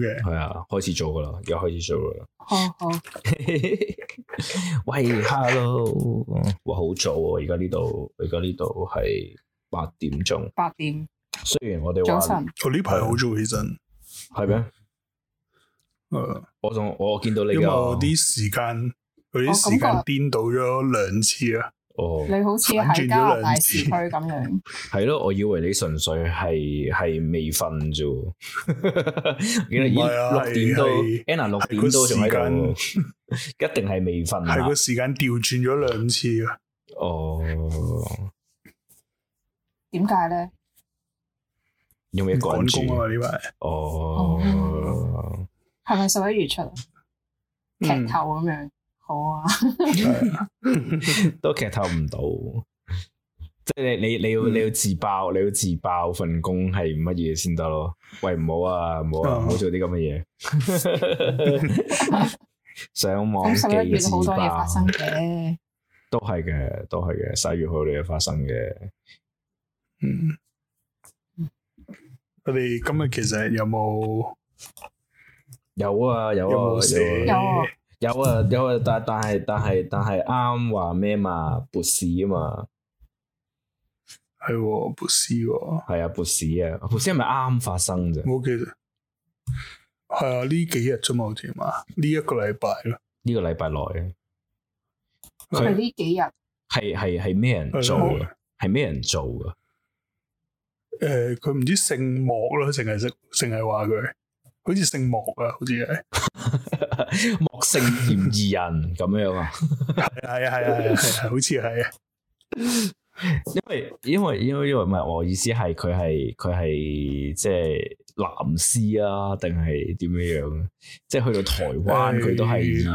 係啊、okay，開始做噶啦，又開始做噶啦。好好、oh, oh。喂，hello，哇，好早啊、哦！而家呢度，而家呢度係八點鐘。八點。雖然我哋話，早晨。我呢排好早起身，係咩？誒、uh，我仲我見到你有啲時間佢啲時間顛倒咗兩次啊！哦，oh, 你好似係加拿大市區咁樣，係咯？ 我以為你純粹係係未瞓啫，因為六點到 Anna 六點都仲喺度，一定係未瞓。係個時間調轉咗兩次啊！哦、oh,，點解咧？有咩趕工啊？呢排哦，係咪十一月出啊？劇透咁樣。嗯好啊， 都劇透唔到， 即係你你你要你要自爆，你要自爆份工係乜嘢先得咯？喂，唔好啊，唔好啊，唔好 做啲咁嘅嘢。 上網機生嘅，都係嘅，都係嘅，十月好嘅發生嘅，嗯 我哋今日其實有冇？有啊有啊有啊。有啊有有啊，有啊，但但係但係但係啱話咩嘛？博士啊嘛，係喎，博士喎，係啊，博士啊，博士係咪啱發生啫？我記得，係啊，呢幾日啫嘛，好似嘛，呢一個禮拜咯，呢個禮拜內啊，係呢幾日，係係係咩人做嘅？係咩 l ots 人做嘅？誒、哎，佢唔知姓莫咯，淨係識，淨係話佢。好似姓莫啊，好似係 莫姓嫌疑人咁樣啊？係啊，係啊，係啊，好似係啊。因為因為因為因為唔係我意思係佢係佢係即係藍絲啊，定係點樣樣？即係去到台灣佢、欸、都係要、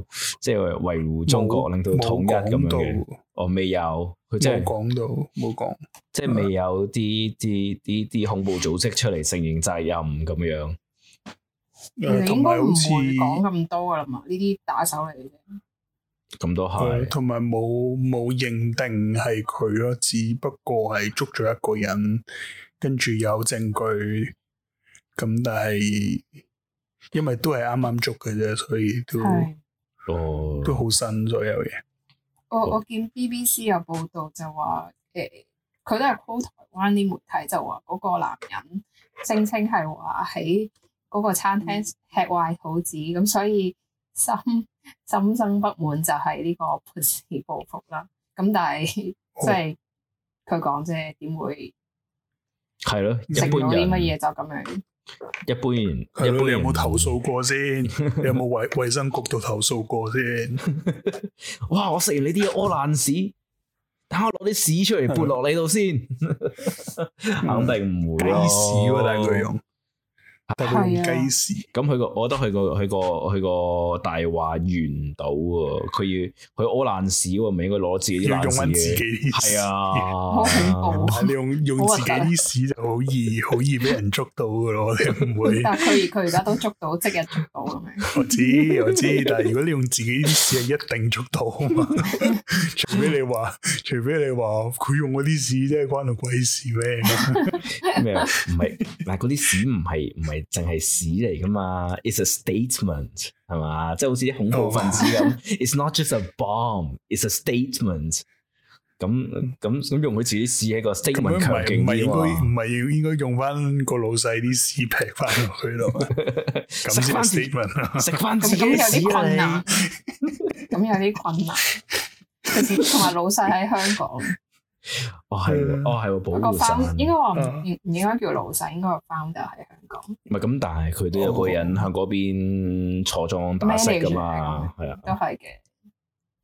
欸、即係維護中國沒令到統一咁樣嘅。我未有佢即係講到，冇講、哦，就是嗯、即係未有啲啲啲啲恐怖組織出嚟承認責任咁樣。同埋好似講咁多噶啦嘛？呢啲打手嚟嘅，咁多係，同埋冇冇認定係佢咯，只不過係捉咗一個人，跟住有證據，咁但係因為都係啱啱捉嘅啫，所以都是、哦、都好新所有嘢。我我見 BBC 有報道就話，誒、欸，佢都係 call 台灣啲媒體就話嗰個男人聲稱係話喺。嗰個餐廳吃壞肚子，咁、嗯、所以心心生不滿就係呢個潑屎報復啦。咁但係即係佢講即係，點、哦、會？係咯，食咗啲乜嘢就咁樣。一般人，你有冇投訴過先？ 你有冇衛衛生局度投訴過先？ 哇！我食完你啲屙爛屎，等我攞啲屎出嚟潑落你度先，肯是的 定唔會咯。屎喎、啊，但係佢用。但係佢用雞屎，咁佢個，我覺得佢個，佢個，佢個大話圓唔到，佢要佢屙爛屎，唔係應該攞自己啲爛屎嘅，係啊。好恐怖。你用用自己啲屎就好易，好易俾人捉到噶咯你唔會。但係佢而家都捉到，即日 捉到咁樣。 我知我知，但係如果你用自己啲屎，係一定捉到嘛，啊。除非你話，除非你話，啊啊啊， 佢用我啲屎，真係關我鬼事咩？咩啊？唔係嗱，嗰啲屎唔係唔係。淨係屎嚟噶嘛？It's a statement，係嘛？即係好似啲恐怖分子咁。Okay. It's not just a bomb，it's a statement。咁咁咁用佢自己屎喺個 statement 強警喎。唔係唔係應該用翻個老細啲屎劈翻落去咯。食翻 statement 啊！食翻自己，自己屎啊！咁 有啲困難，同埋老細喺香港。哦係，嗯、哦係，保護傘應該話唔唔應該叫老細，應該個 founder 就喺。唔係咁，但係佢都有個人喺嗰邊坐莊打色噶嘛，係啊，都係嘅。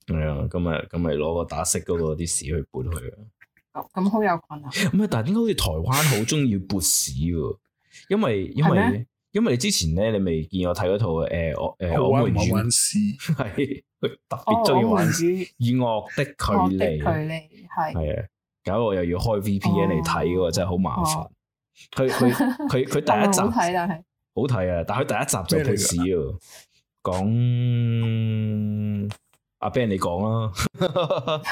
係啊，咁咪咁咪攞個打色嗰個啲屎去撥佢啊！咁好有困難啊！唔係，但係點解好似台灣好中意撥屎喎？因為因為因為你之前咧，你未見我睇嗰套誒惡誒我們與係特別中意玩以惡的距離，距離係係啊！搞到我又要開 VPN 嚟睇喎，真係好麻煩。佢佢佢佢第一集 是好睇但係好睇啊， 但係佢第一集就劈屎啊！講阿 Ben 你講、 呃、啦，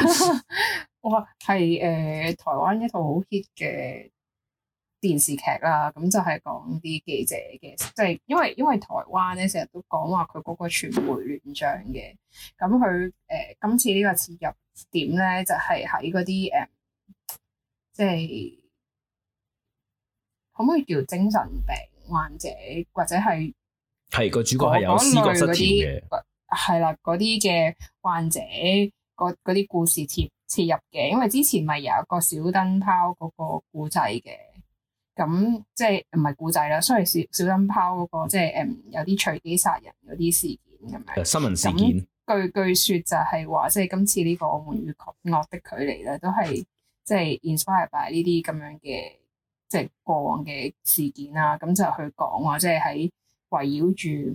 哇係誒台灣一套好 hit 嘅電視劇啦，咁就係講啲記者嘅，即、就、係、是、因為因為台灣咧成日都講話佢嗰個傳媒亂象嘅，咁佢誒今次呢個切入點咧就係喺嗰啲誒即係。可唔可以叫精神病患者，或者係係個主角係有思覺失調嘅，係啦，嗰啲嘅患者嗰啲故事切切入嘅。因為之前咪有一個小燈泡嗰個故仔嘅，咁即係唔係故仔啦，雖然小小燈泡嗰、那個即係誒有啲隨機殺人嗰啲事件咁樣新聞事件。事件據據說就係話，即係今次呢、這個《我們與惡的距離》咧，都係即係、就是、inspired by 呢啲咁樣嘅。即係過往嘅事件啦，咁就去講啊，即係喺圍繞住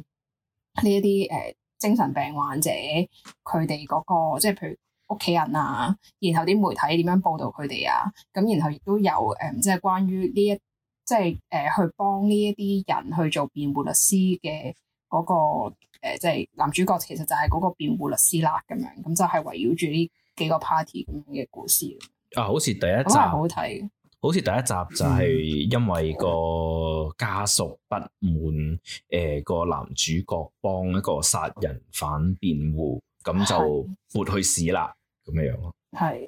呢一啲誒精神病患者佢哋嗰個，即係譬如屋企人啊，然後啲媒體點樣報導佢哋啊，咁然後亦都有誒，即係關於呢一即係誒去幫呢一啲人去做辯護律師嘅嗰個誒即係男主角其實就係嗰個辯護律師啦，咁樣咁就係圍繞住呢幾個 party 咁樣嘅故事咯。啊，好似第一集好睇。好似第一集就係因為個家屬不滿誒、呃、個男主角幫一個殺人犯辯護，咁就撥去屎啦咁樣樣咯。係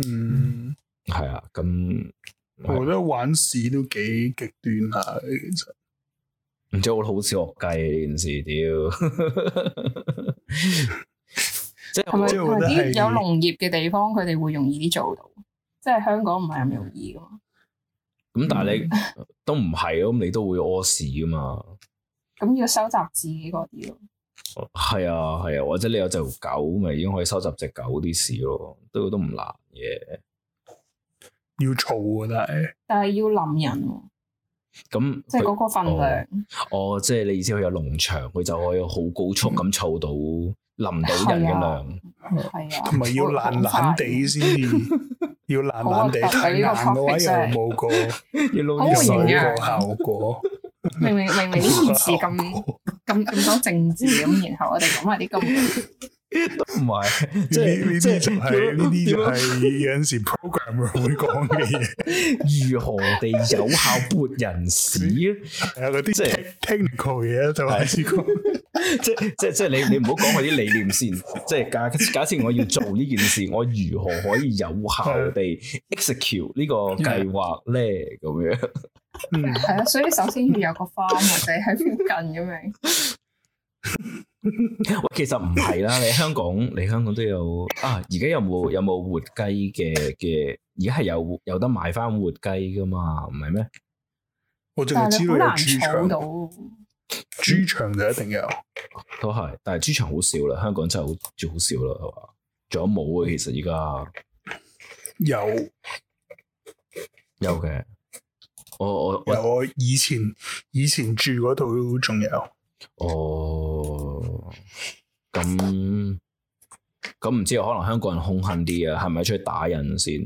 是，嗯，係啊，咁我覺得玩屎都幾極端啊。嘅是，真。然之後好似惡雞呢件事，屌是。即係咪啲有農業嘅地方，佢哋會容易啲做到？即係香港唔係咁容易嘅嘛，咁但係你都唔係咁，你都會屙屎嘅嘛。咁要收集自己嗰啲咯。係啊係啊，或者你有隻狗咪已經可以收集隻狗啲屎咯，都都唔難嘅。要儲啊，真係！但係要冧人喎。咁、嗯、即係嗰個份量哦。哦，即係你意思佢有農場，佢就可以好高速咁儲到、嗯。淋到人嘅量，係啊，同埋、啊、要爛爛地先， 要爛爛地睇爛嘅話又冇個有有過 要撈水個效果，明明明明呢件事咁咁咁多政治咁，然後我哋講下啲咁。都唔係，即係呢啲就係呢啲就係有陣時 program 會講嘅嘢，如何地有效撥人手？係啊，嗰啲 technical 嘢就係即係即係即係你你唔好講佢啲理念先。即係假假設我要做呢件事，我如何可以有效地 execute 呢個計劃咧？咁樣嗯係啊，所以首先要有個 farm，我哋喺邊近咁樣。喂，其實唔係啦，你香港，你香港都有啊。而家有冇有冇活雞嘅嘅？而家係有有得買翻活雞噶嘛？唔係咩？我淨係知道有豬場，豬場就一定有，都係。但係豬場好少啦，香港真係好好少啦，係嘛？仲有冇啊？其實而家有有嘅，我我，我有我以前以前住嗰度仲有哦。咁咁唔知可能香港人凶狠啲啊？係咪出去打人先？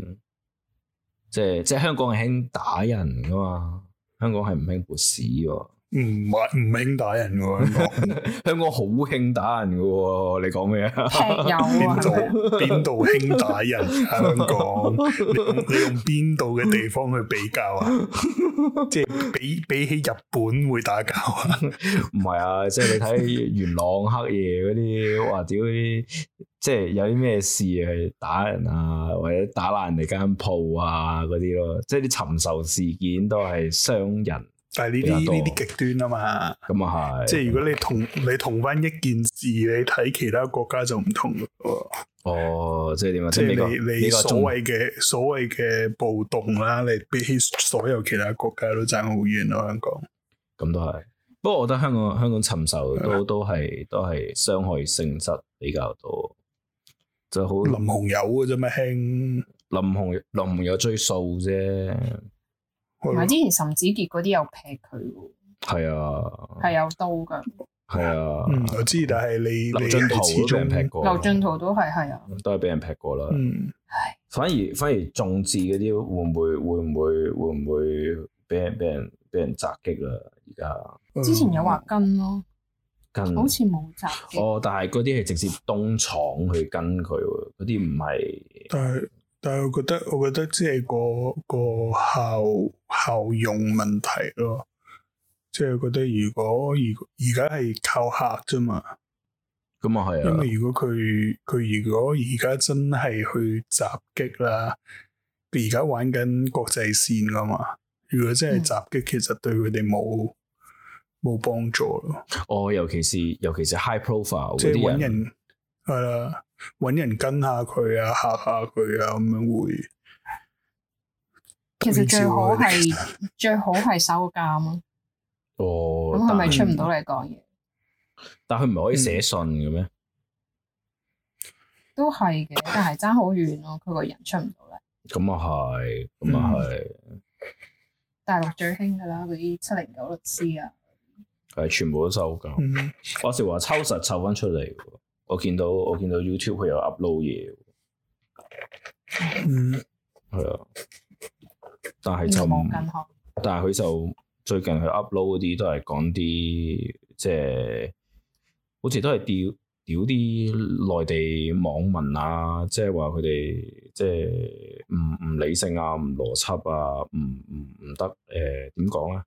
即係即係香港興打人噶嘛？香港係唔興潑屎嘅。唔係，唔興打人喎，香港好興 打人噶喎，你講咩啊？邊度邊度興打人香港？ 你用邊度嘅地方去比較啊？即係 比比起日本會打交啊？唔係 啊，即係你睇元朗黑夜嗰啲，或者嗰啲，即係有啲咩事去打人啊，或者打爛人哋間鋪啊嗰啲咯，即係啲尋仇事件都係傷人。但係呢啲呢啲極端啊嘛，咁啊係， 嗯、即係如果你同你同翻一件事，你睇其他國家就唔同咯。哦，即係點啊？即係你你國所謂嘅所謂嘅暴動啦，你比起所有其他國家都爭好遠咯。香港咁都係，不過我覺得香港香港尋仇都的都係都係傷害性質比較多，就好林鴻有嘅啫咩？林鴻林鴻友追數啫。同埋之前岑子杰嗰啲有劈佢喎，係啊，係有刀㗎，係啊，我知，但係你劉俊濤都俾人劈過，劉俊濤都係係啊，都係俾人劈過啦，嗯，係。反而反而種植嗰啲會唔會會唔會會唔會俾人俾人俾人襲擊啦？而家之前有話跟咯，跟好似冇襲擊。哦，但係嗰啲係直接東廠去跟佢，嗰啲唔係，但係。但係我覺得，我覺得即係、嗰個、嗰個效效用問題咯。即係覺得如果而而家係靠客啫嘛，咁啊係啊。因為如果佢佢如果而家真係去襲擊啦，佢而家玩緊國際線噶嘛。如果真係襲擊，嗯、其實對佢哋冇冇幫助咯。哦，尤其是尤其是 high profile 即係嗰啲人，誒。搵人跟下佢啊，吓下佢啊，咁樣會。其實最好係 最好係收監咯。哦。咁係咪出唔到嚟講嘢？但係佢唔係可以寫信嘅咩、嗯？都係嘅，但係爭好遠咯。佢個人出唔到嚟。咁啊係，咁啊係。嗯、大陸最興噶啦，嗰啲七零九律師啊。係全部都收監。嗯哼。話時話抽實抽翻出嚟。我見到我見到 YouTube 佢有 upload 嘢，嗯，係啊，但係就唔，但係佢就最近佢 upload 嗰啲都係講啲即係好似都係屌屌啲內地網民啊，即係話佢哋即係唔唔理性啊，唔邏輯啊，唔唔唔得誒點講咧？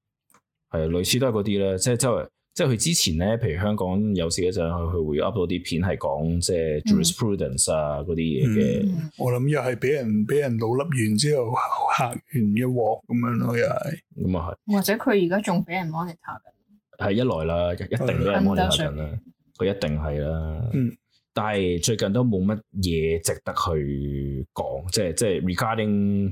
係啊，類似都係嗰啲咧，即係周圍。即係佢之前咧，譬如香港有時一陣，佢佢會 upload 啲片，係講即係 jurisprudence 啊嗰啲嘢嘅。我諗又係俾人俾人老笠完之後，吓完一鑊咁樣咯，又係咁啊係。或者佢而家仲俾人 monitor 緊？係一來啦，一定俾人 monitor 緊啦，佢一定係啦。嗯，但係最近都冇乜嘢值得去講，即係即係 regarding。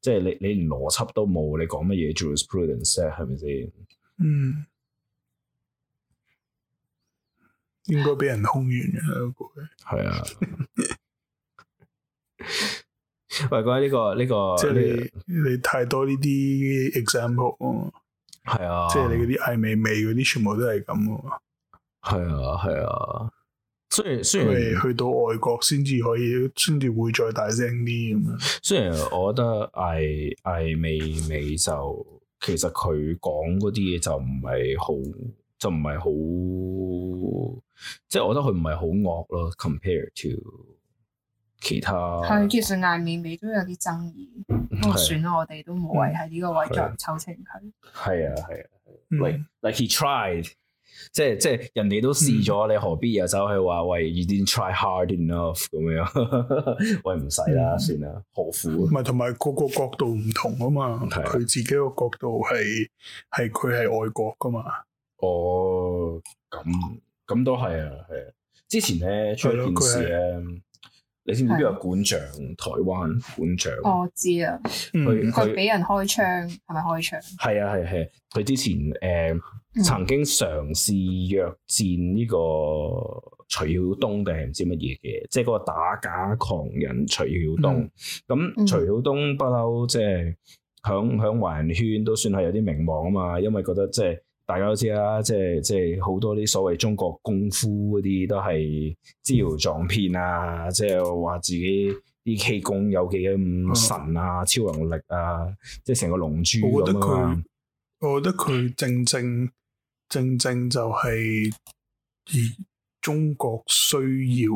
即係你你連邏輯都冇，你講乜嘢？Jurisprudence 係咪先？嗯，應該俾人轟完嘅，係、這個這個、啊。喂，覺得呢個呢個，即係你你太多呢啲 example 啊。係啊，即係你嗰啲艾味味嗰啲，全部都係咁啊。係啊，係啊。雖然雖然去到外國先至可以，先至會再大聲啲咁樣。雖然我覺得艾艾美美就其實佢講嗰啲嘢就唔係好，就唔係好，即係我覺得佢唔係好惡咯。Compared to 其他係，其實艾美美都有啲爭議。都算啦，我哋都冇謂喺呢個位再抽清佢。係啊係啊，係啊，係啊、嗯、，like like he tried。即係即係，人哋都試咗，你何必又走去話喂？You didn't try hard enough 咁樣？喂、嗯，唔使啦，算啦，何苦？唔係，同埋個個角度唔同啊嘛。佢、啊、自己個角度係係佢係愛國噶嘛。哦，咁咁都係啊，係啊。之前咧出一件事咧，啊、你知唔知邊個館長？啊、台灣館長，我知、嗯、係係啊。佢佢俾人開槍，係咪開槍？係啊係係，佢之前誒。曾經嘗試約戰呢個徐曉冬定係唔知乜嘢嘅，即係嗰個打假狂人徐曉冬。咁、嗯、徐曉冬不嬲，即係響響華人圈都算係有啲名望啊嘛。因為覺得即係大家都知啦，即係即係好多啲所謂中國功夫嗰啲都係招搖撞騙啊！即係話自己啲氣功有幾咁神啊，嗯、超能力啊，即係成個龍珠咁樣、啊我。我覺得佢正正，正。正正就係而中國需要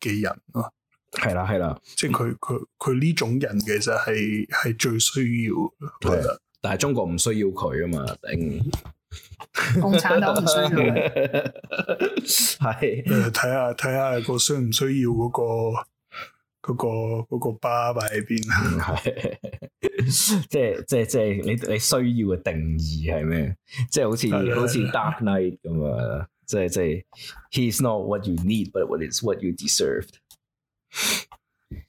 嘅人咯，係啦係啦，即係佢佢佢呢種人其實係係最需要，係啦，但係中國唔需要佢啊嘛，定？共產黨唔需要，係 的，睇下睇下個需唔需要嗰個嗰個嗰個巴擺喺邊啊。係。 即係即係即係你你需要嘅定義係咩？即係好似 好似 Dark Knight 咁啊！即係即係，He's not what you need，but what is what you deserved。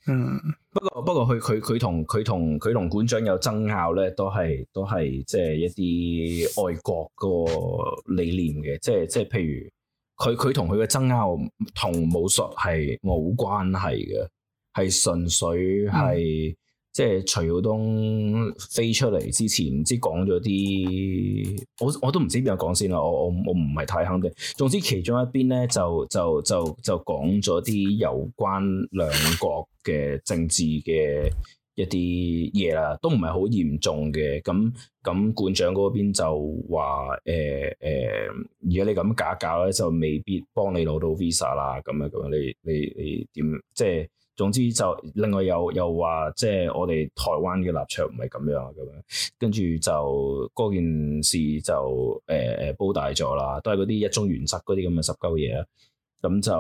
嗯、mm.，不過不過佢佢佢同佢同佢同館長有爭拗咧，都係都係即係一啲愛國個理念嘅。即係即係，就是、譬如佢佢同佢嘅爭拗同武術係冇關係嘅，係純粹係。Mm. 即係徐曉東飛出嚟之前，唔知講咗啲，我我都唔知邊個講先啦。我我我唔係太肯定。總之其中一邊咧，就就就就講咗啲有關兩國嘅政治嘅一啲嘢啦，都唔係好嚴重嘅。咁咁館長嗰邊就話誒誒，如果你咁假搞咧，就未必幫你攞到 visa 啦。咁樣咁樣，你你你點即係？總之就另外又又話，即係我哋台灣嘅立場唔係咁樣啊咁樣，跟住就嗰件事就誒誒、呃、煲大咗啦，都係嗰啲一中原則嗰啲咁嘅濕鳩嘢啦。咁就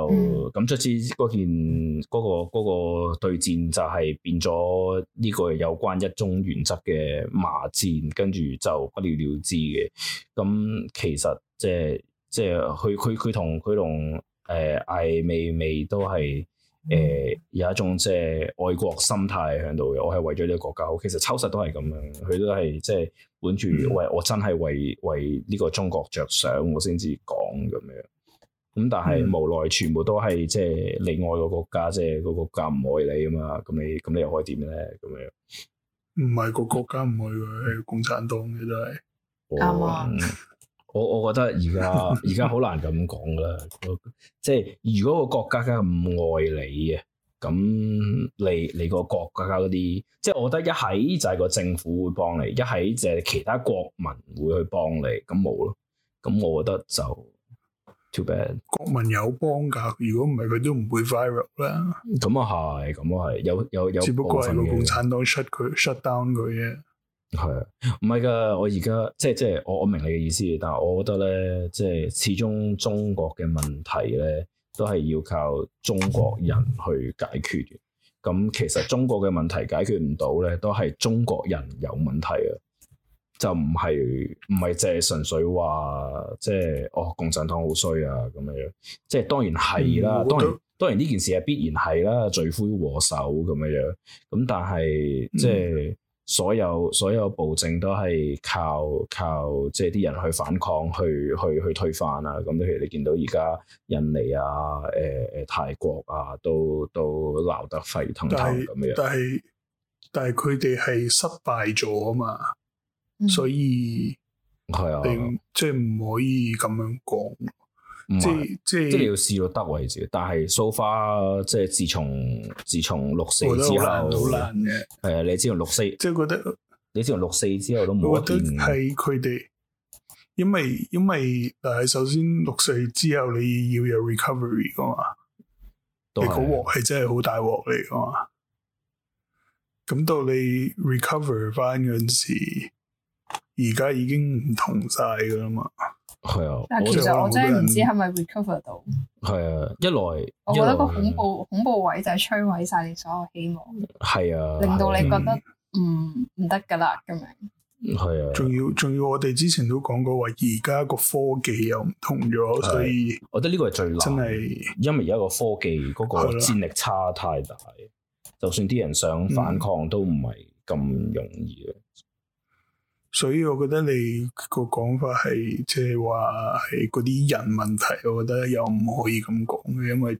咁出之嗰件嗰、嗰個、嗰、嗰個對戰就係變咗呢個有關一中原則嘅罵戰，跟住就不了了之嘅。咁其實即係即係佢佢佢同佢同誒艾未未都係。誒、嗯呃，有一種即係愛國心態喺度嘅，我係為咗呢個國家好。其實抽實都係咁樣，佢都係即係，本住為我真係為為呢個中國着想，我先至講咁樣。咁但係無奈，全部都係即係你愛個國家，即係嗰個國家唔愛你啊嘛。咁你咁你又可以點咧？咁樣唔係、個國家唔愛佢，係共產黨嘅都係。哦。 我我覺得而家而家好難咁講啦， 即係如果個國家梗係唔愛你嘅，咁你你個國家家嗰啲，即係我覺得一喺就係個政府會幫你，一喺就係其他國民會去幫你，咁冇咯。咁我覺得就 too bad。國民有幫㗎，如果唔係佢都唔會 viral 啦。咁啊係，咁啊係，有有有。有只不過係老共產黨 shut shut down 佢啫。係啊，唔係噶，我而家即係即係，我我明你嘅意思，但係我覺得咧，即係始終中國嘅問題咧，都係要靠中國人去解決。咁其實中國嘅問題解決唔到咧，都係中國人有問題，哦、啊，就唔係唔係淨係純粹話即係哦共產黨好衰啊咁樣，即係當然係啦，當然、嗯、當然呢、嗯、件事係必然係啦，罪魁禍首咁樣樣，咁但係即係。嗯所有所有暴政都係靠靠即係啲人去反抗去去去推翻啦、啊，咁、嗯、譬如你見到而家印尼啊，誒、呃、誒泰國啊，都都鬧得沸騰騰咁樣。但但係但係但係佢哋係失敗咗啊嘛，嗯、所以係啊，即係唔可以咁樣講。即是即是即要試到得為止，但係 so far 即係是是是自從自從六四之後，好難嘅。誒，你自從六四，即係覺得你自從六四之後都冇我覺得係佢哋，因為因為嗱，首先六四之後你要有 recovery 噶嘛，是你嗰鑊係真係好大鑊嚟噶嘛。咁到你 recover 翻嗰時，而家已經唔同晒噶啦嘛。係啊，但其實我真係唔知係咪 recover 到。係啊，一來我覺得個恐怖恐怖位就係摧毀晒你所有希望。係啊，令到你覺得嗯唔得噶啦咁樣。係啊，仲要仲要，我哋之前都講過話，而家個科技又唔同咗，所以我覺得呢個係最難真係，因為而家個科技嗰個戰力差太大，就算啲人想反抗都唔係咁容易。所以我覺得你個講法係即係話係嗰啲人問題，我覺得又唔可以咁講嘅，因為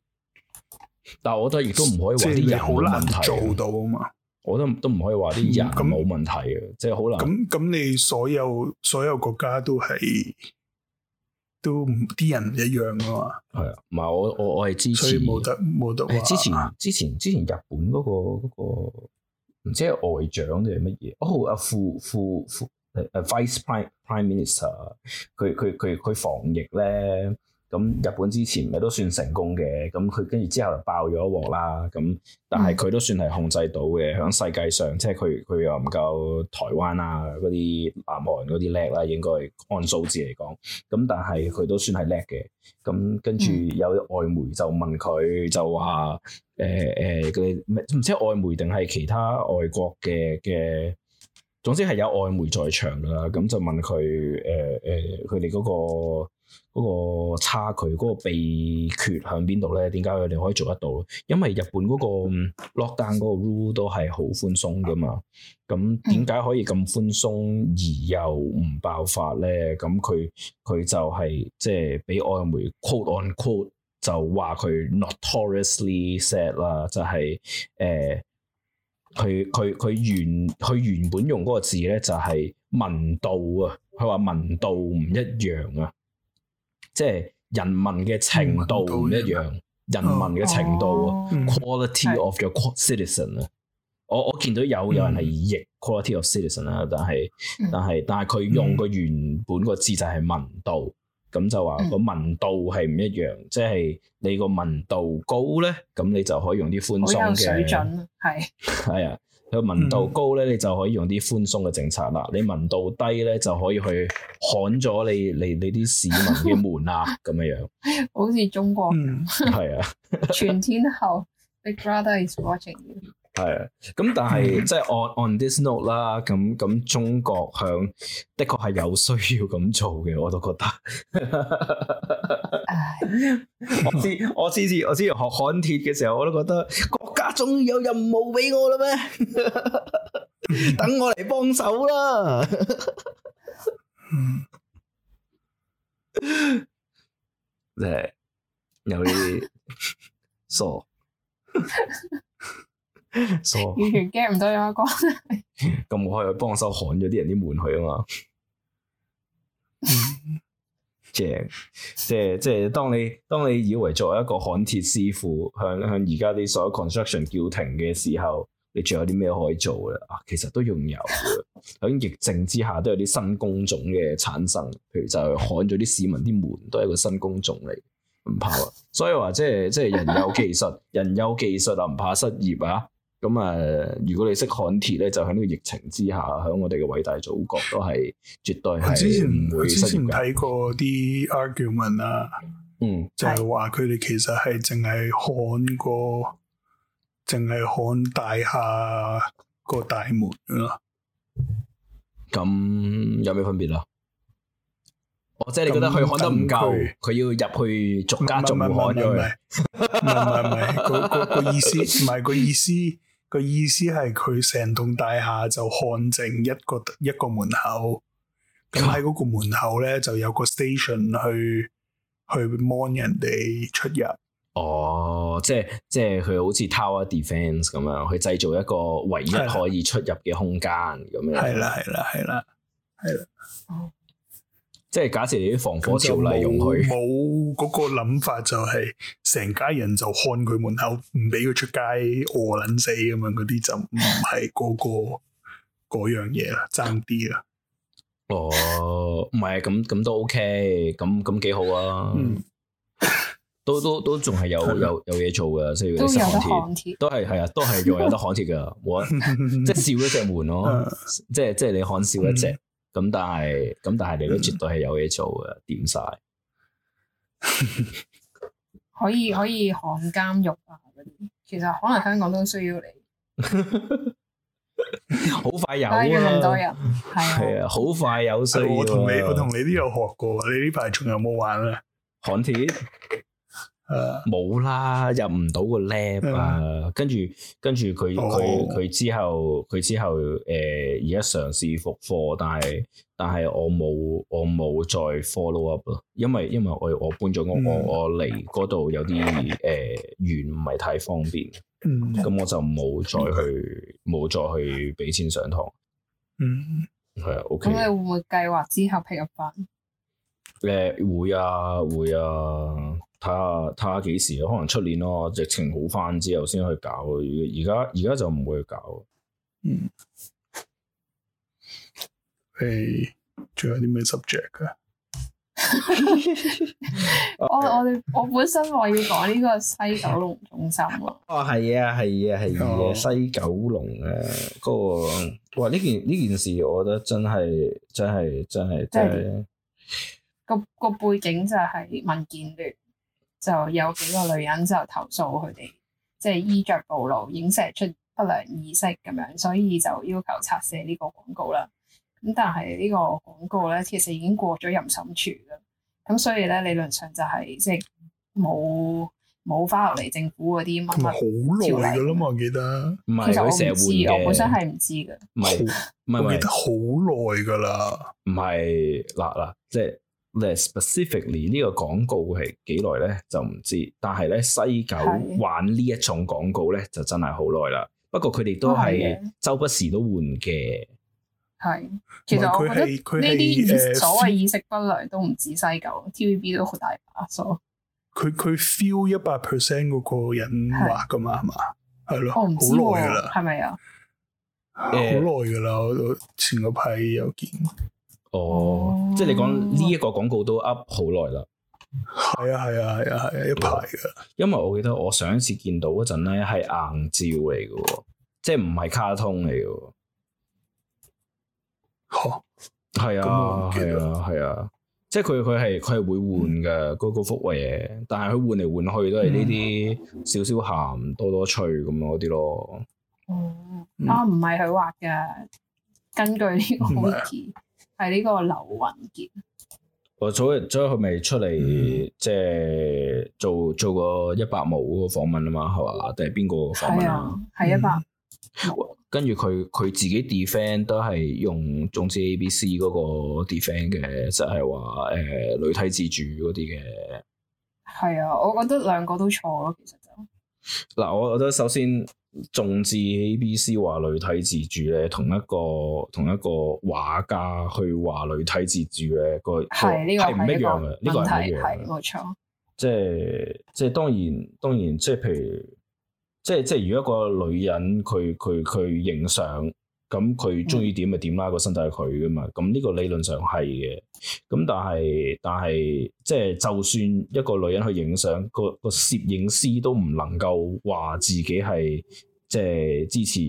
但係我覺得亦都唔可以話啲人好難做到啊嘛，我都都唔可以話啲人冇問題嘅，即係好難。咁咁，你所有所有國家都係都唔啲人一樣啊嘛？係啊，唔係我我我係支持，所以冇得冇得話。之前之前之前日本嗰個嗰個唔知係外長定係乜嘢？哦啊富富富。富富誒誒，Vice Prime Minister，佢佢佢佢防疫咧，咁日本之前咪都算成功嘅，咁佢跟住之後就爆咗一鑊啦，咁但係佢都算係控制到嘅，響、嗯、世界上即係佢佢又唔夠台灣啊嗰啲、南韓嗰啲叻啦，應該按數字嚟講，咁但係佢都算係叻嘅，咁跟住有啲外媒就問佢，就話誒誒，佢唔、欸欸、知外媒定係其他外國嘅嘅。總之係有外媒在場啦，咁就問佢，誒誒佢哋嗰個差距嗰、嗰個秘訣喺邊度咧？點解佢哋可以做得到？因為日本嗰個 lockdown 嗰個 rule 都係好寬鬆噶嘛。咁點解可以咁寬鬆而又唔爆發咧？咁佢佢就係、是、即係俾外媒 quote on quote 就話佢 notoriously said 啦，就係、是、誒。呃佢佢佢原佢原本用嗰個字咧就係、是、民度啊，佢話民度唔一樣啊，即係人民嘅程度唔一樣，人民嘅程度啊。Quality of your citizen 啊的，我我見到有有人係譯、嗯、quality of citizen 啊，但係、嗯、但係但係佢用個原本個字就係民度。咁就話個文度係唔一樣，嗯、即係你個文度高咧，咁你就可以用啲寬鬆嘅水準，係係啊，個文度高咧，你就可以用啲寬鬆嘅政策啦。你文度低咧，就可以去焊咗你你你啲市民嘅門啊，咁樣 樣，好似中國係啊， 全天候 Big Brother is watching you. 係，咁、嗯、但係即係 on on this note 啦，咁咁中國響的確係有需要咁做嘅，我都覺得。我知，我之前我之前學焊鐵嘅時候，我都覺得國家終於有任務俾我啦咩？等我嚟幫手啦。即係，有啲傻。So, 完全 get 唔到呢個關係，咁我可以去幫手焊咗啲人啲門去啊嘛，即係即係即係當你當你以為作為一個焊鐵師傅向向而家，啲所有 construction 叫停嘅時候，你仲有啲咩可以做噶啦？啊，其實都用油，響 疫症之下都有啲新工種嘅產生，譬如就係焊咗啲市民啲門，都係一個新工種嚟，唔怕。所以話即係即係人有技術， 人有技術啊，唔怕失業啊。咁啊，如果你識看鐵咧，就喺呢個疫情之下，喺我哋嘅偉大祖國都，都係絕對係唔會失業嘅。我之前睇過啲 argument 啊，嗯，就係話佢哋其實係淨係看過，淨係看大廈個大門咯。咁有咩分別啊？哦，即係你覺得佢看得唔夠，佢那要入去逐間逐看咗佢。唔係唔係唔係，嗰嗰個意思唔係個意思。 佢意思係佢成棟大廈就看正一個一個門口，咁喺嗰個門口咧就有個 station 去去 mon 人哋出入。哦，即係即係佢好似 tower defense 咁樣，去製造一個唯一可以出入嘅空間咁樣。係啦，係啦，係啦，係。即係假設你啲防火條例用佢，冇嗰個諗法就係成家人就看佢門口，唔俾佢出街餓撚死咁、那個、 樣嗰啲就唔係個個嗰樣嘢啦，爭啲啦。哦，唔係咁咁都 OK，咁咁幾好啊。嗯、 都都都仲係有有有嘢做嘅，需要有啲焊鐵，都係係啊，都係用有得焊鐵㗎。 我即係少一隻門咯，即係即係你焊少一隻。咁但係，咁但係你都絕對係有嘢做嘅，點晒？可以可以焊監獄啊！啲其實可能香港都需要你。好快有啊！咁多人係啊，好快有需要。我同你，我同你都有學過，你呢排仲有冇玩啊？焊鐵。 誒，冇、uh, 啦，入唔到個 lab、uh, 啊。跟住跟住佢佢佢之後佢之後誒，而家嘗試復課，但係但係我冇我冇再 follow up 咯，因為因為我我搬咗屋，我我嚟嗰度有啲誒遠，唔、呃、係太方便。咁、uh, 我就冇再去冇、uh, 再去俾錢上堂。Uh, 嗯，係啊，OK。咁、okay、你會唔會計劃之後 pick up 班？誒、嗯，會啊，會啊。會啊睇下睇下幾時，可能出年咯，疫情好翻之後先去搞。而家而家就唔會去搞。嗯。誒，仲有啲咩 subject 啊、 uh,？我我哋我本身我要講呢個西九龍中心咯。哦，係啊，係啊，係啊，啊西九龍啊、那個，嗰個哇！呢件呢件事，我覺得真係真係真係真係。 個個背景就係民建聯。就有幾個女人就投訴佢哋即係衣着暴露，影射出不良意識咁樣，所以就要求拆卸呢個廣告啦。咁但係呢個廣告咧，其實已經過咗淫審處啦。咁所以咧，理論上就係即係冇冇翻落嚟政府嗰啲乜乜條例㗎啦嘛。我記得其實我唔知，我本身係唔知㗎，唔係唔係好耐㗎啦。唔係嗱嗱，即係。咧 specifically a l 呢個廣告係幾耐咧就唔知，但係咧西九玩呢一種廣告咧的就真係好耐啦。不過佢哋都係周不時都換嘅。係，其實我覺得呢啲所謂意識不良都唔止西九，TVB 都好大把。所佢佢 feel 一百 percent 嗰個人話噶嘛係嘛係咯，好耐噶啦，係咪啊？好耐噶啦，我前個批有見。哦，oh, 即係你講呢一個廣告都噏好耐啦，係啊係啊係啊係啊一排㗎，因為我記得我上一次見到嗰陣咧係硬照嚟嘅，即係唔係卡通嚟嘅，吓、oh, 啊，係啊係啊係啊，即係佢佢係佢係會換嘅嗰個幅位嘅，但係佢換嚟換去都係呢啲少少鹹多多脆咁嗰啲咯。哦、嗯，啊唔係佢畫嘅，根據呢個是 係呢個劉雲杰，我早日即係佢咪出嚟，即係做做個一百毛個訪問啊嘛，係嘛？定係邊個訪問啊？係一百。跟住佢佢自己 defend 都係用總之 A、B、C 嗰個 defend 嘅，就係話誒，女、呃、體自主嗰啲嘅。係啊，我覺得兩個都錯咯，其實就嗱、是，我覺得首先。重視 A、B、C 話女體自主咧，同一個同一個畫家去話女體自主咧，個係呢、這個係唔一樣嘅，呢個係唔一樣嘅，冇錯。即係即係當然當然即係譬如即係即係如果一個女人佢佢佢影相。咁佢中意點咪點啦，個身體係佢噶嘛。咁呢個理論上係嘅。咁但係但係，即係就算一個女人去影相，個個攝影師都唔能夠話自己係即係支持，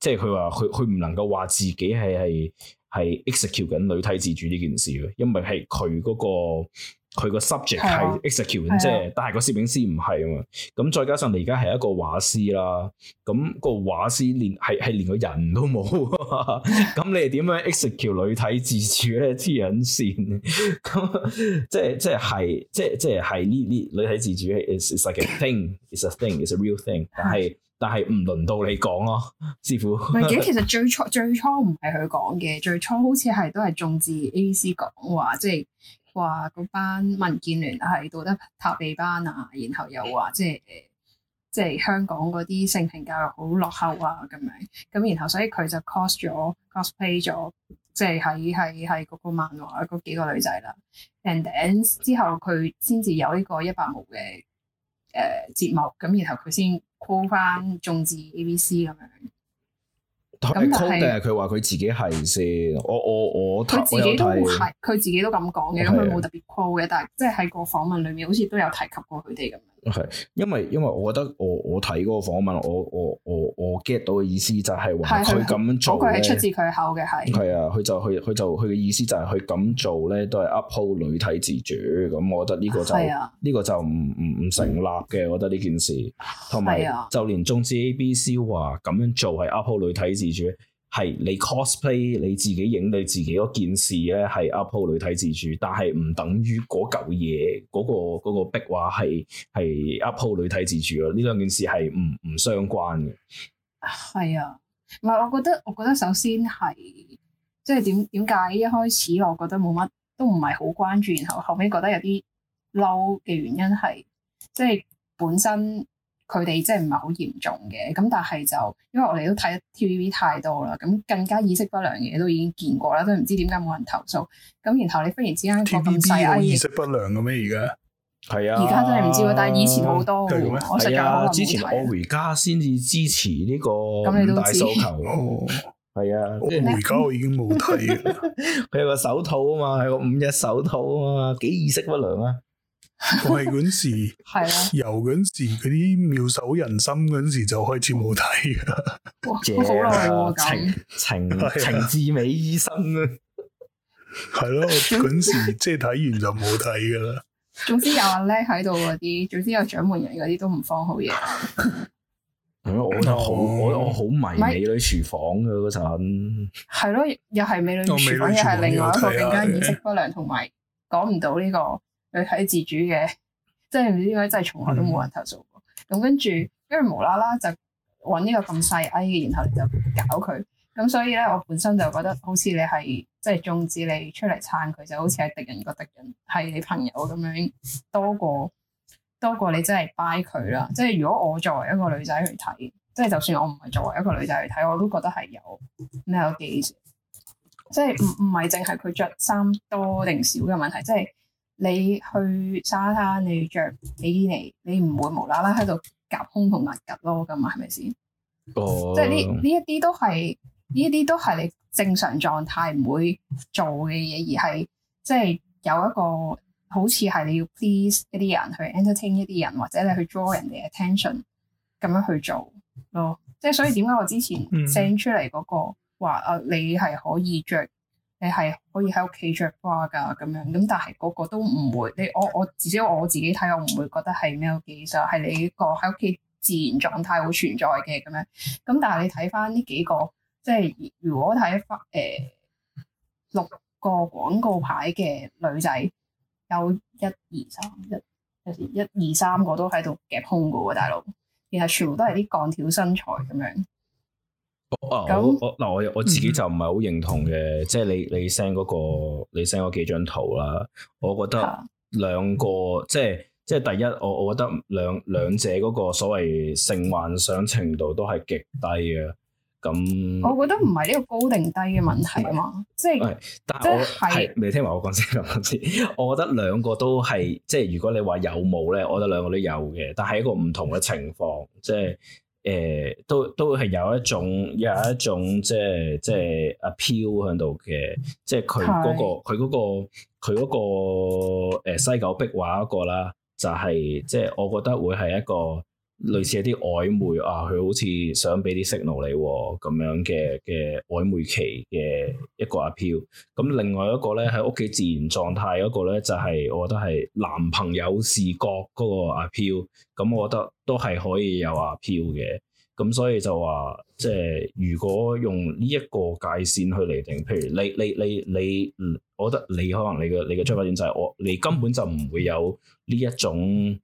即係佢話佢佢唔能夠話自己係係係 execute 緊女體自主呢件事咯，因為係佢嗰個。佢個 subject 係 execute 即係、啊，但係個攝影師唔係啊嘛。咁再加上你而家係一個畫師啦，咁、嗰個畫師連係係連個人都冇、啊，咁 你哋點樣 execute 女體自主咧？黐緊線，咁即係即係係即即係呢啲女體自主係係 like a thing，is a thing，is a real thing 但。 但係但係唔輪到你講咯，師傅、嗯。唔係，其實最初最初唔係佢講嘅，最初好似係都係眾志 A. C. 講話，即係。話嗰班民建聯係道德塔利班啊，然後又話即係誒，即係香港嗰啲性平教育好落後啊，咁樣咁，然後所以佢就 cos 咗 cosplay 咗，即係喺喺喺嗰個漫畫嗰幾個女仔啦。And then 之後佢先至有呢個一百毛嘅誒節目，咁然後佢先 call 翻眾志 A B C 咁樣。咁 call 定係佢話佢自己係先？我我我，佢自己都會係，佢自己都咁講嘅，咁佢冇特別 call 嘅，但係即係喺個訪問裏面，好似都有提及過佢哋咁樣。係，因為因為我覺得我我睇嗰個訪問，我我我我 get 到嘅意思就係話佢咁樣做咧，的出自佢口嘅係。係啊，佢就佢佢就佢嘅意思就係佢咁做咧，都係 uphold 女體自主。咁我覺得呢個就呢的個就唔唔唔成立嘅。嗯、我覺得呢件事，同埋的就連眾志 A B C 話咁樣做係 uphold 女體自主。係你 cosplay 你自己影你自己嗰件事咧，係 uphold 女體自主，但係唔等於嗰嚿嘢、嗰個、嗰個壁畫係係 uphold 女體自主咯。呢兩件事係唔唔相關嘅。係啊，唔係我覺得，我覺得首先係即係點點解一開始我覺得冇乜都唔係好關注，然後後尾覺得有啲嬲嘅原因係即係本身。佢哋真係唔係好嚴重嘅，咁但係就因為我哋都睇 TVB 太多啦，咁更加意識不良嘅嘢都已經見過啦，都唔知點解冇人投訴。咁然後你忽然之間咁細意識不良嘅咩？而家係啊，而家真係唔知，但係以前好多。啊、我、啊、之前我回家先至支持呢個五大訴求。係啊， 我回家我已經冇睇。佢有個手套啊嘛，係個五一手套啊嘛，幾意識不良啊？我係嗰時，時，係啦，由嗰時，嗰啲妙手仁心嗰時就開始冇睇啦。哇，好耐喎、啊，咁 情情程至美醫生啊，係咯，嗰時即係睇完就冇睇噶啦。總之有阿叻喺度嗰啲，總之有掌門人嗰啲都唔慌好嘢。咁 我就很好，我我好迷美女廚房嘅嗰陣。係咯、啊， 又係美女廚房，廚房又係另外一個更加意識不良，同埋講唔到呢個。去睇自主嘅，即係唔知點解，應該真係從來都冇人投訴過。咁跟住，跟住無啦啦就揾呢個咁細 I 嘅，然後你就搞佢。咁所以咧，我本身就覺得好，好似你係即係縱使你出嚟撐佢，就好似係敵人個敵人係你朋友咁樣多過多過你真係 buy 佢啦。即係如果我作為一個女仔去睇，即係就算我唔係作為一個女仔去睇，我都覺得係有咩有幾，即係唔唔係淨係佢着衫多定少嘅問題，即係。你去沙灘，你着比基尼，你唔會無啦啦喺度夾胸同壓緊咯，咁啊，係咪先？即係呢呢一啲都係呢一啲都係你正常狀態唔會做嘅嘢，而係即係有一個好似係你要 Please 一啲人去 entertain 一啲人，或者你去 draw 人哋 attention 咁樣去做咯。Oh. 即係所以點解我之前 send 出嚟嗰個話啊，mm hmm. 你係可以着。你係可以喺屋企着花噶咁樣，咁但係個個都唔會，你我我至少我自己睇，我唔會覺得係 male gaze 係你個喺屋企自然狀態會存在嘅咁樣。咁但係你睇翻呢幾個，即係如果睇翻誒六個廣告牌嘅女仔，有一二三一，一二三個都喺度夾胸㗎喎，大佬，然後全部都係啲鋼條身材咁樣。啊！我嗱，我我自己就唔係好認同嘅，嗯、即係你你 send 嗰、那個，你 send 嗰幾張圖啦，我覺得兩個即係即係第一，我我覺得兩兩者嗰個所謂性幻想程度都係極低嘅，咁我覺得唔係呢個高定低嘅問題啊嘛、嗯，即係但係我係你、就是、聽埋我講先講先，我覺得兩個都係即係如果你話有冇咧，我覺得兩個都有嘅，但係一個唔同嘅情況即係。誒、呃、都都係有一種有一種即係即係 appeal 喺度嘅，即係佢嗰個佢嗰、 嗰個佢嗰、嗰個、呃、西九壁畫嗰個啦、就係，就係即係我覺得會係一個。類似一啲曖昧啊，佢好似想俾啲 signal 你咁樣嘅嘅曖昧期嘅一個阿飄。咁另外一個咧，喺屋企自然狀態嗰個咧就係、是、我覺得係男朋友視覺嗰個阿飄。咁我覺得都係可以有阿飄嘅，咁所以就話即係如果用呢一個界線去釐定，譬如你你你你，我覺得你可能你嘅你嘅出發點就係、是、我你根本就唔會有呢一種。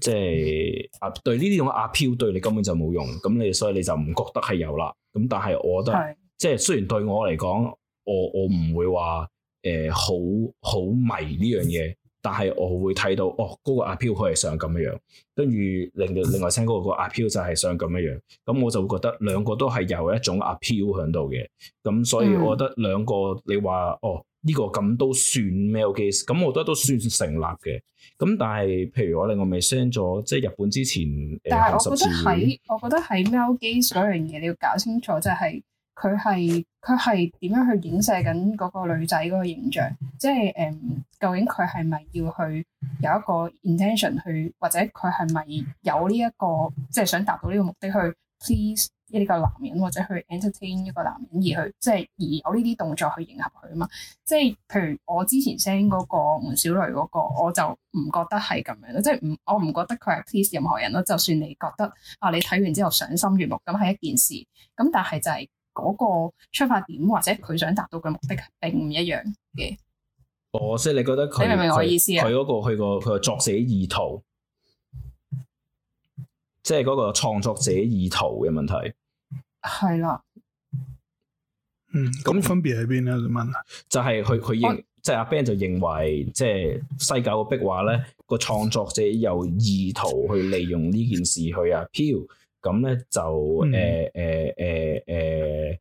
即係阿對呢啲咁嘅阿飄對你根本就冇用，咁你所以你就唔覺得係有啦。咁但係我覺得，是即係雖然對我嚟講，我我唔會話誒、呃、好好迷呢樣嘢，但係我會睇到哦，嗰、嗰個阿飄佢係想咁樣樣，跟住另另外聽嗰是個阿飄就係想咁樣樣，咁我就會覺得兩個都係有一種阿飄喺度嘅，咁所以我覺得兩個、嗯、你話哦。呢個咁都算 male gaze，咁我覺得都算成立嘅。咁但係，譬如我哋我咪 send 咗，即係日本之前誒。呃、但係我覺得係，我覺得喺 male gaze 嗰樣嘢，你要搞清楚，就係佢係佢係點樣去影射緊嗰個女仔嗰個形象，即係誒、嗯、究竟佢係咪要去有一個 intention 去，或者佢係咪有呢、這、一個，即係想達到呢個目的去 please。呢個男人或者去 entertain 一個男人，而去即係而有呢啲動作去迎合佢啊嘛。即係譬如我之前 send 嗰個吳小蕾嗰個，我就唔覺得係咁樣咯。即係唔我唔覺得佢係 please 任何人咯。就算你覺得啊，你睇完之後賞心悅目，咁係一件事。咁但係就係嗰個出發點或者佢想達到嘅目的並唔一樣嘅。哦，即係你覺得你明唔明我意思啊？佢嗰個佢個佢個作者意圖。即係嗰個創作者意圖嘅問題，係啦的，那嗯，咁、那個、分別喺邊咧？你問就係佢佢認，即係阿 Ben 就認為，即、就、係、是、西九個壁畫咧，個創作者有意圖去利用呢件事去啊 feel，咁咧就誒誒誒誒，咁、嗯呃呃呃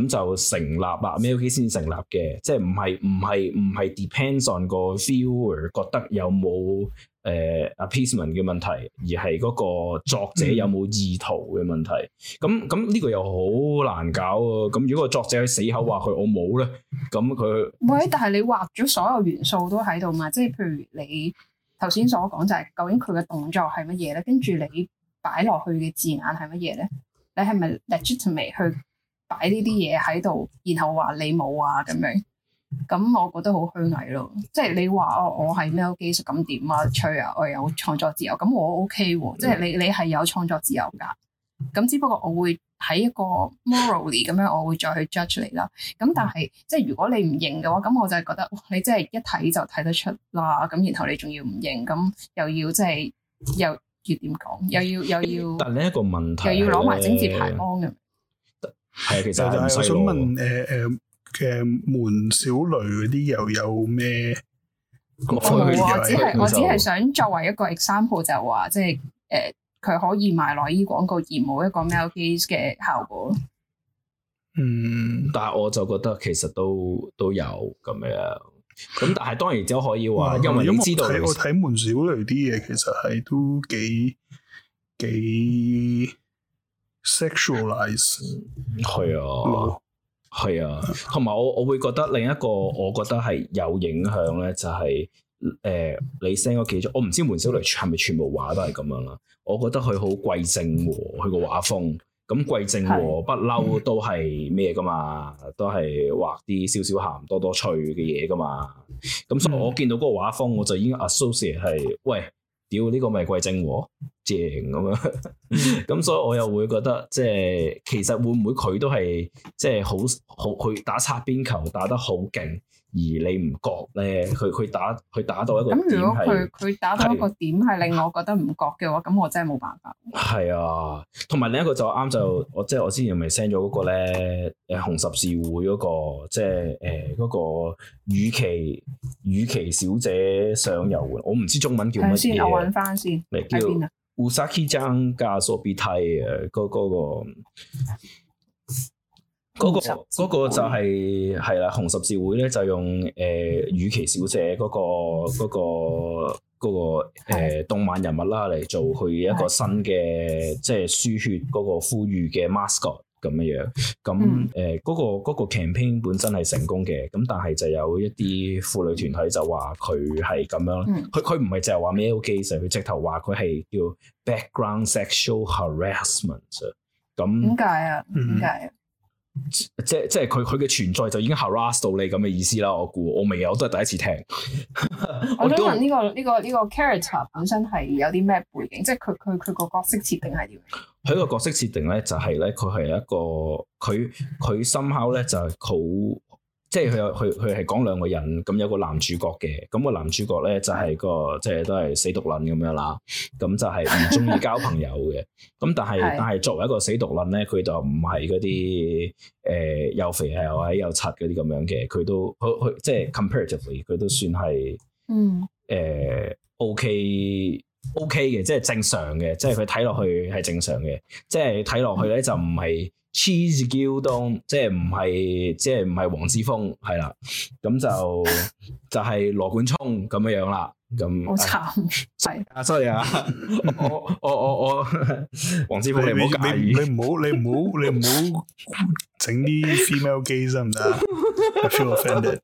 呃、就成立啊！咩 OK 先成立嘅，即係唔係唔係唔係 depends on 個 viewer 覺得有冇？誒、uh，apismen 嘅問題，而係嗰個作者有冇意圖嘅問題？咁咁呢個又好難搞啊。咁如果個作者死口話佢我冇咧，咁佢喂，但係你畫咗所有元素都喺度嘛？即係譬如你頭先所講，就係究竟佢嘅動作係乜嘢咧？跟住你擺落去嘅字眼係乜嘢咧？你係咪 legitimately 去擺呢啲嘢喺度，然後話你冇啊咁樣？咁我覺得好虛偽咯，即係你話哦，我係 melody 技術咁點啊，吹啊，我、哎、有創作自由，咁我 OK 喎，即係你你係有創作自由㗎，咁只不過我會喺一個 morally 咁樣，我會再去 judge 你啦。咁但係即係如果你唔認嘅話，咁我就係覺得你即係一睇就睇得出啦。咁然後你仲要唔認，咁又要即係又要點講，又要又要。又要又要但係另一個問題，又要攞埋整字牌坊㗎。係啊，其實我想問誒誒。了呃呃嘅門小雷嗰啲又有咩、嗯就是？我只係我只係想作為一個 example，就話、是嗯、即係誒，佢、呃、可以賣內衣廣告而冇一個 male gaze 嘅效果咯。嗯，但係我就覺得其實都都有咁樣。咁但係當然就可以話、嗯嗯，因為知道我睇是門小雷啲嘢，其實係都幾幾 sexualize、嗯。係、嗯、啊。係啊，同埋我我會覺得另一個我覺得係有影響咧、就係，就係誒你 send 嗰幾張，我唔知門小雷係咪全部畫都係咁樣啦。我覺得佢好桂正和，佢個畫風咁桂正和，不嬲都係咩噶嘛，都係畫啲少少鹹多多趣嘅嘢噶嘛。咁所以我見到嗰個畫風，我就已經 associate 係喂。屌，呢個咪貴正和，正咁樣，咁 所以我又會覺得，即係，其實會唔會佢都係即係好好去打擦邊球，打得好勁。而你唔覺咧，佢佢打佢打到一個點係。咁如果佢佢打到一個點係令我覺得唔覺嘅話，咁係我真係冇辦法。係啊，同埋另一個就啱就我即係我之前咪 send 咗嗰個咧，誒紅十字會嗰個即係誒嗰個與其與其小姐上游玩，我唔知中文叫乜先，我揾翻先。先叫烏薩基將加索比梯誒嗰嗰個。那個嗰、那個那個就係係啦，紅十字會咧就用誒雨琪小姐嗰、那個嗰、那個嗰、那個呃、動漫人物啦嚟做佢一個新嘅的即係輸血嗰個呼籲嘅 mascot 咁樣，咁誒嗰個嗰、那個 campaign 本身係成功嘅，咁但係就有一啲婦女團體就話佢係咁樣，佢佢唔係淨係話咩 ok，成日佢直頭話佢係叫 background sexual harassment 啊，咁點解啊？點解啊？即即係佢佢嘅存在就已經係 rare 到你咁嘅意思啦，我估我未有都係第一次聽。 我想問呢、這個呢、 這個呢、這個這個 character 本身係有啲咩背景？即係佢佢佢個角色設定係點？佢個角色設定咧就係咧，佢係一個佢佢 somehow 咧就係好。即係佢佢佢係講兩個人，咁有個男主角嘅，咁，個男主角咧就係、係、個即係都係死毒撚咁樣啦，咁就係唔中意交朋友嘅，咁但係 但係作為一個死毒撚咧，佢就唔係嗰啲誒，又肥又矮又柒嗰啲咁樣嘅，佢都佢佢即係 comparatively 佢都算係嗯、誒、呃、ok ok 嘅，即係正常嘅，即係佢睇落去係正常嘅，即係睇落去咧就唔係。黐住叫當，即係唔係，即係唔係黃之峰，係啦，咁就。 就係羅冠聰咁樣樣啦。咁、啊、好慘，係啊，真係啊，我我我我黃師傅你唔好介意你，你唔好你唔好你唔好整啲 female 機得唔得？I feel offended。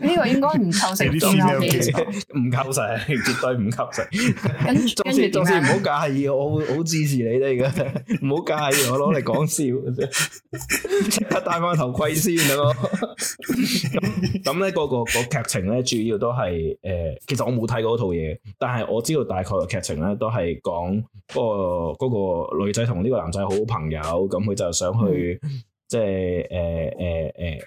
呢個應該唔構成裝嘅，唔夠實，絕對唔夠實。 止跟住，跟住，跟住唔好介意我，我會好，好支持你哋嘅，唔 好介意我，我攞嚟講笑嘅啫，即刻戴下頭盔先咯。先 咁咧，嗰、 嗰個劇、嗰個嗰個、情咧，主要都係誒、呃，其實我冇睇過套嘢，但係我知道大概嘅劇情咧、嗰個，都係講嗰個個女仔同呢個男仔好好朋友，咁佢就想去即係誒誒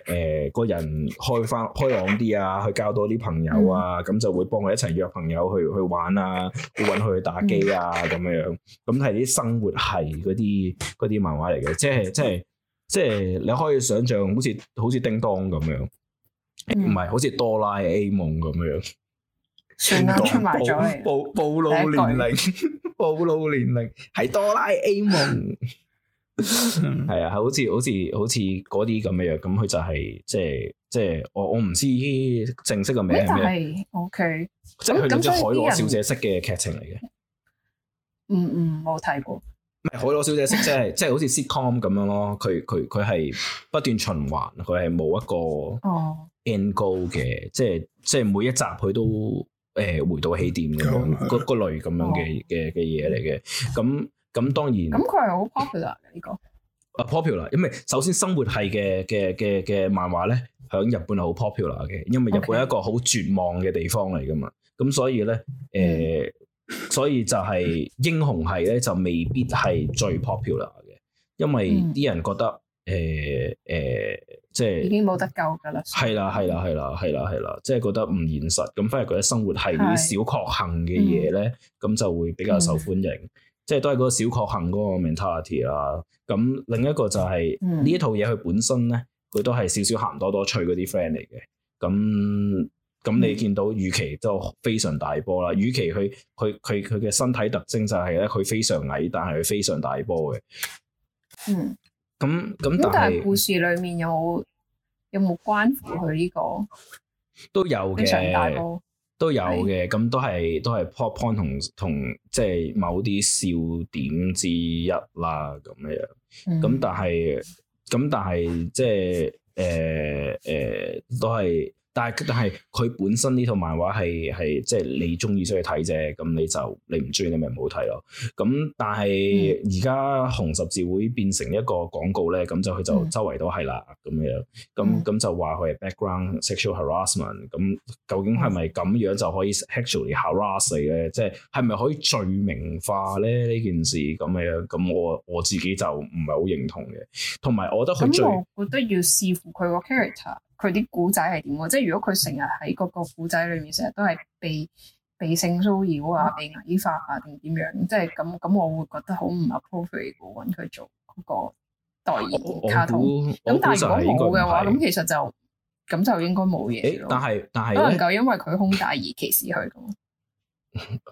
誒誒，個人開翻開朗啲啊，去交多啲朋友啊，咁、嗯、就會幫佢一齊約朋友去去玩啊，去揾佢去打機啊，咁樣樣，咁係啲生活係嗰啲嗰啲漫畫嚟嘅，即係即係即係你可以想象，好似好似叮當咁樣。唔係，好似哆啦 A 夢咁樣，算啦了，出埋咗，暴暴露年齡，暴露年齡，係哆啦 A 夢，係 啊，好似好似好似嗰啲咁樣，咁佢就係即係即係，我我唔知正式個名係咩，O K，即係佢咁似海螺小姐式嘅劇情嚟嘅，嗯嗯，冇睇過。唔係海螺小姐式、就是， 即係即係好似 sitcom 咁樣咯。佢佢佢係不斷循環，佢係冇一個哦 end goal 嘅，即係即係每一集佢都誒回到起點咁樣，嗰嗰類咁樣嘅嘅嘅嘢嚟嘅。咁咁當然咁佢係好 popular 嘅呢個啊 popular，因為首先生活係嘅嘅嘅嘅漫畫咧，響日本係好 popular 嘅，因為日本係一個好絕望嘅地方嚟噶嘛。咁所以咧誒。呃嗯所以就係英雄係咧，就未必係最 popular 嘅，因為啲人覺得誒誒、嗯呃呃，即係已經冇得救噶啦，係啦係啦係啦係啦係啦，啊啊啊嗯、即係覺得唔現實，咁反而覺得生活係啲小確幸嘅嘢咧，咁、嗯、就會比較受歡迎，即係都係嗰個小確幸嗰個 mentality 啦。咁另一個就係、是、呢、嗯、一套嘢，佢本身咧，佢都係少少咸多多趣嗰啲 friend 嚟嘅，咁。咁你見到與其都非常大波啦，與其佢佢佢佢嘅身體特徵就係咧，佢非常矮，但係佢非常大波嘅。嗯。咁咁但係故事裡面有冇有冇關乎佢呢、呢個都有嘅，大波都有嘅。咁都係的都係 point point 同同即係某啲笑點之一啦，咁樣。咁、嗯、但係咁但係即係誒誒，都係。但係，但係佢本身呢套漫畫係係即係你鍾意出去睇啫，咁你就你唔鍾意，你咪唔好睇咯。咁但係而家紅十字會變成一個廣告咧，咁就佢就周圍都係啦咁樣。咁咁、嗯、就話佢係 background sexual harassment、嗯。咁究竟係咪咁樣就可以 sexually harass 你咧？即係係咪可以罪名化咧呢件事咁樣？咁我我自己就唔係好認同嘅。同埋我覺得佢最我覺得要視乎佢個 character。佢啲古仔係點？即係如果佢成日喺嗰個古仔裏面，成日都係被被性騷擾啊、被矮化啊，定點樣？即係咁咁，我會覺得好唔 appropriate 搵佢做嗰個代言卡通。咁但係如果冇嘅話，咁其實就咁就應該冇嘢咯。但係但係，可能就因為佢胸大而歧視佢咯。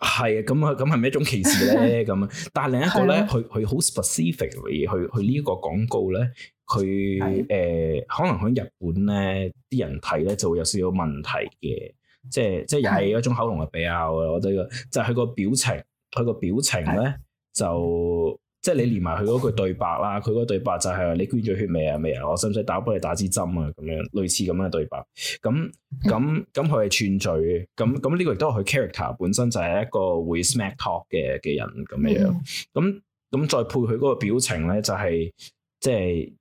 係啊，咁啊，咁係咪一種歧視咧？咁啊，但係另一個咧，佢佢好 specific 嚟，去去呢一個廣告咧，佢誒的、呃，可能喺日本咧，啲人睇咧就會有少少問題嘅，即係即係又係一種口紅嘅比較，我覺得就係佢個表情，佢個的表情咧就。即係你連埋佢嗰句對白啦，佢嗰對白就係你捐咗血未啊？未啊！我使唔使打幫你打支針啊？咁樣類似咁樣嘅對白。咁咁咁佢係串嘴。咁咁呢個亦都係佢 character 本身就係一個會 smack talk 嘅嘅人咁樣。咁咁、嗯、再配佢嗰個表情咧、就係，就係、是、即係、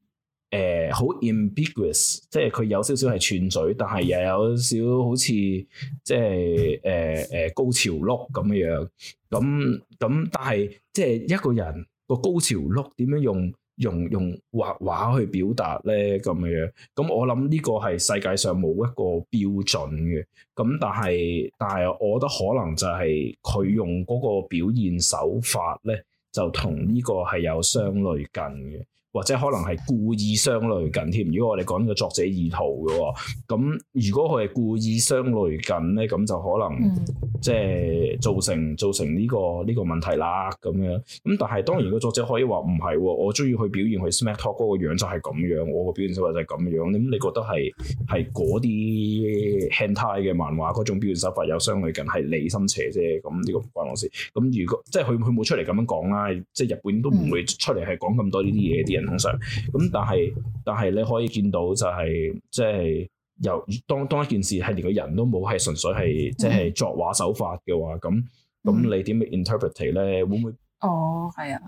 呃、誒好 ambiguous，即係佢有少少係串嘴，但係又有少好似即係誒誒高潮碌咁樣。咁咁但係即係一個人。個高潮碌點樣用用用畫畫去表達咧咁樣，咁我諗呢個係世界上冇一個標準嘅，咁但係但係我覺得可能就係佢用嗰個表現手法咧，就同呢個係有相類近嘅。或者可能係故意相類近添，如果我哋講個作者意圖嘅，咁如果佢係故意相類近咧，咁就可能、嗯、即係造成造成呢個呢個問題啦。咁樣咁，但係當然個作者可以話唔係，我中意去表現佢 smack talk 嗰個樣就係咁樣，我個表現手法就係咁樣。咁你覺得係係嗰啲 hentai 嘅漫畫嗰種表現手法有相類近係你心邪啫？咁呢個關老師咁，如果即係佢佢冇出嚟咁樣講啦，即係日本都唔會出嚟係講咁多呢啲嘢啲人。通常咁，但係但係你可以見到就係即係由當當一件事係連個人都冇，係純粹係即係作畫手法嘅話，咁咁、嗯、你點樣 interpret 咧？會唔會？哦，係啊，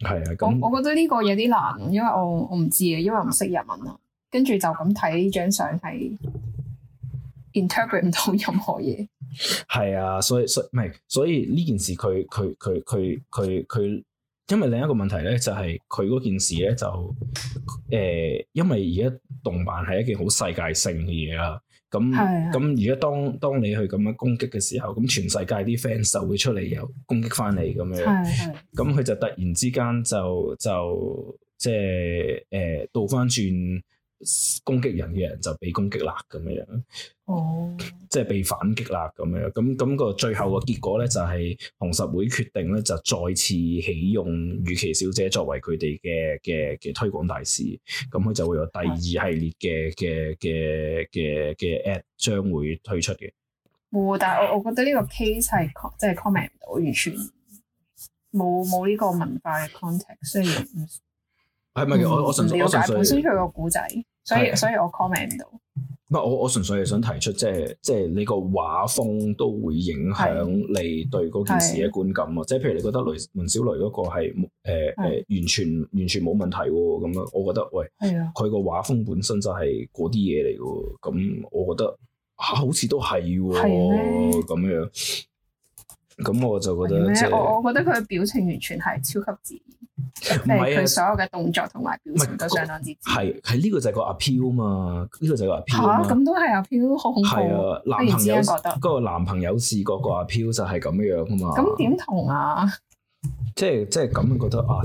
係啊，咁我我覺得呢個有啲難，因為我我唔知啊，因為我唔識日文啊，跟住就咁睇，呢張相係 interpret 唔到任何嘢。係啊，所以所以唔係，所以呢件事佢佢佢佢佢佢。因為另一個問題咧，就係佢嗰件事咧，就、呃、誒，因為而家動漫係一件好世界性嘅嘢啦。咁咁如果當當你去咁樣攻擊嘅時候，咁全世界啲 fan 就會出嚟又攻擊翻你咁樣。咁佢的就突然之間就就即係誒倒翻轉，攻擊人嘅人就被攻擊啦，咁樣，哦，即係被反擊啦，咁樣，咁咁個最後個結果咧就係紅十會決定咧就再次起用羽琪小姐作為佢哋嘅嘅嘅推廣大使，咁佢就會有第二系列嘅嘅嘅嘅嘅 app 將會推出嘅。冇，但係我我覺得呢個 case 係即係 comment 唔到，完全冇冇呢個文化嘅 context，所以，唔係咪我我純粹唔了解本身佢個古仔。所以，是所以我 comment 到。唔係我，我純粹係想提出，即係即係你個畫風都會影響你對嗰件事嘅觀感啊！是即係譬如你覺得雷文小雷嗰個係誒誒，完全完全冇問題咁樣，我覺得喂，佢個畫風本身就係嗰啲嘢嚟嘅，咁我覺得好似都係喎，咁樣。咁我就覺得即係，我我覺得佢嘅表情完全係超級自然。即係佢所有嘅動作同埋表情是都相當之似，係呢個就係個阿飄嘛，呢、這個就係個阿飄吓，咁、啊、都係阿飄好恐怖。啊！男朋友不覺得個男朋友視覺個阿飄就係咁樣㗎嘛，咁點、嗯、同啊？即係即係咁樣覺得啊？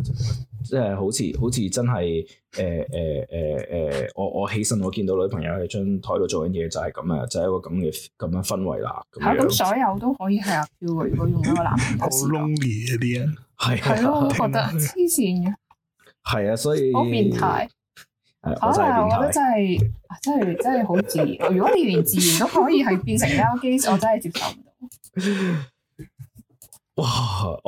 即係 好似好似真係誒誒誒誒，我我起身我見到女朋友喺張台度做緊嘢，就係咁啊，就係一個咁嘅咁樣，樣氛圍啦。嚇！咁所有都可以係阿 Q 如果用一個男嘅。好 lonely 啲啊，係係咯，我覺得黐線嘅。係啊，所以好 變態。嚇！但係我覺得真係真係真係好自然，如果你連自然都可以係變成 l g 我真係接受唔到。 哇！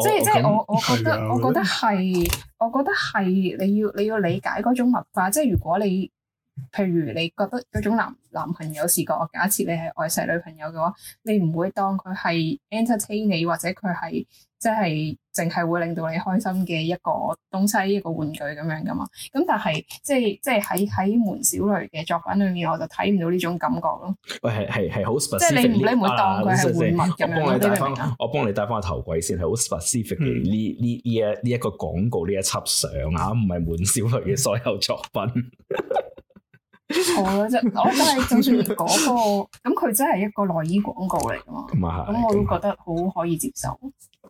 即係即係，我這樣 我覺得，的我覺得係， 我覺得係，你要你要理解嗰種文化，即係如果你。譬如你覺得嗰種男男朋友視角，假設你係愛錫女朋友嘅話，你唔會當佢係 entertain 你，或者佢係即係淨係會令到你開心嘅一個東西，一個玩具咁樣噶嘛？咁但係即係即係喺喺門小雷嘅作品裏面，我就睇唔到呢種感覺咯。喂，係係係好 specific，即係你唔你唔會當佢係玩物咁樣嘅。我幫你帶翻，樣我幫你帶翻個頭盔先，係好 specific 嘅呢呢呢一呢一個廣告呢一輯相啊，唔係門小雷嘅所有作品。 好啦，即 我都係就算嗰、嗰個，咁佢真係一個內衣廣告嚟噶嘛。咁我都覺得好可以接受。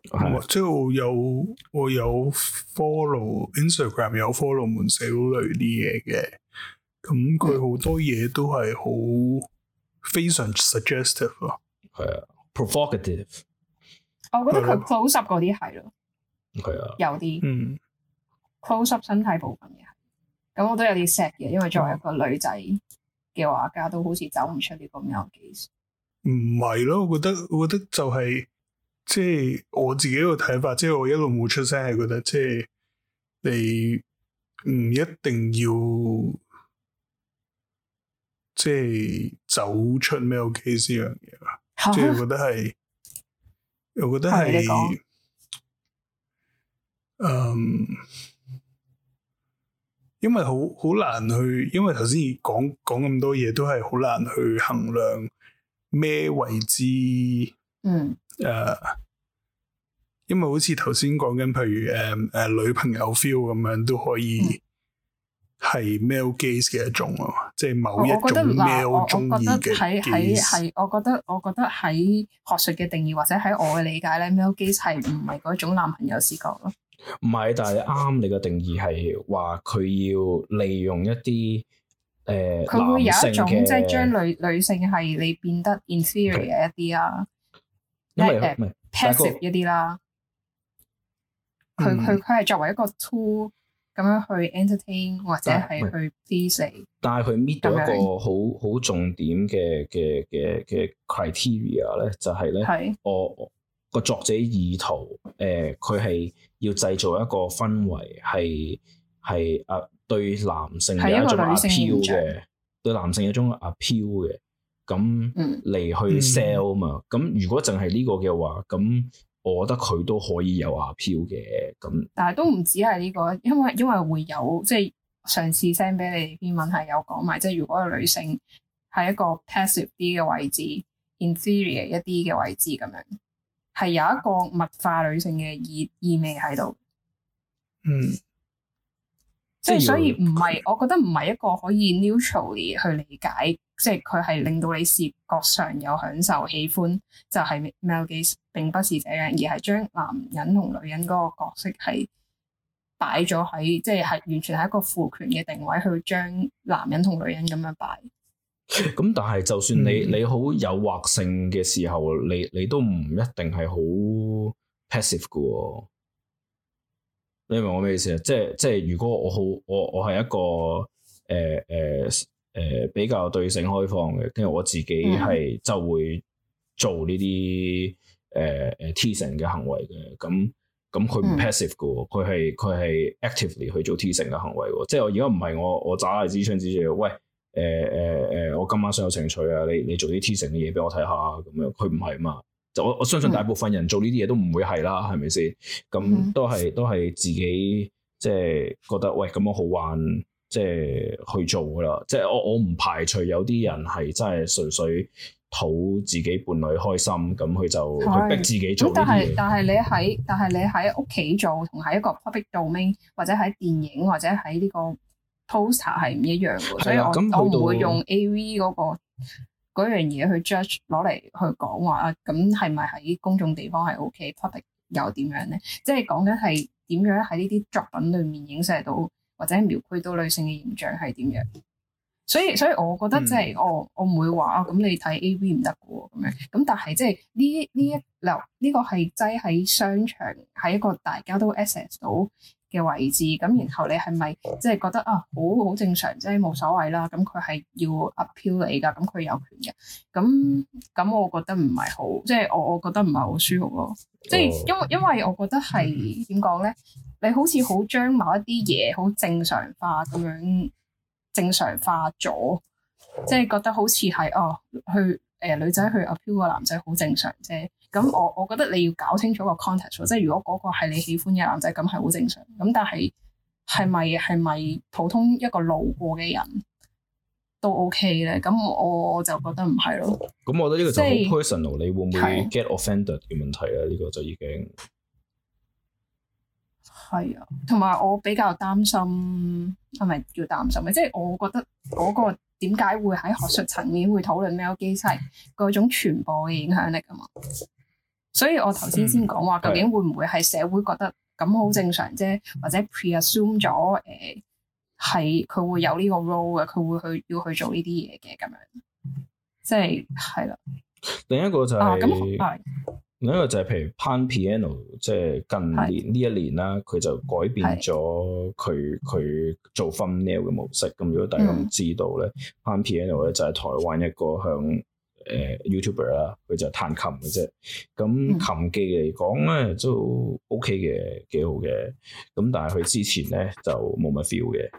即係的、就是、我有我有 follow Instagram 有 follow 門小蕾啲嘢嘅，咁佢好多嘢都係好的非常 suggestive 咯。係啊，provocative。Prov 我覺得佢 close up 嗰啲係咯。係啊。有啲嗯，close up 身體部分嘅咁我都有啲 sad 嘅，因為作為一個女仔嘅畫家，都好似走唔出呢個 male gaze。唔係咯，我覺得，我覺得就係、是、即係我自己個睇法，即係我一路冇出聲，係覺得即係你唔一定要即係走出 male gaze 呢樣嘢啦。即係覺得係，我覺得係，嗯。 因為好好難去，因為頭先講講咁多嘢都係好難去衡量咩位置，嗯，誒、呃，因為好似頭先講緊，譬如誒誒、呃呃、女朋友 feel 咁樣都可以係 male gaze 嘅一種咯，嗯、即係某一種 male 中意嘅喺喺係，我覺得我覺得喺學術嘅定義或者喺我嘅理解咧 male gaze 係唔係嗰種男朋友視角咯。唔係，但係啱你個定義係話佢要利用一啲誒，佢、呃、會有一種即係將女女性係你變得 inferior 一啲 Okay. like, 啊，即係 passive 一啲啦、那個。佢佢佢係作為一個 tool 咁樣去 entertain 或者係去 please 你是。但係佢搣到一個好好重點嘅嘅嘅嘅 criteria 咧，就係咧，我。個作者意圖，誒佢係要製造一個氛圍，係係啊對男性係一,一個女性嘅對的男性有一種 appeal 嘅咁嚟去 sell 嘛。咁、嗯、如果淨係呢個嘅話，咁我覺得佢都可以有 appeal 嘅咁。但係都唔止係呢、呢個，因為因為會有即係上次 send 俾你啲文係有講埋，即係如果個女性喺一個 passive 啲嘅位置，inferior 一啲嘅位置咁樣。係有一個物化女性嘅意意味喺度，嗯，即係所以唔係， 我覺得唔係一個可以 neutrally 去理解，即係佢係令到你視覺上有享受、喜歡，就係、是、male gaze 並不是這樣，而係將男人同女人嗰個角色係擺咗喺，即係係完全係一個父權嘅定位去將男人同女人咁樣擺。咁但係就算你你好誘惑性嘅時候，你你都唔一定係好 passive 嘅，哦。你明我咩意思啊？即係即係如果我好我我係一個誒誒誒比較對性開放嘅，跟住我自己係就會做呢啲誒誒 teasing 嘅行為嘅。咁咁佢唔 passive 嘅，佢係佢係 actively 去做 teasing 嘅行為。即係我而家唔係我我咋嚟只想只住喂。誒誒誒，我、呃呃呃、今晚想有情趣啊！你你做啲 t 型嘅嘢俾我睇下，咁樣佢唔係嘛？就我我相信大部分人做呢啲嘢都唔會係啦，係咪先？咁都係都係自己即係覺得喂咁樣好玩，即係去做噶啦。即係我我唔排除有啲人係真係純粹討自己伴侶開心，咁佢就是逼自己做但。但係但係你喺但係你喺屋企做，同喺一個 public domain 或者喺電影或者喺呢、呢個，poster 係唔一樣嘅，所以我、就是嗯、我唔會用 AV 嗰個樣嘢去 judge 攞嚟去講話啊，咁係咪喺公眾地方係 OK？Public 又點樣咧？即係講緊係點樣喺呢啲作品裡面影射到或者描繪到女性嘅形象係點樣？所以所以，我覺得即係我我唔會話啊，咁你睇 AV 唔得嘅喎咁樣。咁但係即係呢呢一嗱呢個係擠喺商場，係一個大家都 access 到。嘅位置咁，然後你係咪即係覺得啊，好好正常，即係冇所謂啦？咁佢係要 up 票你㗎，咁佢有權嘅。咁咁，我覺得唔係好，即係我我覺得唔係好舒服咯。即係因為因為我覺得係點講咧？你好似好將某一啲嘢好正常化咁樣，正常化咗，即係覺得好似係啊去。誒、呃、女仔去 appeal 個男仔好正常啫，咁我我覺得你要搞清楚個 context，即係如果嗰個係你喜歡嘅男仔，咁係好正常。咁但係係咪係咪普通一個路過嘅人都 OK 咧？咁我就覺得唔係咯。咁我覺得呢個就好 personal，以你會唔會 get offended 嘅問題咧？呢、呢個就已經係啊，同埋我比較擔心係咪叫擔心？即係我覺得嗰、嗰個。點解會喺學術層面會討論 mail 機制嗰種傳播嘅影響力啊嘛？所以我頭先先講話，究竟會唔會係社會覺得咁好正常啫？或者 presume 咗誒係、呃、佢會有呢個 role 嘅，佢會去要去做呢啲嘢嘅咁樣，即係係啦。另一個就係、是。啊另一個就係譬如 Pan Piano，即係近年呢是一年啦，佢就改變咗佢佢做 thumbnail 嘅模式。咁如果大家唔知道咧、嗯、Pan Piano 咧就係台灣一個向誒、呃、YouTuber 啦，佢就彈琴嘅啫。咁琴技嚟講咧，都 OK 嘅，幾好嘅。咁但係佢之前咧就冇乜 feel 嘅，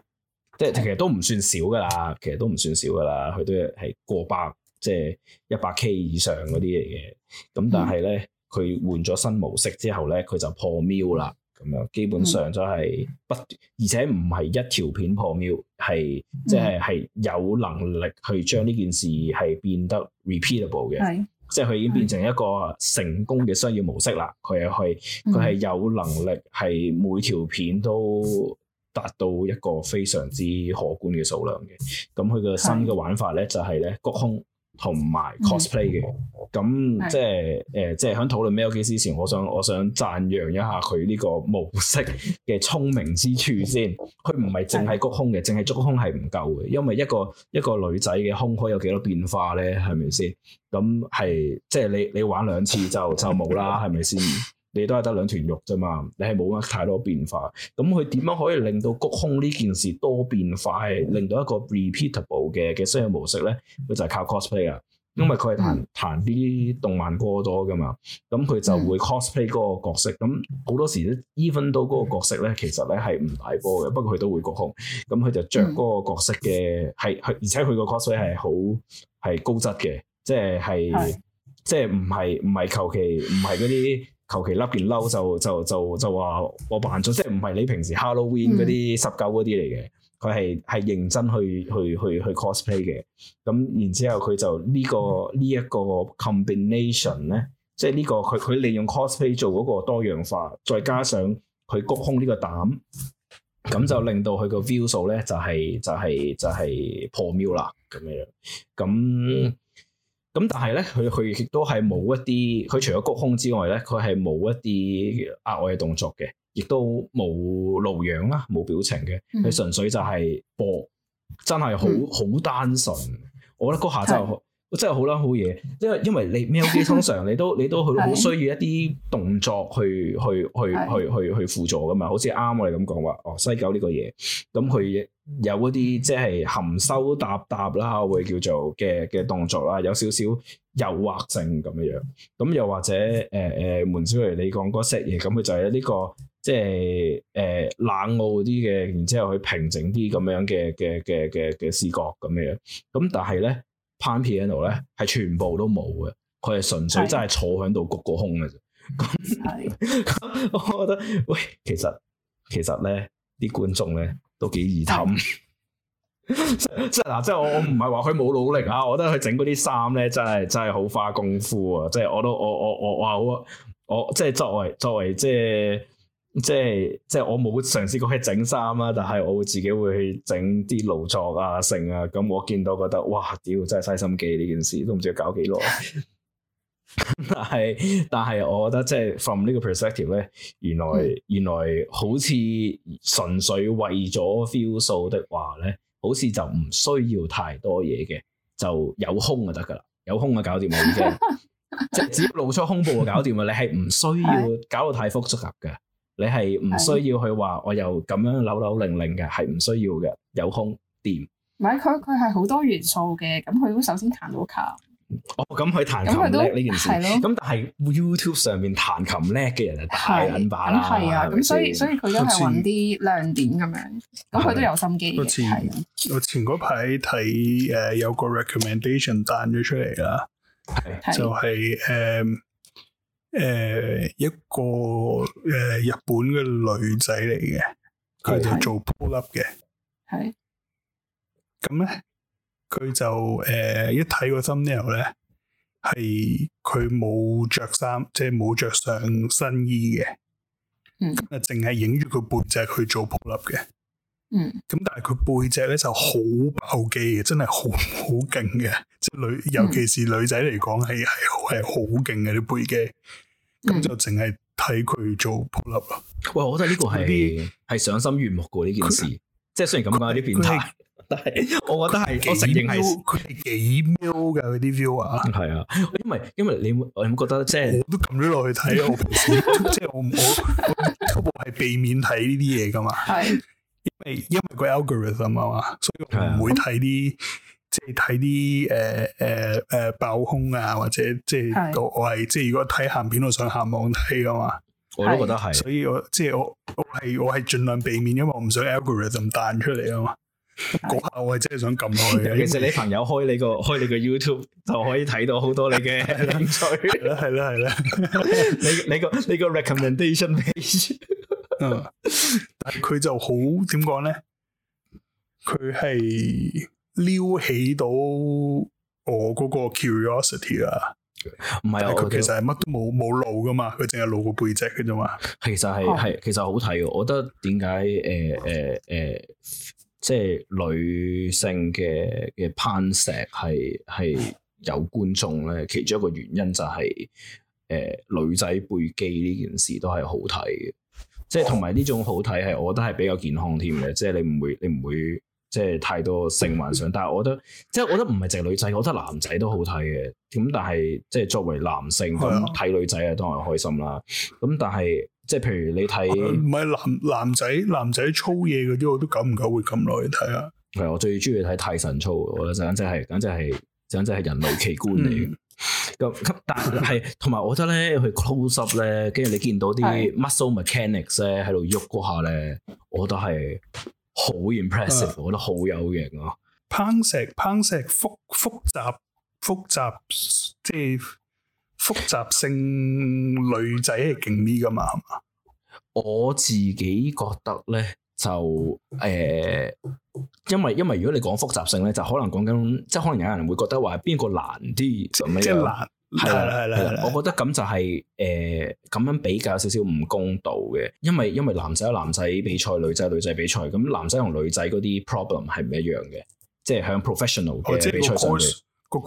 即係其實都唔算少噶啦，其實都唔算少噶啦，佢都係過百。即係一百 K 以上嗰啲嘢，咁但係咧，佢、嗯、換咗新模式之後咧，佢就破秒啦，咁樣基本上就係不，嗯、而且唔係一條片破秒，係即係係有能力去將呢件事係變得 repeatable 嘅，是即係佢已經變成一個成功嘅商業模式啦。佢又係佢係有能力係每條片都達到一個非常之可觀嘅數量嘅，咁佢嘅新嘅玩法咧就係咧谷空。同埋 cosplay 嘅，咁即係誒，即係喺討論 Milkys 之前，我想我想讚揚一下佢呢個模式嘅聰明之處先。佢唔係淨係谷胸嘅，淨係谷胸係唔夠嘅，因為一個一個女仔嘅胸可以有幾多變化咧？係咪先？咁係即係你你玩兩次就就冇啦，係咪先？你都係得兩團肉啫嘛，你係冇乜太多變化。咁佢點樣可以令到谷胸呢件事多變化，係令到一個 repeatable 嘅嘅商業模式咧？佢就係靠 cosplay 啊，因為佢係彈、嗯、彈啲動漫歌多噶嘛，咁佢就會 cosplay 嗰個角色。咁好多時 even 到嗰個角色咧，其實咧係唔大波嘅，不過佢都會谷胸。咁佢就着嗰個角色嘅係，佢、嗯、而且佢個 cosplay 係好係高質嘅，即係係是即係唔係唔係求其唔係嗰啲。求其笠件褸就就就就話我扮咗，即係唔係你平時 Halloween 嗰啲十九嗰啲嚟嘅？佢係係認真去去去去 cosplay 嘅。咁然之後佢就呢、這個呢一、嗯、個 combination 咧，即係呢個佢佢利用 cosplay 做嗰個多樣化，再加上佢谷胸呢個膽，咁就令到佢個 view 數咧就係、是、就係、是、就係破廟啦咁樣樣咁。嗯咁但係咧，佢佢亦都係冇一啲，佢除咗鞠躬之外咧，佢係冇一啲額外嘅動作嘅，亦都冇露樣啦，冇表情嘅，佢純粹就係播，真係好好單純。我覺得嗰下真係。真係好啦，啊，好嘢，因為因為你咪通常你都你都好需要一啲動作去 去去對 去去去輔助噶嘛，好似啱我哋咁講話哦西九呢個嘢，咁、嗯、佢有一啲即係含羞答答啦，會叫做嘅嘅動作啦，有少少誘惑性咁樣樣，咁又或者誒誒、呃，門少爺你講嗰石嘢，咁佢就係呢、這個即係誒冷傲啲嘅，然之後佢平靜啲咁樣嘅嘅嘅嘅嘅視覺咁樣，咁但係咧。攀皮喺度咧，係全部都冇嘅，佢係純粹真係坐喺度焗個胸嘅啫。咁係，我覺得喂，其實其實咧，啲觀眾咧都幾易氹。即係嗱，即係我唔係話佢冇努力啊，我覺得佢整嗰啲衫咧真係真係好花功夫啊！即係我都我我我我我，即係作為作為即係。即係即係我冇嘗試過去整衫啦，但係我會自己會去整啲勞作啊、剩啊，咁我見到覺得哇，屌真係嘥心機呢件事，都唔知要搞幾耐。 但係但係我覺得即係 from 呢個 perspective 咧，原來、嗯、原來好似純粹為咗 feel 數的話咧，好似就唔需要太多嘢嘅，就有空就得噶啦，有空啊搞掂啊已經， 即只要露出胸部啊搞掂啊，你係唔需要搞到太複雜嘅。你係唔需要去話我又咁樣扭扭擰擰嘅，係唔需要嘅。有空掂。唔係佢佢係好多元素嘅，咁佢首先彈到卡。哦，咁佢彈琴叻呢也件事。咁的但係 YouTube 上面彈琴叻嘅人係大把啦。係啊，咁所以所以佢都係揾啲亮點咁像樣。咁佢都有心機嘅。我前嗰排睇誒有個 recommendation 彈咗出嚟啦，就係誒。的誒、呃，一個誒、呃、日本嘅女仔嚟嘅，佢的就做 pull up 嘅。係、呃。咁咧，佢就誒一睇個 Thumbnail 咧，係佢冇着衫，即係冇着上身衣嘅，咁啊淨係影住佢背脊去做 pull up 嘅。嗯，咁但係佢背脊咧就好爆肌嘅，真係好好勁嘅，即係女，尤其是女仔嚟講係係係好勁嘅啲背肌，咁就淨係睇佢做 pull up 喂，我覺得呢個係係賞心悅目嘅呢件事，即係雖然咁講有啲變態，但係我覺得係我承認係佢係幾妙嘅嗰啲 viewer。係啊，因為因為你會咁覺得，即係我都撳咗落去睇，我平時即係我我我係避免睇呢啲嘢噶嘛。係。因為個 algorithm 啊嘛，所以我唔會睇啲即係睇啲誒誒誒爆空啊，或者即係是的 我係即係如果睇鹹片，我想鹹網睇啊嘛。我都覺得係，所以我即係我我係我係盡量避免，因為我唔想 algorithm 彈出嚟啊嘛。嗰是的 下我係真係想撳落去。 其實你朋友開你個開你個 YouTube 就可以睇到好多你嘅興趣。係啦係啦係啦，你你個你個 recommendation p 但係佢就好點講咧？佢係撩起到我嗰個 curiosity 啦。唔係，佢其實係乜都冇冇 露噶嘛，佢淨係露個背脊嘅啫嘛。其實係係、oh.，其實好睇。我覺得點解誒誒誒，即係女性嘅嘅攀石係係有觀眾咧，其中一個原因就係、是、誒、呃、女仔背肌呢件事都係好睇嘅。即係同埋呢種好睇係，我覺得係比較健康添嘅。哦、即係你唔會，你唔會即係太多性幻想。 但係我覺得，即係我覺得唔係淨係女仔，我覺得男仔都好睇嘅。咁但係，即係作為男性咁睇女仔啊，當然開心啦。咁但係，即係譬如你睇唔係男男仔，男仔粗嘢嗰啲，我都敢唔敢會咁耐去睇啊？係我最中意睇太神粗，我覺得簡直係，簡直係，簡直係人類奇觀嚟。咁 但係同埋，我覺得咧佢 close up 咧，跟住你見到啲 muscle mechanics 咧喺度喐嗰下咧，我覺得係好 impressive， 我覺得好有型咯。攀石，攀石複複雜複雜，即係複，複雜性女仔係勁啲噶嘛？我自己覺得咧。就誒、呃，因為因為如果你講複雜性咧，就可能講緊，即係可能有人會覺得話邊個難啲咁樣。即係難係啦係啦係啦。我覺得咁就係誒咁樣比較少少唔公道嘅，因為因為男仔有男仔比賽，女仔女仔比賽，咁男仔同女仔嗰啲 problem 係唔一樣嘅，即係響 professional 嘅比賽上嘅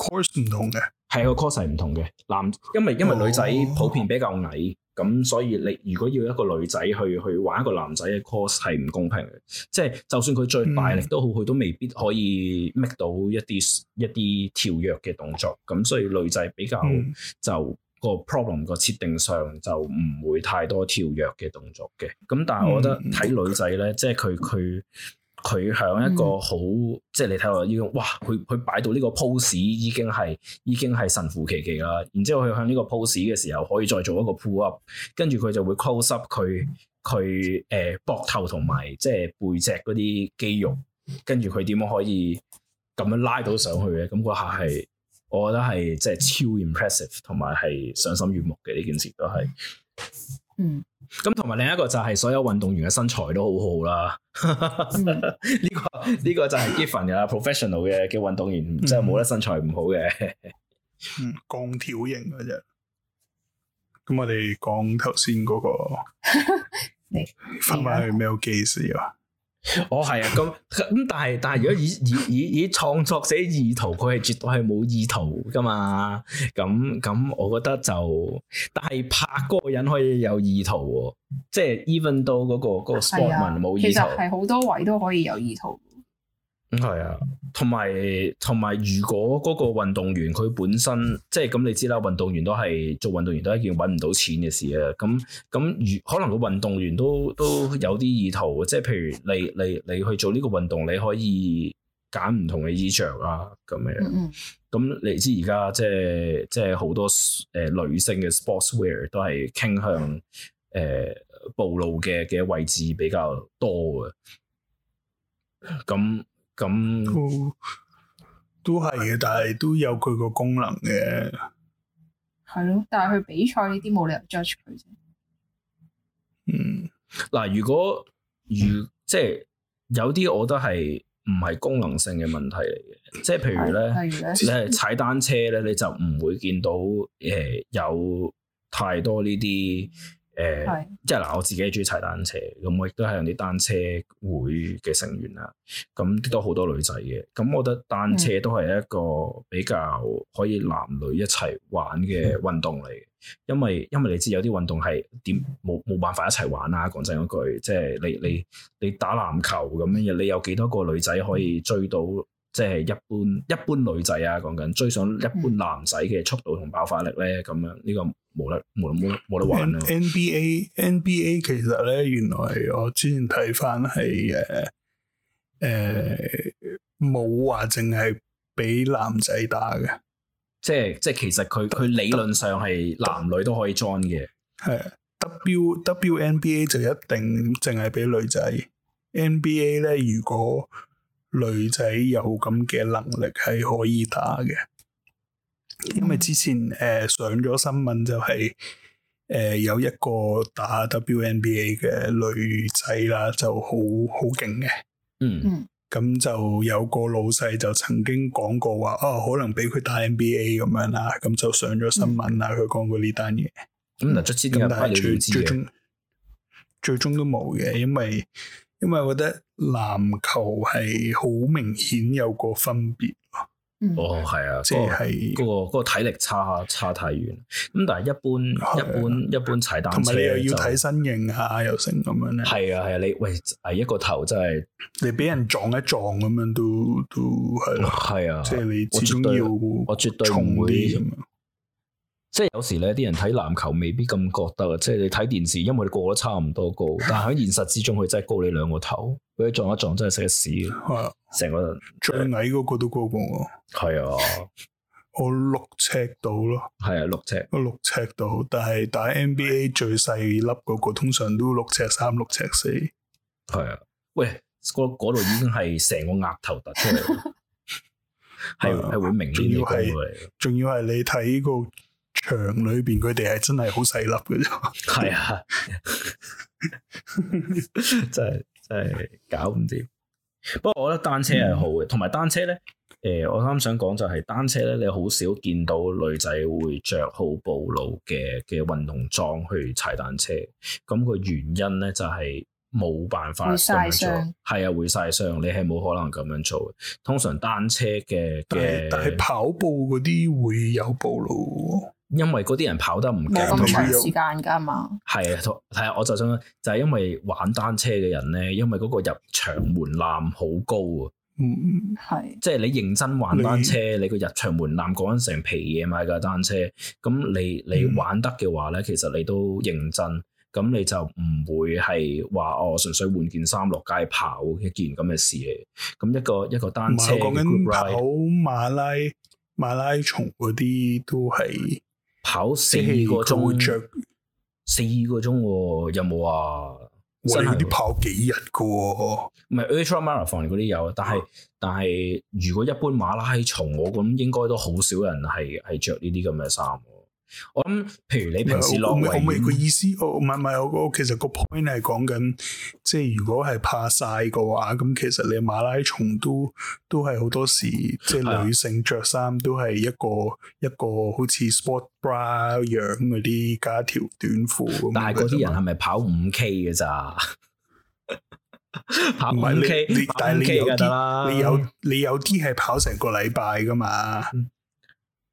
course 唔同嘅。係、嗯、個 course 係唔同嘅男，因為因為女仔普遍比較矮，咁、哦、所以你如果要一個女仔去去玩一個男仔嘅 course 係唔公平嘅，即、就、係、是、就算佢再大力都好，佢、嗯、都未必可以 make 到一啲一啲跳躍嘅動作。咁所以女仔比較就，嗯、就個 problem 個設定上就唔會太多跳躍嘅動作嘅。咁但係我覺得睇女仔咧，嗯嗯嗯、即係佢佢。佢向一個好，嗯、即係你睇落依種，哇！佢佢擺到呢個 pose 已經係已經係神乎其技啦。然之後佢向呢個 pose 嘅時候，可以再做一個 pull up，跟住佢就會 close up 佢佢誒膊頭同埋即係背脊嗰啲肌肉。跟住佢點樣可以咁樣拉到上去嘅？咁嗰下係，我覺得係即係超 impressive，同埋係賞心悅目嘅呢件事都係。嗯，咁同埋另一個就係所有運動員嘅身材都好好啦，呢、嗯 這個呢、這個就係 given 噶啦 ，professional 嘅嘅運動員真係冇得身材唔好嘅， 嗯，鋼條型嗰隻。咁我哋講頭先嗰個， 你翻翻去 Milky 食我係、哦、啊，咁咁但係但係如果以以以以創作者意圖，佢係絕對係冇意圖噶嘛，咁咁我覺得就，但係拍個人可以有意圖，即係 even 到嗰、那個、那個 spotman、冇、啊、意圖，其實係好多位都可以有意圖。係啊，同埋同埋，如果嗰個運動員佢本身，即係咁，你知啦，運動員都係做運動員都係一件搵唔到錢嘅事啊。咁咁，如可能個運動員都都有啲意圖，即係譬如你你你，你去做呢個運動，你可以揀唔同嘅衣着啊，咁樣。咁、mm hmm. 你知而家即係即係好多誒、呃、女性嘅 sportswear 都係傾向誒、呃、暴露嘅嘅位置比較多嘅，咁。咁、哦、都都係嘅，但係都有佢個功能嘅。係咯，但係佢比賽呢啲冇理由 judge 佢啫。嗯，嗱，如果如即係有啲，我覺得係唔係功能性嘅問題嚟嘅。即係譬如咧， 如呢你係踩單車咧，你就唔會見到誒、呃、有太多呢啲。誒，呃、是即係嗱，我自己係中意踩單車，咁我亦都係啲單車會嘅成員啦。咁都好多女仔嘅，咁我覺得單車都係一個比較可以男女一齊玩嘅運動嚟。嗯、因為因為你知有啲運動係點冇冇辦法一齊玩啊！講真嗰句，即係你你你打籃球咁樣嘢，你有幾多個女仔可以追到？即係一般一般女仔啊，講緊追上一般男仔嘅速度同爆發力咧，咁、嗯、樣呢個冇得冇冇冇得玩啦！NBA NBA 其實咧，原來我之前睇翻係誒誒冇話淨係俾男仔打嘅，即係即係其實佢佢理論上係男女都可以 join 嘅。係 W WNBA 就一定淨係俾女仔，NBA 咧如果。女仔有咁嘅能力係可以打嘅，因為之前誒、嗯呃、上咗新聞就係、是、誒、呃、有一個打 WNBA 嘅女仔啦，就好好勁嘅。嗯，咁就有個老細就曾經講過話，啊可能俾佢打 NBA 咁樣啦，咁就上咗新聞啦。佢講過呢單嘢。咁嗱，出錢嘅，但係最終最終都冇嘅，因為。因為我覺得籃球係好明顯有個分別哦係啊，即係嗰個個體力差差太遠，咁但係一般一般一般踩單車同埋你又要睇身型啊，又成咁樣咧，係啊係啊，你喂，一個頭真係你俾人撞一撞咁樣都都係咯，係啊，即係你始終要我絕對重啲。即係有時咧，啲人睇籃球未必咁覺得啊！即係你睇電視，因為你個個都差唔多高，但係喺現實之中，佢真係高你兩個頭，俾你撞一撞真係食屎嘅。係啊，成個人最矮嗰個都高過我。係啊，我六尺度咯。係啊，六尺。我六尺度，但係打 NBA 最細粒嗰個通常都六尺三、六尺四。係啊，喂，嗰度已經係成個額頭突出嚟，係係 是會明顯見到嚟。仲要係你睇個。場裏邊佢哋係真係好細粒嘅啫。係啊， 真係真係搞唔掂。不過我覺得單車係好嘅，同埋、嗯、單車咧，誒、呃，我啱啱想講就係單車咧，你好少見到女仔會着好暴露嘅嘅運動裝去踩單車。咁、那個原因咧就係冇辦法咁樣做，係啊，會曬傷，你係冇可能咁樣做。通常單車嘅，但係是的但係跑步嗰啲會有暴露。因為嗰啲人跑得唔勁，冇咁長時間㗎嘛。係啊，係啊，我就想就係、是、因為玩單車嘅人咧，因為嗰個入場門檻好高啊。嗯嗯，係。即係你認真玩單車，你個入場門檻講成皮嘢買架單車，咁你你玩得嘅話咧，嗯、其實你都認真，咁你就唔會係話哦，純粹換件衫落街跑一件咁嘅事嚟。咁一個一個單車，講緊跑馬拉馬拉松嗰啲都係。跑四個鐘，會着四個鐘、哦、有冇啊？哇真係啲跑幾日噶、哦，唔係 Ultra Marathon 嗰啲有，但係、嗯、但係如果一般馬拉松我，我諗應該都好少人係係着呢啲咁嘅衫。我諗，譬如你平時攞咩，我咪個意思，唔係唔係，我，我其實個 point 係講緊，即係如果係怕晒嘅話，咁其實你馬拉松都都係好多時，即係女性着衫都係一個的一個好似 sport bra 樣嗰啲加條短褲。但係嗰啲人係咪跑五 k 嘅咋？跑五 k，跑五 k 但係你有啲，你有你有啲係跑成個禮拜噶嘛？嗯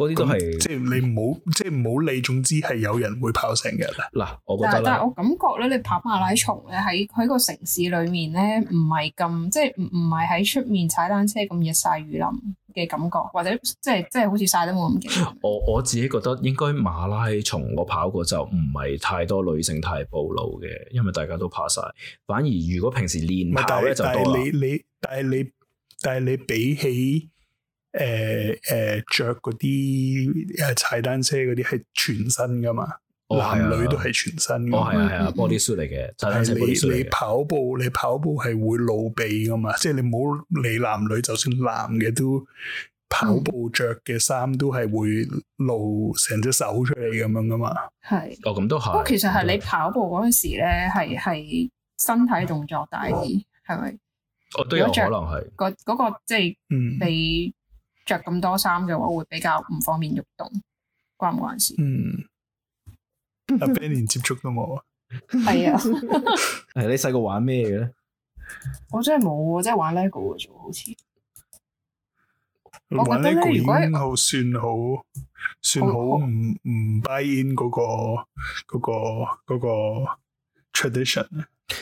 嗰啲都係，即係你唔好，嗯、即係唔好理。總之係有人會跑成日啦。嗱，我覺得但，但係我感覺咧，你跑馬拉松咧，喺喺個城市裏面咧，唔係咁，即係唔唔係喺出面踩單車咁日晒雨淋嘅感覺，或者即係即係好似晒得冇咁勁。我我自己覺得應該馬拉松，我跑過就唔係太多女性太暴露嘅，因為大家都怕晒。反而如果平時練跑咧但就多。但係你你，你但係你但係你比起。誒誒，着嗰啲誒踩單車嗰啲係全身噶嘛，哦、男女都係全身。哦係係係，body suit 嚟嘅。但係你你跑步，你跑步係會露臂噶嘛？即係你唔好理男女，就算男嘅都跑步着嘅衫都係會露成隻手出嚟咁樣噶嘛？係是、哦。哦，咁都係。不過其實係你跑步嗰陣時咧，係係、嗯、身體動作大啲，係咪、嗯？哦都有可能係。個即係你。 嗯嗯着咁多衫嘅話，會比較唔方便運動，關唔關事？嗯， 阿 Ben 連接觸都冇啊。係啊， 誒，你細個玩咩嘅咧？我真係冇，我真係玩 LEGO 嘅啫，好似。我覺得呢，如果玩 LEGO 已經好算好，算好，唔唔 buy in 嗰個，嗰個，嗰個 tradition。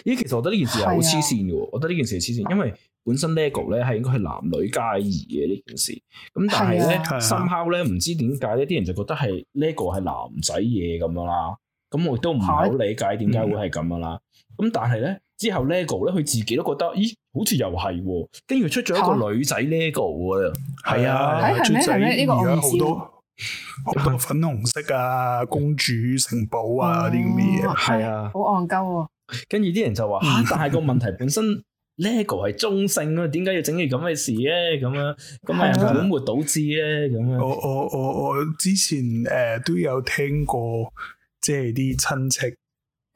咦，其實我覺得呢件事係好黐線嘅，啊、我覺得呢件事係黐線，因為。本身 lego 咧係應該係男女皆宜嘅呢件事，咁但係咧深烤咧唔知點解咧啲人就覺得係 lego 係男仔嘢咁樣啦，咁我亦都唔好理解點解會係咁樣啦。咁、啊、但係咧之後 lego 咧佢自己都覺得，咦，好似又係，跟住出咗一個女仔 lego 啊，係啊，女仔而家好多好多粉紅色啊，公主城堡啊啲咁嘅嘢，係多啊，哦、啊好戇鳩、啊。跟住啲人就話但係個問題本身。 呢個係中性啊，點解要整件咁嘅事咧？咁樣咁係本末倒置咧？咁啊，我我我我之前誒、呃、都有聽過，即係啲親戚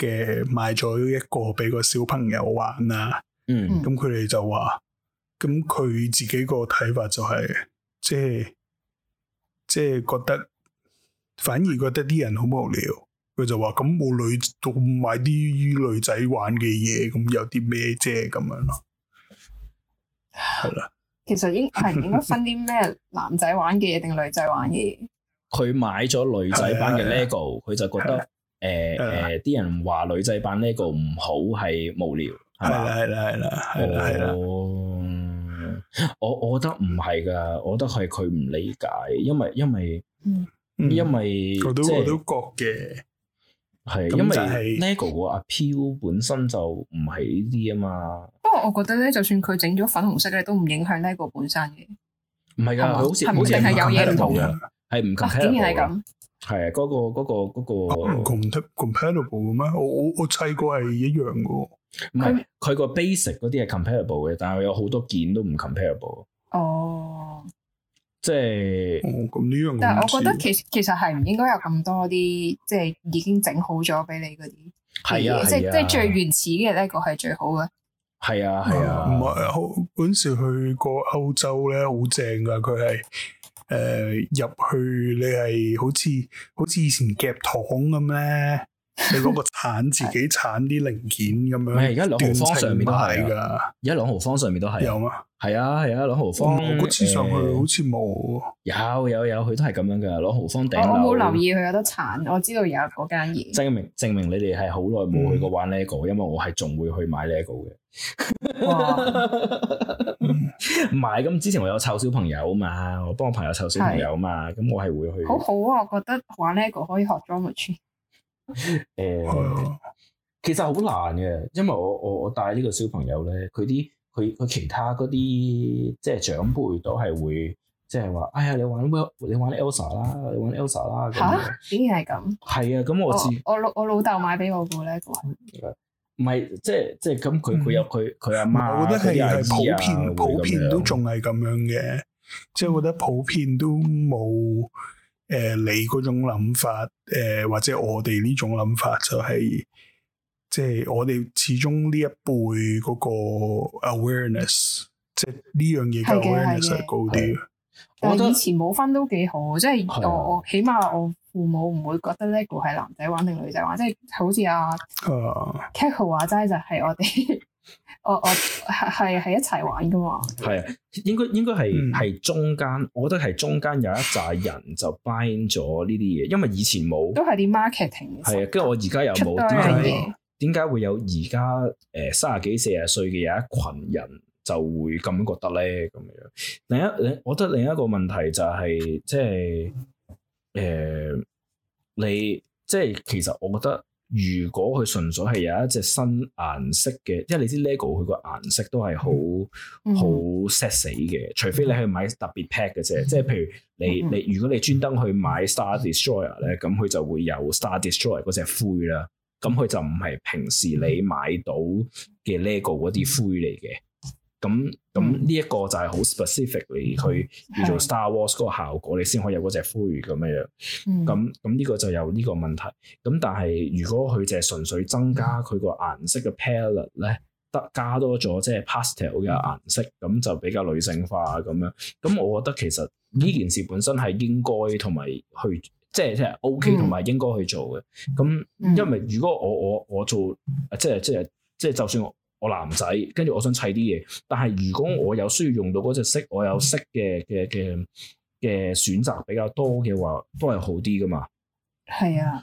嘅買咗一個俾個小朋友玩啊。嗯，咁佢哋就話，咁佢自己個睇法就係、是，即係即係覺得反而覺得啲人好無聊。佢就話咁冇女讀買啲女仔玩嘅嘢，咁有啲咩啫咁樣咯。係啦，其實應係應該分啲咩男仔玩嘅嘢定女仔玩嘅嘢。佢買咗女仔版嘅 LEGO，佢就覺得誒誒，啲的、啊呃、人話女仔版 LEGO 唔好，係無聊係嘛？係啦係啦係啦係啦。我我覺得唔係噶，我覺得係佢唔理解，因為因為、嗯、因為，因為、嗯、我都覺嘅。係，因為 lego 個阿飄本身就唔係呢啲啊嘛。不過我覺得咧，就算佢整咗粉紅色咧，都唔影響 lego 本身嘅。唔係噶，佢嗎好似係有嘢唔同嘅，係唔、啊？竟然係咁。係啊，嗰個嗰個嗰個。那個那個、compatible 嘅咩？我我砌過係一樣噶。唔係，佢個 basic 嗰啲係 compatible 嘅，但係有好多件都唔 compatible 哦。即係，哦、咁樣咁樣，但係我覺得其實其實係唔應該有咁多啲，即係已經整好咗俾你嗰啲，係啊，即係，係啊，即係最原始嘅呢個係最好嘅。係啊係啊，唔係好嗰陣時去過歐洲咧，好正㗎。佢係誒入去，你係好似好似以前夾糖咁咧。你嗰個鏟自己鏟啲零件咁樣，而家朗豪坊上面都係噶，而家朗豪坊上面都係有啊，係啊係啊，朗豪坊。我估次上去好似冇。有有有，佢都係咁樣噶，朗豪坊頂樓。我冇留意佢有得鏟，我知道有嗰間嘢。證明證明你哋係好耐冇去過玩 Lego，因為我係仲會去買 Lego 嘅。唔係咁之前我有湊小朋友嘛，我幫我朋友湊小朋友嘛，咁我係會去。好好啊，我覺得玩 Lego 可以學誒，其實好難嘅，因為我我我帶呢個小朋友咧，佢啲佢佢其他嗰啲即係長輩都係會即係話，哎呀，你玩 Will 你玩 Elsa 啦，你玩 Elsa 啦。吓哈？樣竟然係咁？係啊，咁我知我。我老我老豆買俾我個咧，唔係即係即係咁，佢佢、嗯、有佢佢阿媽。我覺得係普遍普遍，普遍都仲係咁樣嘅，嗯、即係我覺得普遍都冇。誒、呃、你嗰種諗法，誒、呃、或者我哋呢種諗法就係、是，即係我哋始終呢一輩嗰個 awareness，即係呢樣嘢嘅 awareness 係高啲。我也以前冇分都幾好，即係我的我起碼我父母唔會覺得 Lego，係男仔玩定女仔玩，即係好似阿、啊啊、Kaho 話齋就係我哋。 我我係係係一齊玩噶嘛？係啊，應該應該係係中間，我覺得係中間有一紮人就 buy 咗呢啲嘢，因為以前冇都係啲 marketing。係啊，跟住我而家又冇點解點解會有而家誒三十幾四十歲嘅有一群人就會咁樣覺得咧？咁樣，另一我我覺得另一個問題就係、是、即係誒、呃，你即係其實我覺得。如果佢純粹係有一隻新顏色嘅，因為你知 lego 佢個顏色都係好好 set 死嘅，除非你去買特別 pack 嘅啫。嗯、哼即係譬如你你如果你專登去買 star destroyer 咧，咁佢就會有 star destroyer 嗰隻灰啦。咁佢就唔係平時你買到嘅 lego 嗰啲灰嚟嘅。咁咁呢一個就係好 specifically 去叫做 Star Wars 嗰個效果，你先，嗯、可以有嗰隻灰咁樣，嗯、樣。咁咁呢個就有呢個問題。咁但係如果佢淨係純粹增加佢個顏色嘅 palette 咧，得加多咗即係 pastel 嘅顏色，咁、嗯、就比較女性化咁，嗯、樣。咁我覺得其實呢件事本身係應該同埋去即係即係 OK 同埋應該去做嘅。咁、嗯、因為如果我我我做即係即係即係就算我。我男仔，跟住我想砌啲嘢，但係如果我有需要用到嗰隻色，我有色嘅嘅嘅嘅選擇比較多嘅話，都係好啲㗎嘛。係啊，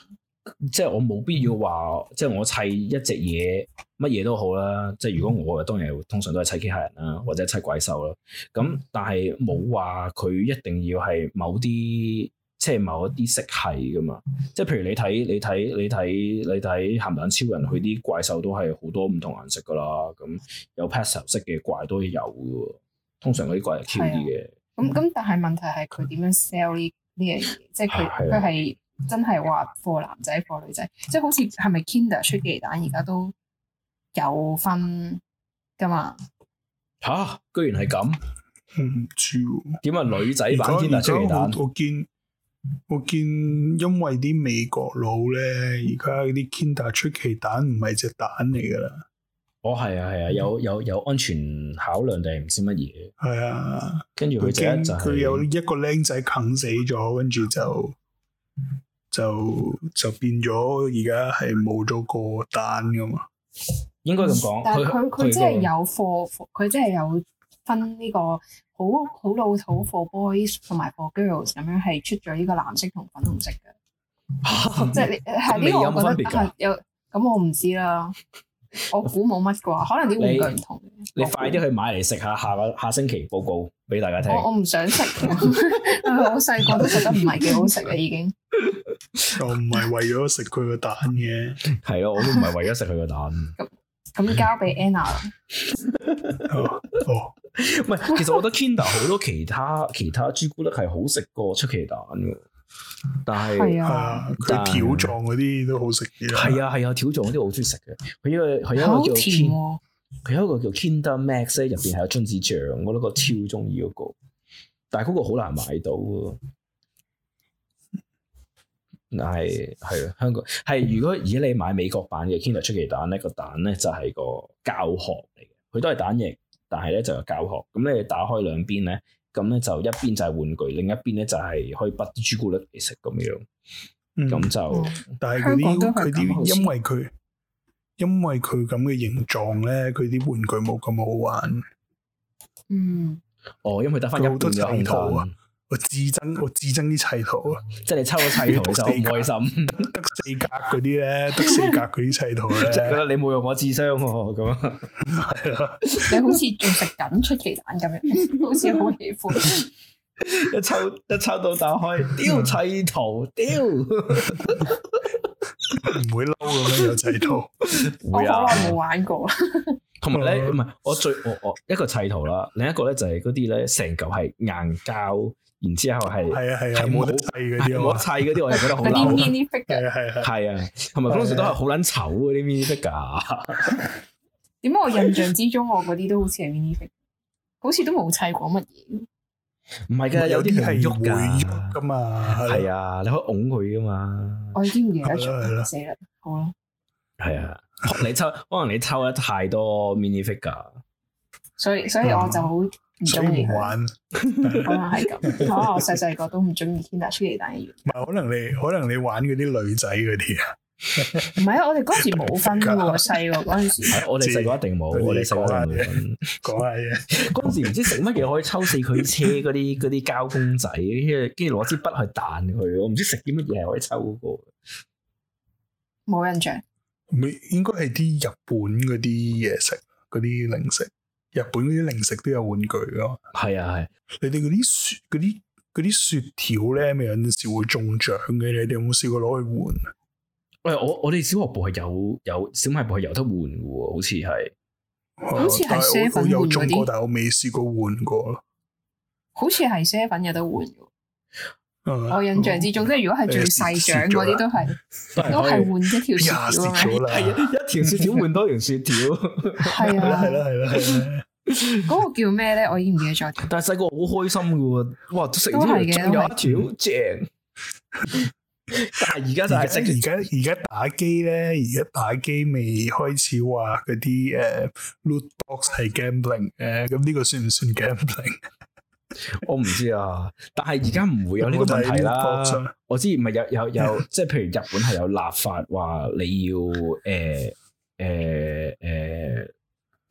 即係我冇必要話，即係我砌一隻嘢乜嘢都好啦。即係如果我，當然通常都係砌機械人啦，或者砌怪獸啦。咁但係冇話佢一定要係某啲。即係某一啲色系噶嘛，即係譬如你睇你睇你睇你睇鹹蛋超人佢啲怪獸都係好多唔同顏色噶啦，咁、嗯、有 pastel 色嘅怪都有噶。通常嗰啲怪係 Q 啲嘅。咁咁、啊、但係問題係佢點樣 sell 呢呢樣嘢？即係佢佢係真係話貨男仔貨女仔，即係好似係咪 Kinder 出奇蛋而家都有分噶嘛？吓、啊，居然係咁？唔知點啊，女仔版 Kinder 出奇蛋。我見，因為啲美國佬咧，而家啲 Kinder 出奇蛋唔係隻蛋嚟噶啦。哦，係啊，係啊，有有有安全考量定係唔知乜嘢。係啊，跟住佢佢有一個僆仔啃死咗，跟住就就就變咗而家係冇咗個蛋噶嘛。應該咁講，但係佢佢真係有貨，佢真係有。分呢個好好老土 for boys 同埋 for girls，咁樣係出咗呢個藍色同粉紅色嘅，即係 你係呢個我覺得有咁，我唔知啦。我估冇乜啩，可能啲玩具唔同你。你快啲去買嚟食下，下個下星期報告俾大家聽。我唔想食，我細個 都覺得唔係幾好食啦，已經。 又唔係為咗食佢個蛋嘅，係 咯，我都唔係為咗食佢個蛋。 咁交俾 Anna。唔係，其實我覺得 Kinder 好多其他其他朱古力係好食過出奇蛋嘅，但係係啊，佢但條狀嗰啲都好食啲。係啊係啊，條狀嗰啲我好中意食嘅。佢因為係因為叫 Kinder Max 入邊係有榛子醬，我覺得我超中意嗰個。但係嗰個好難買到。係係香港係，如果而家你買美國版嘅 Kinder 出奇蛋咧，呢個蛋咧就係個膠殼嚟嘅，佢都係蛋形，但係咧就係膠殼。咁咧打開兩邊咧，咁咧就一邊就係玩具，另一邊咧就係可以撥啲朱古力嚟食咁樣。咁就，但係嗰啲佢啲因為佢因為佢咁嘅形狀咧，佢啲玩具冇咁好玩。嗯，哦，因為得翻一半嘅空間啊。我至憎我至憎啲砌圖啊！即係你抽到砌圖就好唔開心，得四格嗰啲咧，得四格嗰啲砌圖咧，即係覺得你冇用我智商喎咁樣！你好似仲食緊出奇蛋咁樣，好似好喜歡。一抽一抽到打開，屌砌圖，屌！唔會嬲噶咩？有砌圖，我好耐冇玩過。同埋咧，唔係我最我我一個砌圖啦，另一個咧就係嗰啲咧成嚿係硬膠。然之後係係啊係啊，冇砌嗰啲我砌嗰啲，我係覺得好啱。啲 mini figure 係啊係係啊，同埋好多時都係好撚醜嗰啲 mini figure。點解我印象之中我嗰啲都好似係 mini figure，好似都冇砌過乜嘢。唔係噶，有啲係喐噶，咁啊係啊，你可以㧬佢噶嘛。我已經唔記得出咗，死啦，好啦。係啊，你抽，可能你抽得太多 mini figure，所以所以我就好。唔中意玩，可能係咁。我我細細個都唔中意天打出奇蛋。唔係，可能你可能你玩嗰啲女仔嗰啲啊？唔係啊！我哋嗰時冇分噶細個嗰陣時。 我哋細個一定冇，我哋細個冇分。講下嘢，嗰陣時唔知食乜嘢可以抽四驅車嗰啲嗰啲膠公仔，跟住攞支筆去彈佢。我唔知食啲乜嘢係可以抽嗰個。冇印象。未應該係啲日本嗰啲嘢食，嗰啲零食。日本嗰啲零食都有玩具㗎，係啊係。你哋嗰啲雪嗰啲啲雪條咧，咪有陣時會中獎嘅。你哋有冇試過攞去換？誒，我我哋小學部係有有小賣部係有得換嘅，好似係嗯、好似係啡粉有中過。但係我，些我未試過換過。好似係啡粉有得換。我印象之中，即係如果係最細獎嗰啲都係，都係換一條雪條，係啊，一條雪條換多條雪條，係啦，係啦，係啦，嗰個叫咩咧？我已唔記得咗。但係細個好開心噶，哇！食完之後仲有一條正。但係而家就係而家而家打機咧，而家打機未開始話嗰啲誒，loot box 係 gambling 誒，咁呢個算唔算 gambling？ 我唔知啊，但係而家唔會有呢個問題啦。 我知唔係有有有，有有 即係譬如日本係有立法話你要誒誒、呃、誒、呃呃、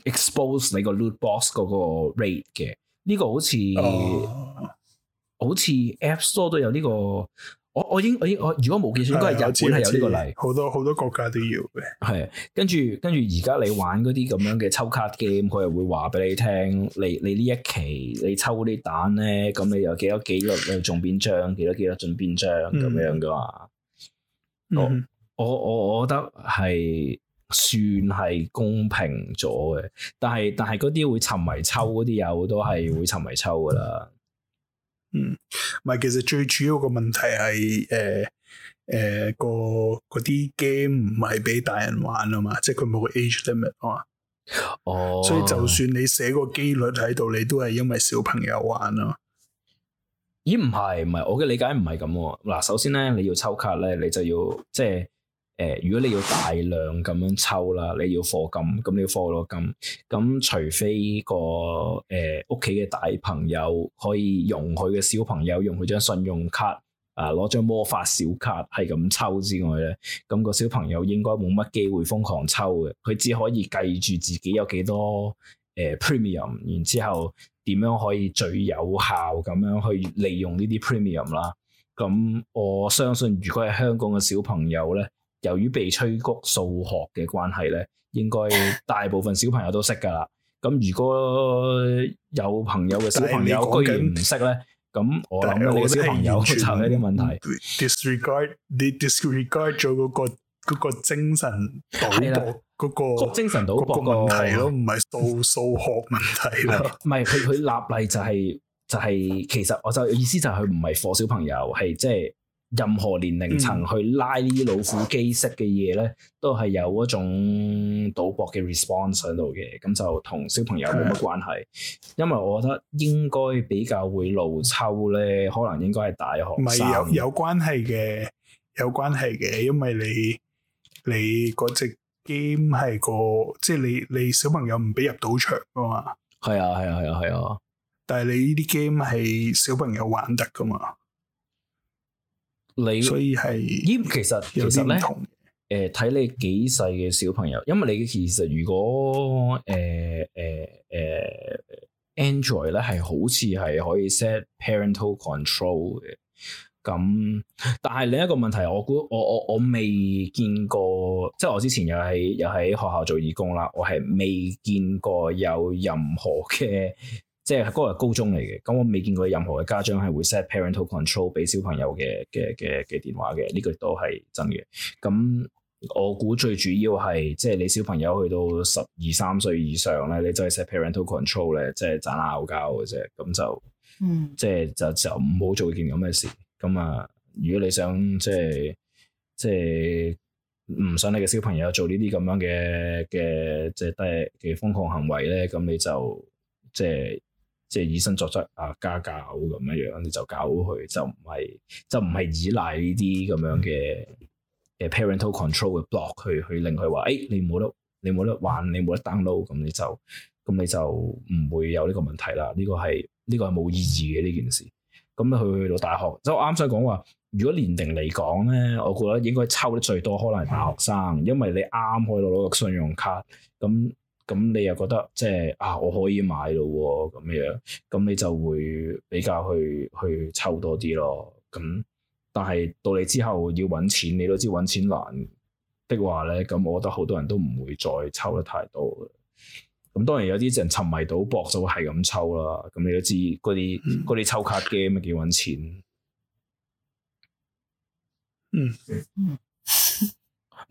，expose 你個 loot box 嗰個 rate 嘅。呢、這個好似、oh. 好似 App Store 都有呢、這個。我我應我應我，如果冇記錯，應該係日本係有呢個例。好 多好多國家都要嘅。係跟住跟住，而家你玩嗰啲咁樣嘅抽卡 game，佢又會話俾你聽，你你呢一期你抽嗰啲蛋咧，咁你有幾多幾率你中邊張，幾多幾多中邊張咁樣噶嘛？我我我我覺得係算係公平咗嘅，但係但係嗰啲會沉迷抽嗰啲友都係會沉迷抽噶啦。嗯，唔係，其實最主要個問題係誒誒個啲 game 唔係俾大人玩啊嘛，即係佢冇 age limit 啊嘛，哦、所以就算你寫個機率喺度，你都係因為小朋友玩咯。咦？唔係，唔係，我嘅理解唔係咁。嗱，首先咧，你要抽卡咧，你就要即係。誒，如果你要大量咁樣抽啦，你要課金，咁你要課落金。咁除非個誒屋企嘅大朋友可以用佢嘅小朋友用佢張信用卡，啊攞張魔法小卡係咁抽之外咧，咁、那個小朋友應該冇乜機會瘋狂抽嘅。佢只可以計住自己有幾多誒、呃、premium，然之後點樣可以最有效咁樣去利用呢啲 premium 啦。咁我相信如果係香港嘅小朋友咧。由於被催谷數學嘅關係咧，應該大部分小朋友都識噶啦。咁如果有朋友嘅小朋友居然唔識咧，咁我諗你小朋友出現一啲問題，disregard 你 disregard 咗嗰個嗰個精神島國嗰個精神島國嘅問題咯，唔係數數學問題啦。唔係佢佢立例就係就係，其實我就意思就係佢唔係課小朋友，係即係。任何年齡層去拉呢啲老虎機式嘅嘢咧，都係有一種賭博嘅 response 喺度嘅，咁就同小朋友冇乜關係。是的 因為我覺得應該比較會露抽咧，可能應該係大學生。唔係有有關係嘅，有關係嘅，因為你你嗰隻 game 係個，即係你你小朋友唔俾入賭場噶嘛。係啊係啊係啊係啊！但係你呢啲 game 係小朋友玩得噶嘛？你所以係，其實其實咧，誒睇、呃、你幾細嘅小朋友，因為你其實如果誒誒誒 Android 咧係好似係可以 set parental control 嘅，咁但係另一個問題，我估我我我未見過，即係我之前又喺又喺學校做義工啦，我係未見過有任何嘅。即係嗰個係高中嚟嘅，咁我未見過任何嘅家長係會 set parental control 俾小朋友嘅嘅嘅嘅電話嘅，呢、這個都係真嘅。咁我估最主要係即係你小朋友去到十二三歲以上咧，你再 set parental control 咧、mm hmm.，即係盞拗交嘅啫。咁就，嗯，即係就就唔好做件咁嘅事。咁啊，如果你想即係即係唔想你嘅小朋友做呢啲咁樣嘅嘅即係嘅瘋狂行為咧，咁你就即係。即係以身作則啊，家教咁樣樣，你就教佢，就唔係就唔係依賴呢啲咁樣嘅嘅 parental control 嘅 block 去去令佢話，誒、哎、你冇得你冇得玩，你冇得 download，咁你就咁你就唔會有呢個問題啦。呢、這個係呢、這個係冇意義嘅呢件事。咁佢去到大學，即係我啱先講話，如果年齡嚟講咧，我覺得應該抽得最多可能係大學生，因為你啱啱可以攞到信用卡咁。咁你又覺得即係啊，我可以買咯咁樣，咁你就會比較去去抽多啲咯。咁但係到你之後要揾錢，你都知揾錢難的話咧，咁我覺得好多人都唔會再抽得太多。咁當然有啲人沉迷賭博就會係咁抽啦。咁你都知嗰啲啲抽卡機咪幾揾錢？嗯。嗯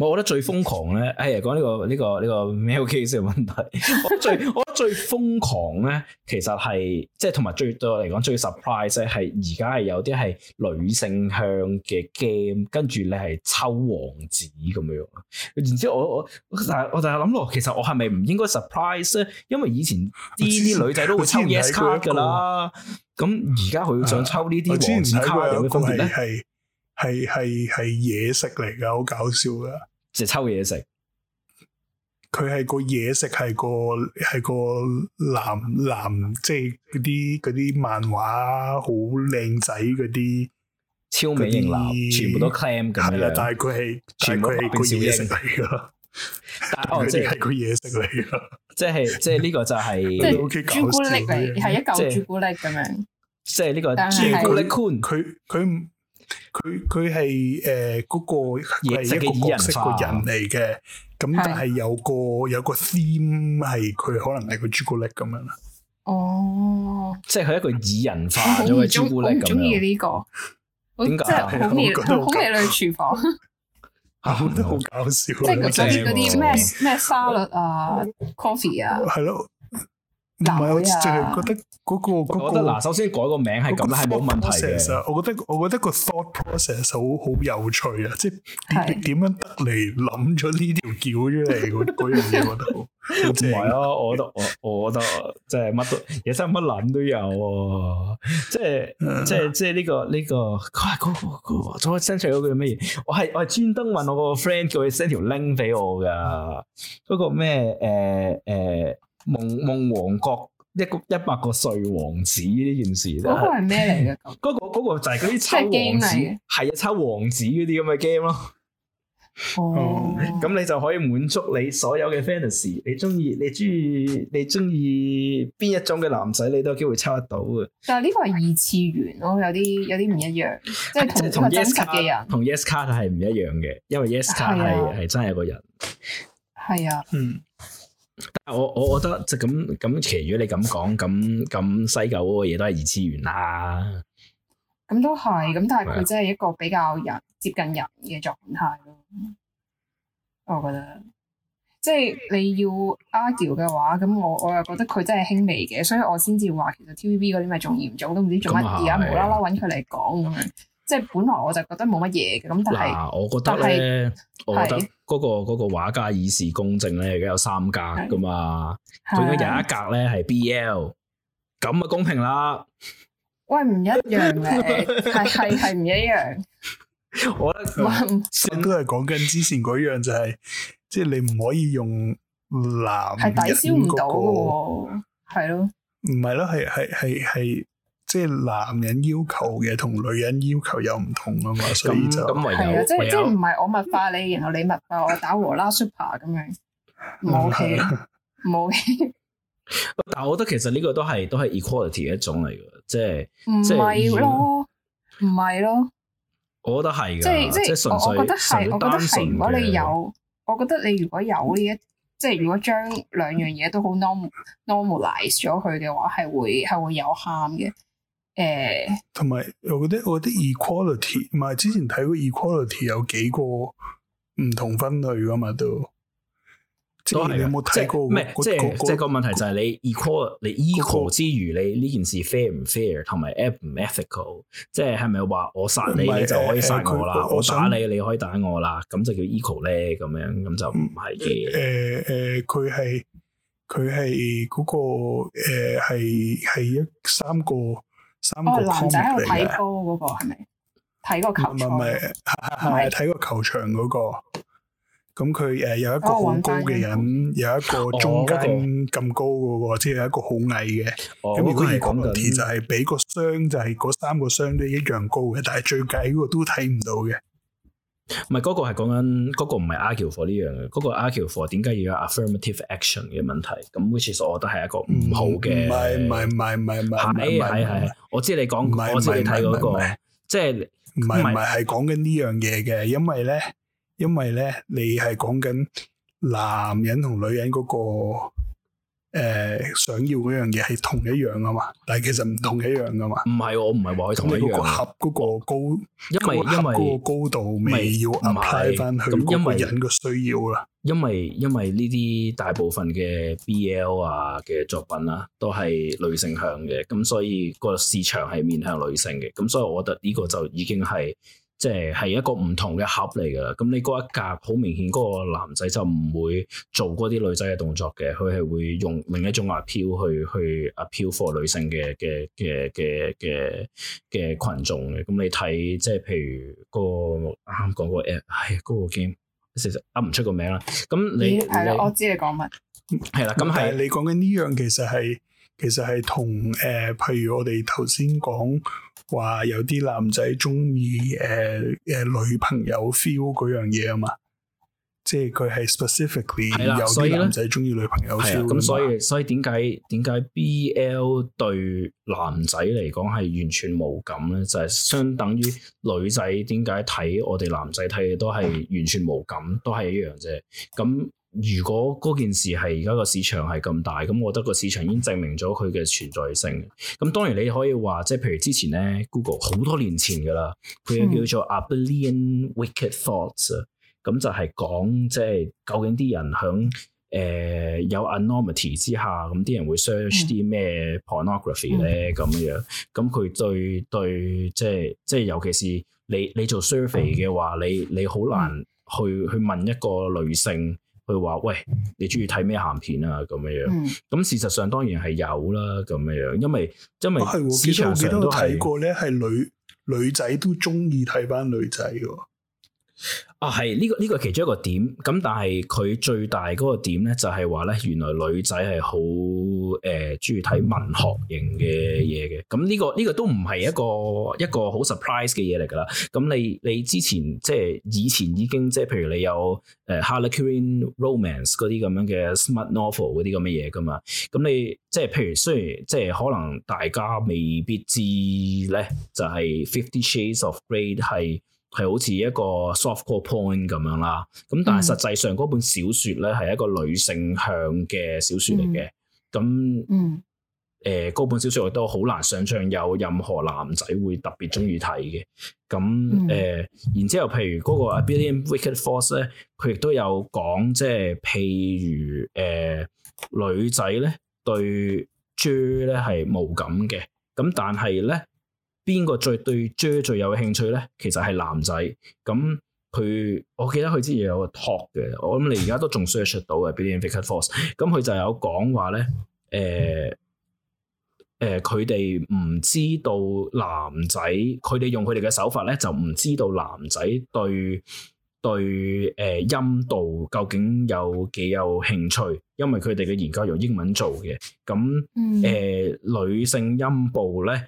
我覺得最瘋狂咧，哎呀，講呢個呢個呢個 mail case 嘅問題， 我最我覺得最瘋狂咧，其實係即係同埋最對我嚟講最 surprise 咧，係而家係有啲係女性向嘅 game，跟住你係抽王子咁樣，然之後我我但係我就係諗落，其實我係咪唔應該 surprise 咧？因為以前啲啲女仔都會抽 yes 卡噶啦，咁而家佢想抽呢啲王子卡有咩分別咧？係係係嘢食嚟噶，好搞笑噶，即係抽嘢食。佢係個嘢食，係個係個男男，即係嗰啲嗰啲漫畫好靚仔嗰啲超美型男，全部都 claim 噶。係啊，但係佢係，全部佢係個嘢食嚟噶。但係即係佢嘢食嚟噶，即係即係呢個就係朱古力嚟，係一嚿朱古力咁樣。即係呢個朱古力佢佢。佢佢係誒嗰個係一個角色，人色人一個人嚟嘅，咁但係有個有個 theme 係佢可能係個朱古力咁樣啦。哦，即係佢一個擬人化咗嘅朱古力咁樣。我唔中意呢個，點解？我覺得好美女廚房，我覺得好搞笑。即係我想嗰啲咩咩沙律啊，coffee 啊，係咯。唔係，呀我淨係覺得嗰、嗰個、我覺得嗱，首先改名個名係咁係冇問題嘅。我覺得我覺得個 thought process 好好有趣啊！即係點點樣得嚟諗咗呢條橋出嚟嗰、嗰樣嘢嗰度，唔係啊！我得我我覺得即係乜都，而家乜諗都有，即係即係即係呢個呢個。佢話嗰個嗰個，再 send 出嗰句咩嘢？我係我係專登問我個 friend 叫佢 send 條 link 俾我噶，嗰個咩誒誒。呃呃呃夢夢王國一個一百個睡王子呢件事，嗰個係咩嚟嘅？嗰、 嗰個、嗰個就係嗰啲抽王子，係啊抽王子嗰啲咁嘅 game 咯。哦，咁你就可以滿足你所有嘅 fantasy。你中意你中意你中意邊一種嘅男仔，你都有機會抽得到嘅。但係呢個係二次元咯，有啲有啲唔一樣，即係同同 yes 卡同 yes 卡係唔一樣嘅，因為 yes 卡係係真係個人。係 啊，嗯。 但我我我覺得即係咁咁，其如果你咁講，咁咁西九嗰個嘢都係二次元啦。咁都係，咁、啊、但係佢真係一個比較人接近人嘅狀態咯。的我覺得即係你要 argue 嘅話，咁我我又覺得佢真係輕微嘅，所以我先至話其實 TVB 嗰啲咪仲嚴重，都唔知做乜而家無啦啦揾佢嚟講。即係本來我就覺得冇乜嘢嘅，咁但係，但係我覺得嗰個嗰個畫家以示公正咧，而家有三格噶嘛，咁樣有一格咧係 BL，咁啊公平啦。喂，唔一樣嘅，係係係唔一樣。我咧，即係都係講緊之前嗰樣，就係即係你唔可以用藍係抵消唔到嘅，係咯？唔係咯？係係係係。即係男人要求嘅同女人要求有唔同啊嘛，所以就係啊，即係即係唔係我物化你，然後你物化我打和啦 super 咁樣，冇戲冇戲。但係我覺得其實呢個都係都係 equality 嘅一種嚟嘅，即係唔係咯？唔係咯？我覺得係嘅，即係即係我我覺得係，我覺得係。如果你有，我覺得你如果有呢一，即係如果將兩樣嘢都好 norm normalize 咗佢嘅話，係會係會有喊嘅。誒，同埋我覺得，我覺得 equality 唔係之前睇過 equality 有幾個唔同分類噶嘛，都都係你有冇睇過？唔係，即係即係個問題就係你 equal 你 equal 之餘，你呢件事 fair 唔 fair，同埋 eth 唔 ethical，即係係咪話我殺你你就可以殺我啦，我打你你可以打我啦，咁就叫 equal 咧？咁樣咁就唔係嘅。誒誒，佢係佢係嗰個誒，係係一三個。哦，男仔喺度睇高嗰個係咪？睇個球場？唔係唔係，係睇個球場嗰個？咁佢誒，有一個好高嘅人，有一個中間咁高嘅，即係有一個好矮嘅。咁如果要講落去就係俾個箱，就係嗰三個箱都一樣高嘅，但係最矮嗰個都睇唔到嘅。唔係嗰個係講緊嗰個唔係 argue for 呢樣嘅，嗰個 argue for 點解要有 affirmative action 嘅問題？咁 which is，其實我覺得係一個唔好嘅，唔係唔係唔係唔係唔係，係係係，我知你講，是我知你睇嗰個，即係唔係唔係係講緊呢樣嘢嘅，因為咧，因為咧，你係講緊男人同女人嗰個。誒想要嗰樣嘢係同一樣啊嘛，但係其實唔同一樣噶嘛。唔係我唔係話佢同一樣。合嗰個，個高，因為因為高度未要 apply 翻去人嘅需要啦。因為因為呢啲大部分嘅 BL 啊嘅作品啦，啊，都係女性向嘅，咁所以個市場係面向女性嘅，咁所以我覺得呢個就已經係。即係係一個唔同嘅盒嚟噶，咁你嗰一格好明顯，嗰個男仔就唔會做嗰啲女仔嘅動作嘅，佢係會用另一種 appeal 去去 appeal for 女性嘅嘅嘅嘅嘅嘅群眾嘅。咁你睇即係譬如，嗰個啱講，嗰個 app，係嗰個 game，其實噏唔出個名啦。咁你係啦，我知你講乜，係啦，咁係你講緊呢樣，其實係其實係同誒，譬如我哋頭先講。話有啲男仔中意誒誒女朋友 feel 嗰樣嘢啊嘛，即係佢係 specifically 的有啲男仔中意女朋友 feel 咁，所以所以點解點解 BL 對男仔嚟講係完全無感咧？就係、是、相等於女仔點解睇我哋男仔睇嘅都係完全無感，都係一樣啫。咁。如果嗰件事係而家個市場係咁大，咁我覺得個市場已經證明咗佢嘅存在性。咁當然你可以話，即係譬如之前咧，Google 好多年前噶啦，佢又叫做 A Billion Wicked Thoughts，咁、嗯、就係講即係究竟啲人響誒、呃、有 anomaly 之下，咁啲人會 search 啲咩 pornography 咧咁、嗯、樣。咁佢對對，即係即係尤其是你你做 survey 嘅話，嗯、你你好難去、嗯、去，去問一個女性。佢話：喂，你中意睇咩鹹片啊？咁樣樣，咁、嗯、事實上當然係有啦，咁樣樣，因為、啊、因為市場上都睇過咧，係女女仔都中意睇返女仔嘅。啊，係呢、這個呢、這個其中一個點，咁但係佢最大嗰個點咧，就係話咧，原來女仔係好誒，中意睇文學型嘅嘢嘅。咁呢、這個呢、這個都唔係一個一個好 surprise 嘅嘢嚟噶啦。咁你你之前即係以前已經即係，譬如你有誒 Harlequin Romance 嗰啲咁樣嘅 smart novel 嗰啲咁嘅嘢噶嘛？咁你即係譬如雖然即係可能大家未必知咧，就係、是、Fifty Shades of Grey 係。係好似一個 soft core point 咁樣啦，咁但係實際上嗰本小說咧係一個女性向嘅小說嚟嘅，咁，誒，嗰本小說我都好難想象有任何男仔會特別中意睇嘅，咁，誒、呃，嗯、然之後譬如嗰個 Billion Wicked Force 咧、嗯，佢亦都有講，即、就、係、是、譬如，誒、呃，女仔咧對豬咧係無感嘅，咁但係咧。邊個最對 J、er、最有興趣咧？其實係男仔。咁佢，我記得佢之前有個 talk 嘅，我諗你而家都仲 search 到嘅，Beyond Vector Force。咁佢就有講話咧，誒、呃、誒，佢哋唔知道男仔，佢哋用佢哋嘅手法咧，就唔知道男仔對對誒陰、呃、道究竟有幾有興趣，因為佢哋嘅研究用英文做嘅。咁誒、呃、女性陰部咧。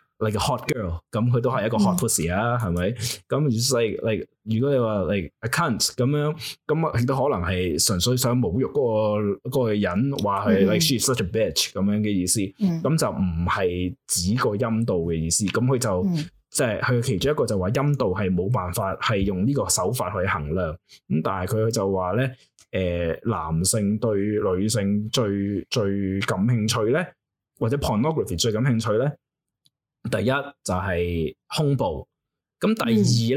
like a hot girl，咁佢都係一個 hot pussy 啊、right? mm，係、hmm. 咪、like, like, like mm？咁如細 l 如果你話 like a cunt s 咁樣，咁亦都可能係純粹想侮辱嗰、那個那個人，話佢 like she's i such a bitch 咁樣嘅意思。咁、mm hmm. 就唔係指個陰道嘅意思。咁佢就即係佢其中一個就話陰道係冇辦法係用呢個手法去衡量。咁但係佢就話咧，誒、呃、男性對女性最最感興趣咧，或者 pornography 最感興趣咧。第一就係胸部，咁第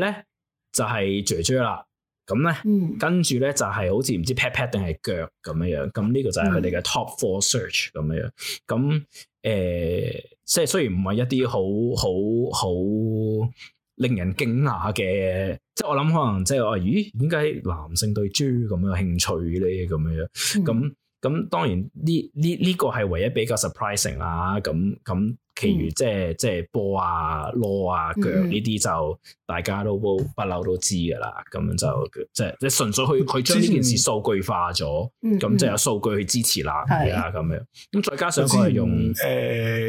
二咧、嗯、就係豬豬啦，咁咧、嗯、跟住咧就係好似唔知 pat pat 定係腳咁樣樣，咁呢個就係佢哋嘅 top four search 咁樣，咁誒、呃、即係雖然唔係一啲好好好令人驚訝嘅，即係我諗可能即係話咦點解男性對豬咁有興趣咧咁樣咁。咁當然呢呢呢個係唯一比較 surprising 啦，咁咁，其餘即係即係波啊、攞啊、腳呢啲就大家都不嬲都知噶啦，咁樣、嗯、就即係即係純粹去去將呢件事數據化咗，咁、嗯嗯、即係有數據去支持啦，係啊咁樣。咁再加上佢係用誒、呃、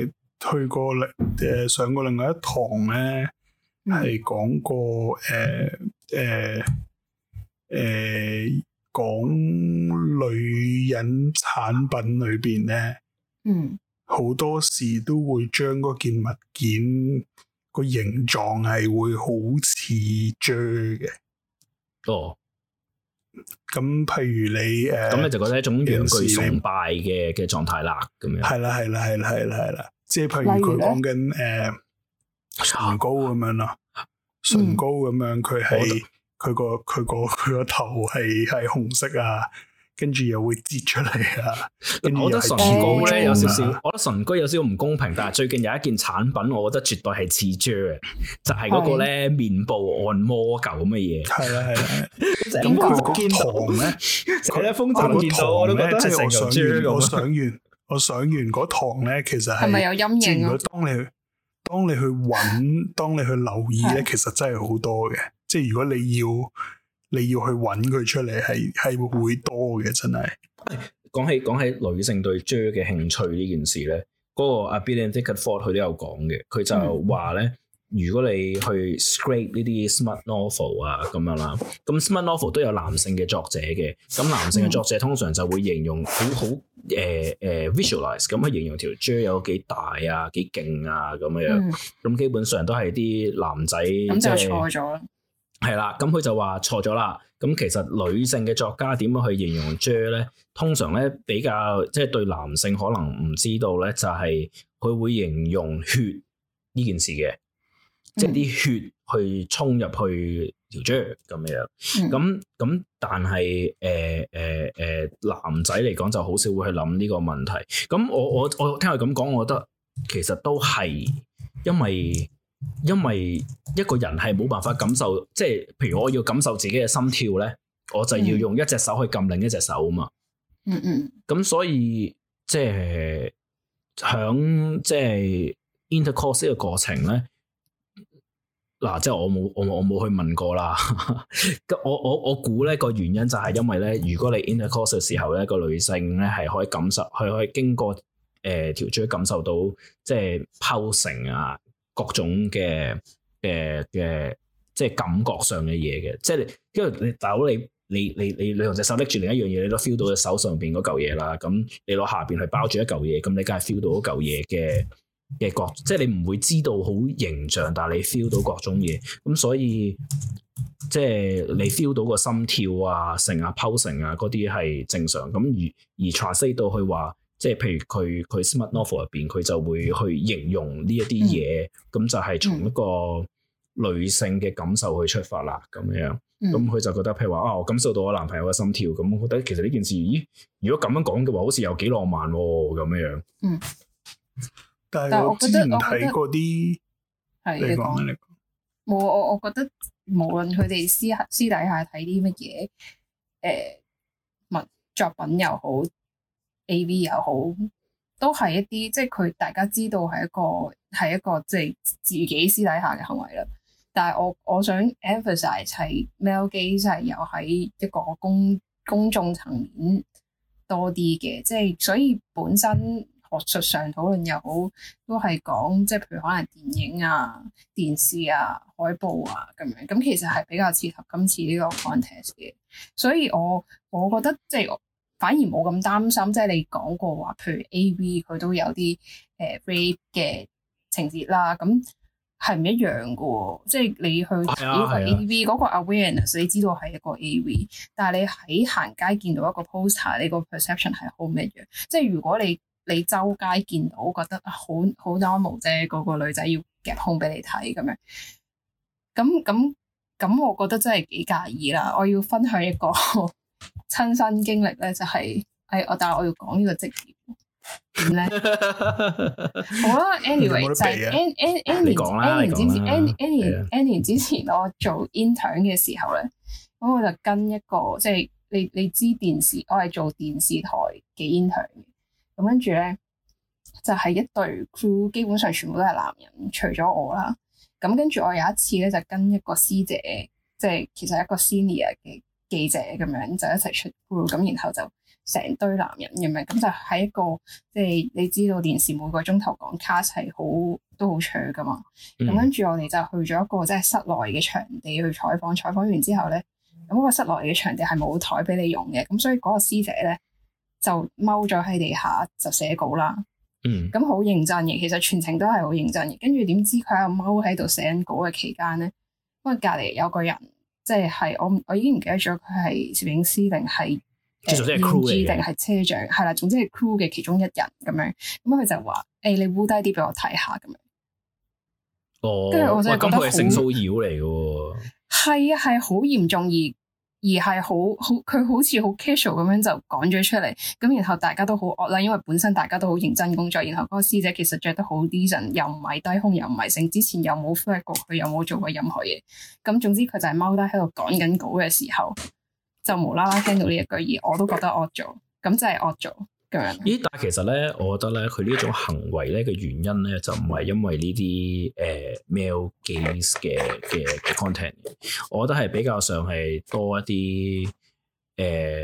去過另誒上過另外一堂咧，係講、嗯、過誒誒誒。呃呃呃呃講女人產品裏邊咧，嗯，好多時都會將嗰件物件個形狀係會好似錐嘅，哦。咁譬如你誒，咁你就覺得一種陽具崇拜嘅嘅狀態啦，咁、呃、樣。係啦係啦係啦係啦係啦，即係譬如佢講緊誒唇膏咁樣啦，唇膏咁樣佢係。佢個佢個佢個頭係係紅色啊，跟住又會折出嚟啊，跟住又係似果有少少。我覺得唇膏有少少唔公平，但係最近有一件產品，我覺得絕對係似漿嘅，就係、是、嗰個咧的面部按摩球咁嘅嘢。係啦係啦，點解見到糖咧？佢一封糖見到，我都覺得係 我上完我上完嗰糖咧，其實係咪 有陰影啊？當你當你去揾， 當你去留意咧， 其實真係好多嘅。即係如果你要你要去揾佢出嚟，係係會多嘅，真係。講起講起女性對 J 嘅、er、興趣呢件事咧，嗰、那個阿 Bill and Dickard Ford 佢都有講嘅，佢就話咧，如果你去 scrape 呢啲 smart novel 啊咁樣啦，咁 smart novel 都有男性嘅作者嘅，咁男性嘅作者通常就會形容好好誒誒 visualize，咁去形容條 J、er、有幾大啊，幾勁啊咁樣，咁、嗯、基本上都係啲男仔咁就錯咗。係啦，咁佢就話錯咗啦。咁其實女性嘅作家點樣去形容 jew、er、咧？通常咧比較即係、就是、對男性可能唔知道咧，就係、是、佢會形容血呢件事嘅，即係啲血去沖入去條 jew、er，咁樣。咁咁、嗯，但係誒誒誒，男仔嚟講就好少會去諗呢個問題。咁我我我聽佢咁講，我覺得其實都係因為。因為一個人係冇辦法感受，即係譬如我要感受自己嘅心跳咧，我就要用一隻手去撳另一隻手啊嘛。嗯嗯。咁所以即係響即係 intercourse 嘅過程咧，嗱、啊，即係我冇我我冇去問過啦。咁 我我我估咧個原因就係因為咧，如果你 intercourse 嘅時候咧，個女性咧係可以感受，佢可以經過誒條嘴感受到即係拋繩啊。各種嘅嘅嘅，即係感覺上嘅嘢嘅，即係因為你大佬，你你你你你兩隻手拎住另一樣嘢，你都 feel 到隻手上邊嗰嚿嘢啦。咁你攞下邊去包住一嚿嘢，咁你梗係 feel 到嗰嚿嘢嘅嘅角，即係你唔會知道好形象，但係你 feel 到各種嘢。咁所以即係你 feel 到個心跳啊、成啊、pulse 啊嗰啲係正常。咁而而 translate 到去話。即係譬如佢佢 Smart novel 入邊佢就會去形容呢一啲嘢，咁、嗯、就係從一個女性嘅感受去出發啦，咁樣咁佢、嗯、就覺得譬如話啊，我感受到我男朋友嘅心跳，咁我覺得其實呢件事，咦，如果咁樣講嘅話，好似又幾浪漫咁、哦、樣樣。嗯，但係我之前睇過啲，係你講，你講，冇我我覺得無論佢哋私下私底下睇啲乜嘢，誒、呃、文作品又好。A.V. 又好，都係一啲即係佢大家知道係一個係一個即係自己私底下嘅行為啦。但係我我想 emphasize 係 male gaze 就係有喺一個公公眾層面多啲嘅，即係所以本身學術上討論又好，都係講即係譬如可能電影啊、電視啊、海報啊咁樣，咁其實係比較適合今次呢個 contest 嘅。所以我我覺得即係。反而冇咁擔心，即係你講過話，譬如 A.V. 佢都有啲誒、呃、rape 嘅情節啦，咁係唔一樣嘅。即係你去睇個 A.V. 嗰、啊啊、個 awareness，你知道係一個 A.V. 但係你喺行街見到一個 poster，你個 perception 係好唔一樣。即係如果你你周街見到覺得好好 normal 啫，個、嗰個女仔要夾胸俾你睇咁樣，咁咁咁，我覺得真係幾介意啦。我要分享一個。 親身經歷咧就係、是，誒、哎、我但係我要講呢個職業點咧， 好啦、啊、，anyway、啊、就 n n n 年之前 n n 年之前我做 intern 嘅時候咧，咁我就跟一個即係你你知電視，我係做電視台嘅 intern 嘅，咁跟住咧就係、是、一隊 crew，基本上全部都係男人，除咗我啦，咁跟住我有一次咧就跟一個師姐，即係其實一個 senior 嘅。記者咁樣就一齊出鋪，咁然後就成堆男人咁樣，咁就喺一個即係你，你知道電視每個鐘頭講 cast，a 係好都好趣噶嘛，咁、嗯、跟住我哋就去咗一個即係室內嘅場地去採訪，採訪完之後咧，咁、嗰個室內嘅場地係冇台俾你用嘅，咁所以嗰個師姐咧就踎咗喺地下就寫稿啦，咁好、嗯、認真嘅，其實全程都係好認真嘅，跟住點知佢喺度踎喺度寫緊稿嘅期間咧，因為隔籬有個人。即係，我我已經唔記得咗佢係攝影師定係，誒、呃，crew 定係車長，係啦，總之係 crew 嘅其中一人咁樣。咁佢就話：誒、欸，你烏低啲俾我睇下咁樣。哦，跟住我就覺得好性騷擾嚟㗎，係啊係好嚴重而。而係好好，佢好似好 casual 咁樣就講咗出嚟，咁然後大家都好惡啦，因為本身大家都好認真工作，然後嗰個師姐其實着得好 decent，又唔係低胸，又唔係性，之前又冇 fire 過佢，又冇做過任何嘢，咁總之佢就係踎低喺度講緊稿嘅時候，就無啦啦聽到呢一句嘢，我都覺得惡咗，咁就係惡咗。咦？但係其實咧，我覺得咧，佢呢一種行為咧嘅原因咧，就唔係因為呢啲誒、呃、male gaze 嘅嘅 content。我覺得係比較上係多一啲誒、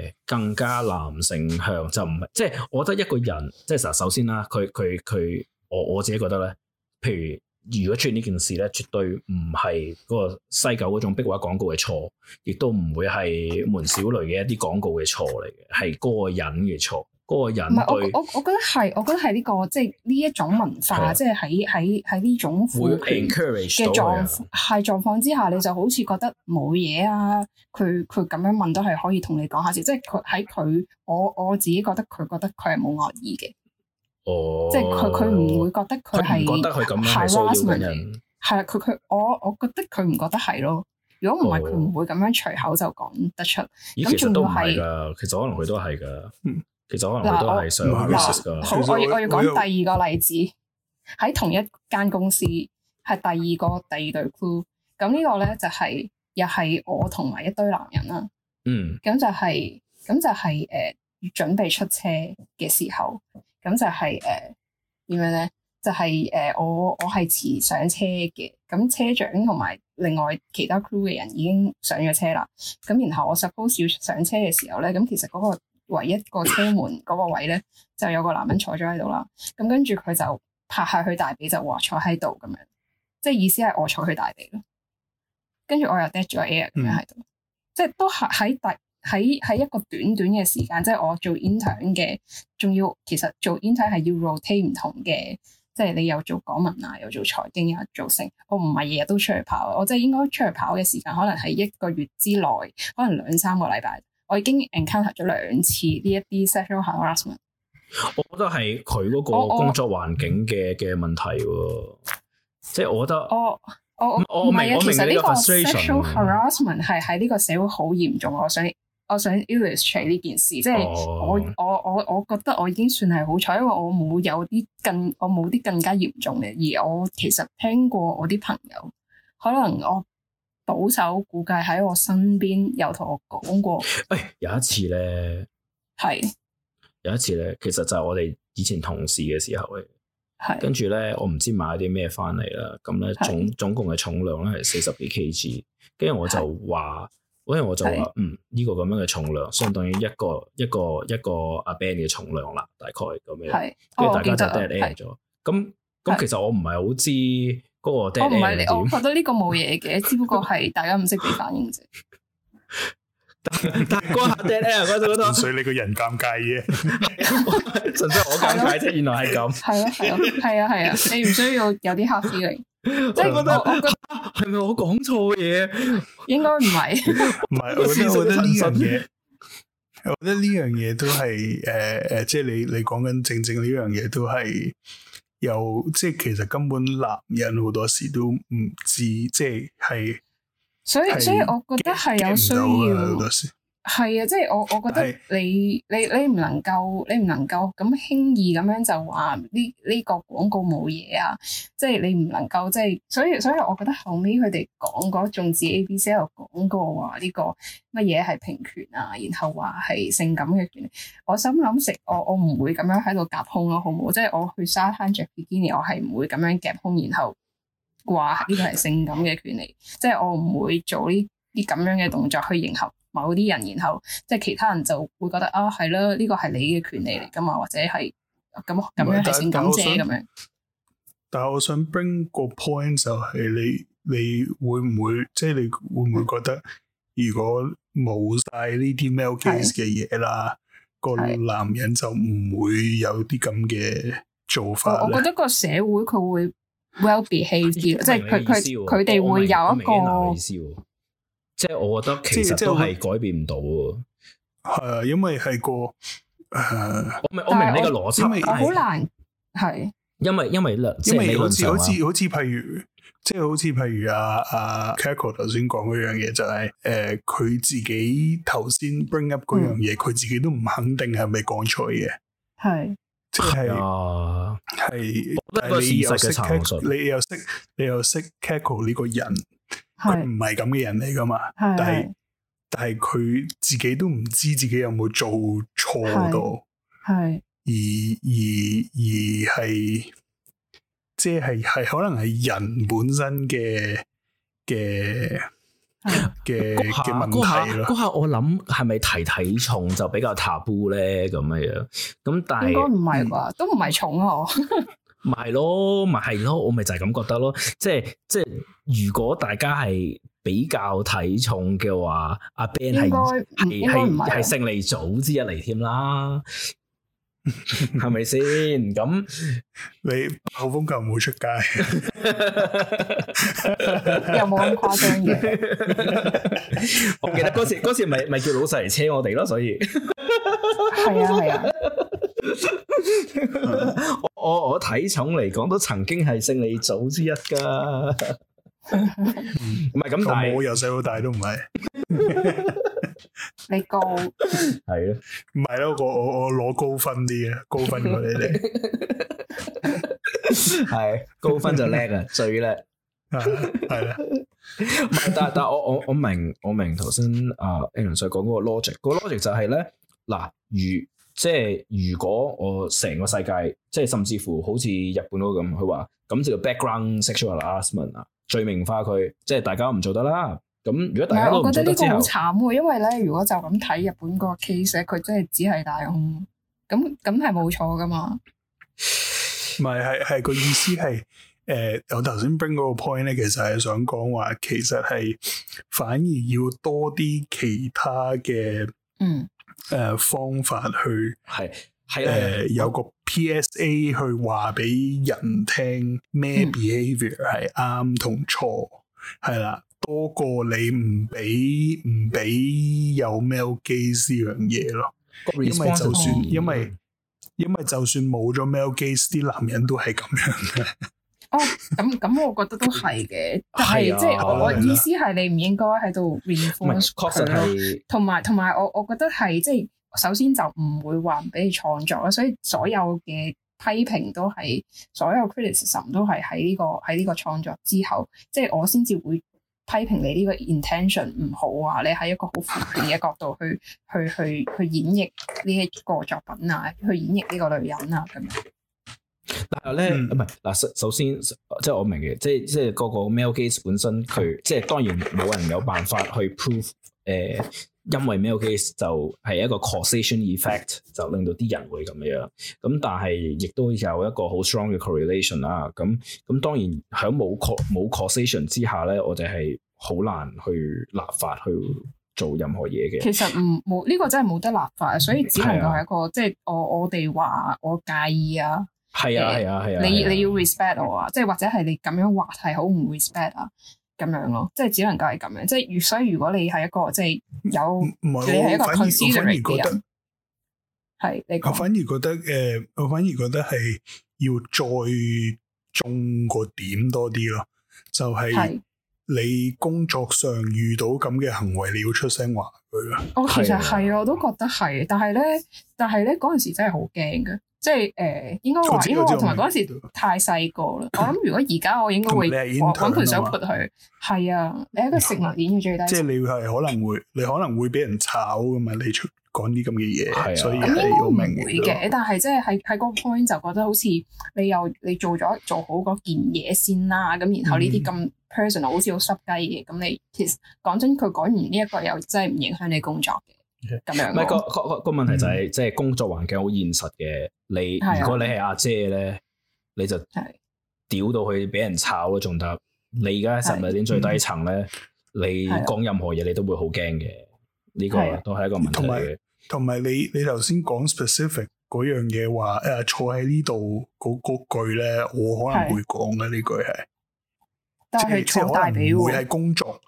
呃、更加男性向，就唔係即係我覺得一個人，即係首先啦，佢佢佢，我我自己覺得咧，譬如如果出現呢件事咧，絕對唔係嗰個西九嗰種壁畫廣告嘅錯，亦都唔會係門小雷嘅一啲廣告嘅錯嚟嘅，係嗰個人嘅錯。唔係我我我覺得係，我覺得係呢、呢個即係呢一種文化，哦、即係喺喺喺呢種負面嘅狀係、啊、狀況之下，你就好似覺得冇嘢啊。佢佢咁樣問都係可以同你講下先，即係佢喺佢我我自己覺得佢覺得佢係冇惡意嘅。哦，即係佢佢唔會覺得佢係、哦、覺得佢咁樣係騷擾嘅人，係啦。佢佢我我覺得佢唔覺得係咯。如果唔係佢唔會咁樣隨口就講得出。咁仲要係，其實都唔係㗎，其實可能佢都係㗎。其實，其實我可能都係想，好，我我要講第二個例子，喺同一間公司，係第二個第二隊 crew。咁呢個咧就係又係我同埋一堆男人啦。嗯。咁就係、是，咁就係、是、誒、呃，準備出車嘅時候，咁就係誒點樣咧？就係、是、誒、呃、我我係遲上車嘅，咁車長同埋另外其他 crew 嘅人已經上咗車啦。咁然後我 suppose 要上車嘅時候咧，咁其實嗰、那個。唯一個車門嗰個位咧，就有個男人坐咗喺度啦。咁跟住佢就拍下佢大髀就話坐喺度咁樣，即係意思係我坐佢大髀咯。跟住我又 dead 咗 air 咁樣喺度，嗯、即係都喺喺大喺喺一個短短嘅時間，即係我做 intern 嘅，仲要其實做 intern 係要 rotate 唔同嘅，即係你又做港聞啊，又做財經啊，做成我唔係日日都出去跑，我即係應該出去跑嘅時間，可能係一個月之內，可能兩三個禮拜。我已經 encounter 咗兩次呢一啲 sexual harassment。我覺得係佢嗰個工作環境嘅嘅問題喎，oh, oh, 即係我覺得。Oh, oh, 我我我唔係啊，其實呢個 sexual harassment 係喺呢個社會好嚴重，嗯我。我想我想 illustrate 呢件事，即係我我我我覺得我已經算係好彩，因為我冇有啲更我冇啲更加嚴重嘅，而我其實聽過我啲朋友可能我。保守估計喺我身邊有同我講過。誒、哎、有一次咧，係是有一次咧，其實就係我哋以前同事嘅時候誒，係跟住咧，我唔知買啲咩翻嚟啦。咁咧總是總共嘅重量咧係四十幾 kg，跟住我就話，跟住是我就話，是嗯，呢、這個咁樣嘅重量，相當於一個一個一個,一個阿 Ben 嘅重量啦，大概咁樣。係，跟住、哦、大家就,就 dead air 咗。咁咁是其實我唔係好知。我唔係，我覺得呢個冇嘢嘅，只不過係大家唔識點反應啫。但係哥吓爹咧，嗰度嗰度唔需要你個人尷尬嘅，純粹我尷尬啫。原來係咁，係啊，係啊，係啊，係啊，你唔需要有啲客氣嚟。即係我覺得，係咪我講錯嘢？應該唔係。唔係，我覺得呢樣嘢，我覺得呢樣嘢都係誒誒，即係你你講緊正正呢樣嘢都係。又，即係其實根本男人好多時都唔知，即係係，所以所以係我覺得係有需要好多時。係啊，即係我我覺得你你你唔能夠你唔能夠咁輕易咁樣就話呢呢個廣告冇嘢啊，即係你唔能夠即係，所以所以我覺得後尾佢哋講過，甚至 A B C 度講過話呢個乜嘢係平權啊，然後話係性感嘅權利。我心諗食我我唔會咁樣喺度夾空咯，好唔好？即係我去沙灘着比基尼，我係唔會咁樣夾空。然後話呢個係性感嘅權利，即係 我唔會做呢啲咁樣嘅動作去迎合。某啲人，然後即係其他人就會覺得啊，係咯，呢個係你嘅權利嚟㗎嘛，或者係咁咁樣先講啫咁樣。是樣但係我，我想 bring 個 point 就係你，你會唔會即係你會唔會覺得，如果冇晒呢啲 male case 嘅嘢啦，啊、個男人就唔會有啲咁嘅做法、啊啊、我覺得個社會佢會 well behave 啲，即係佢佢佢哋會有一個。即係我覺得其實都係改變唔到喎。係啊，因為係個，我明我明你個邏輯，但係好難係，因為因為因為好似好似好似譬如，即係好似譬如阿阿 Cecil 頭先講嗰樣嘢，就係誒佢自己頭先 bring up 嗰樣嘢，佢自己都唔肯定係咪講錯嘢，係即係係都係事實嘅殘酷。你又識你又識 Cecil 呢個人？佢唔係咁嘅人嚟噶嘛，但係但係佢自己都唔知自己有冇做錯到，係是的 而而而係即係係可能係人本身嘅嘅嘅嘅問題咯。嗰下，下，下我諗係咪提體重就比較踏 a b o 咧咁樣？咁但係應該唔係啩？都唔係重哦。咪係咯，咪係咯，我咪就係咁覺得咯。即係即係，如果大家係比較體重嘅話，阿 Ben 係係係勝利組之一嚟添啦，係咪先？咁你后風球唔會出街， 有冇咁誇張嘅？ 我記得嗰時時咪咪叫老細嚟車我哋咯，所以係啊係啊。 對 我我體重嚟講都曾經係勝利組之一噶，唔係咁大，我由細到大都唔係。你高係咯，唔係咯？我我我攞高分啲嘅，高分過你哋。係高分就叻啦，最叻係啦。但但係我我我明我明頭先阿 Aaron 所講個 logic，個 logic 就係咧嗱如。即係如果我成個世界，即係甚至乎好似日本嗰個咁，佢話咁就叫 background sexual harassment 啊，罪名化佢，即係大家唔做得啦。咁如果大家都唔做咗，我覺得呢個好慘喎。因為咧，如果就咁睇日本嗰個 case，佢真係只係大胸，咁咁係冇錯噶嘛。唔係係係個意思係，誒、呃，我頭先 bring 嗰個 point 咧，其實係想講話，其實係反而要多啲其他嘅，嗯。誒、呃，方法去係係誒，有個 PSA 去話俾人聽咩 behavior 係啱同錯，係啦、嗯，多過你唔俾唔俾有 male gaze 呢樣嘢咯。因為就算因為因為就算冇咗 male gaze，啲男人都係咁樣嘅。 哦，咁咁，我覺得都係嘅，但係即係我意思係你唔應該喺度 reference 咯，同埋同埋我我覺得係即係首先就唔會話唔俾你創作啦，所以所有嘅批評都係所有 criticism 都係喺呢個喺呢個創作之後，即係我先至會批評你呢個 intention 唔好啊，你喺一個好負面嘅角度去 去去去，去演繹呢一個作品啊，去演繹呢個女人啊咁樣。但係咧，唔係嗱，首先即係我明嘅，即係即係個 male gaze 本身，佢即係當然冇人有辦法去 prove，誒、呃，因為 male gaze 就係一個 causation effect，就令到啲人會咁樣。咁但係亦都有一個好 strong 嘅 correlation 啦、啊。咁、啊、咁當然喺冇 cor 冇 causation 之下咧，我哋係好難去立法去做任何嘢嘅。其實唔冇呢個真係冇得立法，所以只能夠係一個、嗯啊、即係我我哋話我介意啊。係啊係啊係啊！啊啊啊你你要 respect 我啊，即係或者係你咁樣話係好唔 respect 啊，咁樣咯，即係只能夠係咁樣。即係如所以，如果你係一個即係、就是、有，唔係你係一個 considerate 係你我、呃。我反而覺得，誒，我反而覺得係要再重個點多啲咯，就係、是、你工作上遇到咁嘅行為，你要出聲話佢啦。啊、哦，其實係，我都覺得係，但係咧，但係咧嗰陣時真係好驚嘅。即係誒，應該會，因為我同埋嗰陣時太細個啦。我諗如果而家我應該會揾盤水潑佢。係啊，你一個食物鏈要最低。即係你係可能會，你可能會俾人炒㗎嘛？你出講啲咁嘅嘢，所以你好明會嘅，但係即係喺喺個 point 就覺得好似你又你做咗做好嗰件嘢先啦。咁然後呢啲咁 personal 好似好濕雞嘅，咁你其實講真，佢講完呢一個又真係唔影響你工作嘅。咁樣，唔係個個個問題就係、是，即係、嗯、工作環境好現實嘅。你如果你係阿姐咧，你就屌到佢俾人炒咯，仲得？你而家喺十米點最低層咧，嗯、你講任何嘢你都會好驚嘅。呢、這個都係一個問題嘅。同埋的，同埋你你頭先講 specific 嗰樣嘢話誒，坐喺呢度嗰句咧，我可能會講嘅呢句係，但係是即坐大髀會係工作。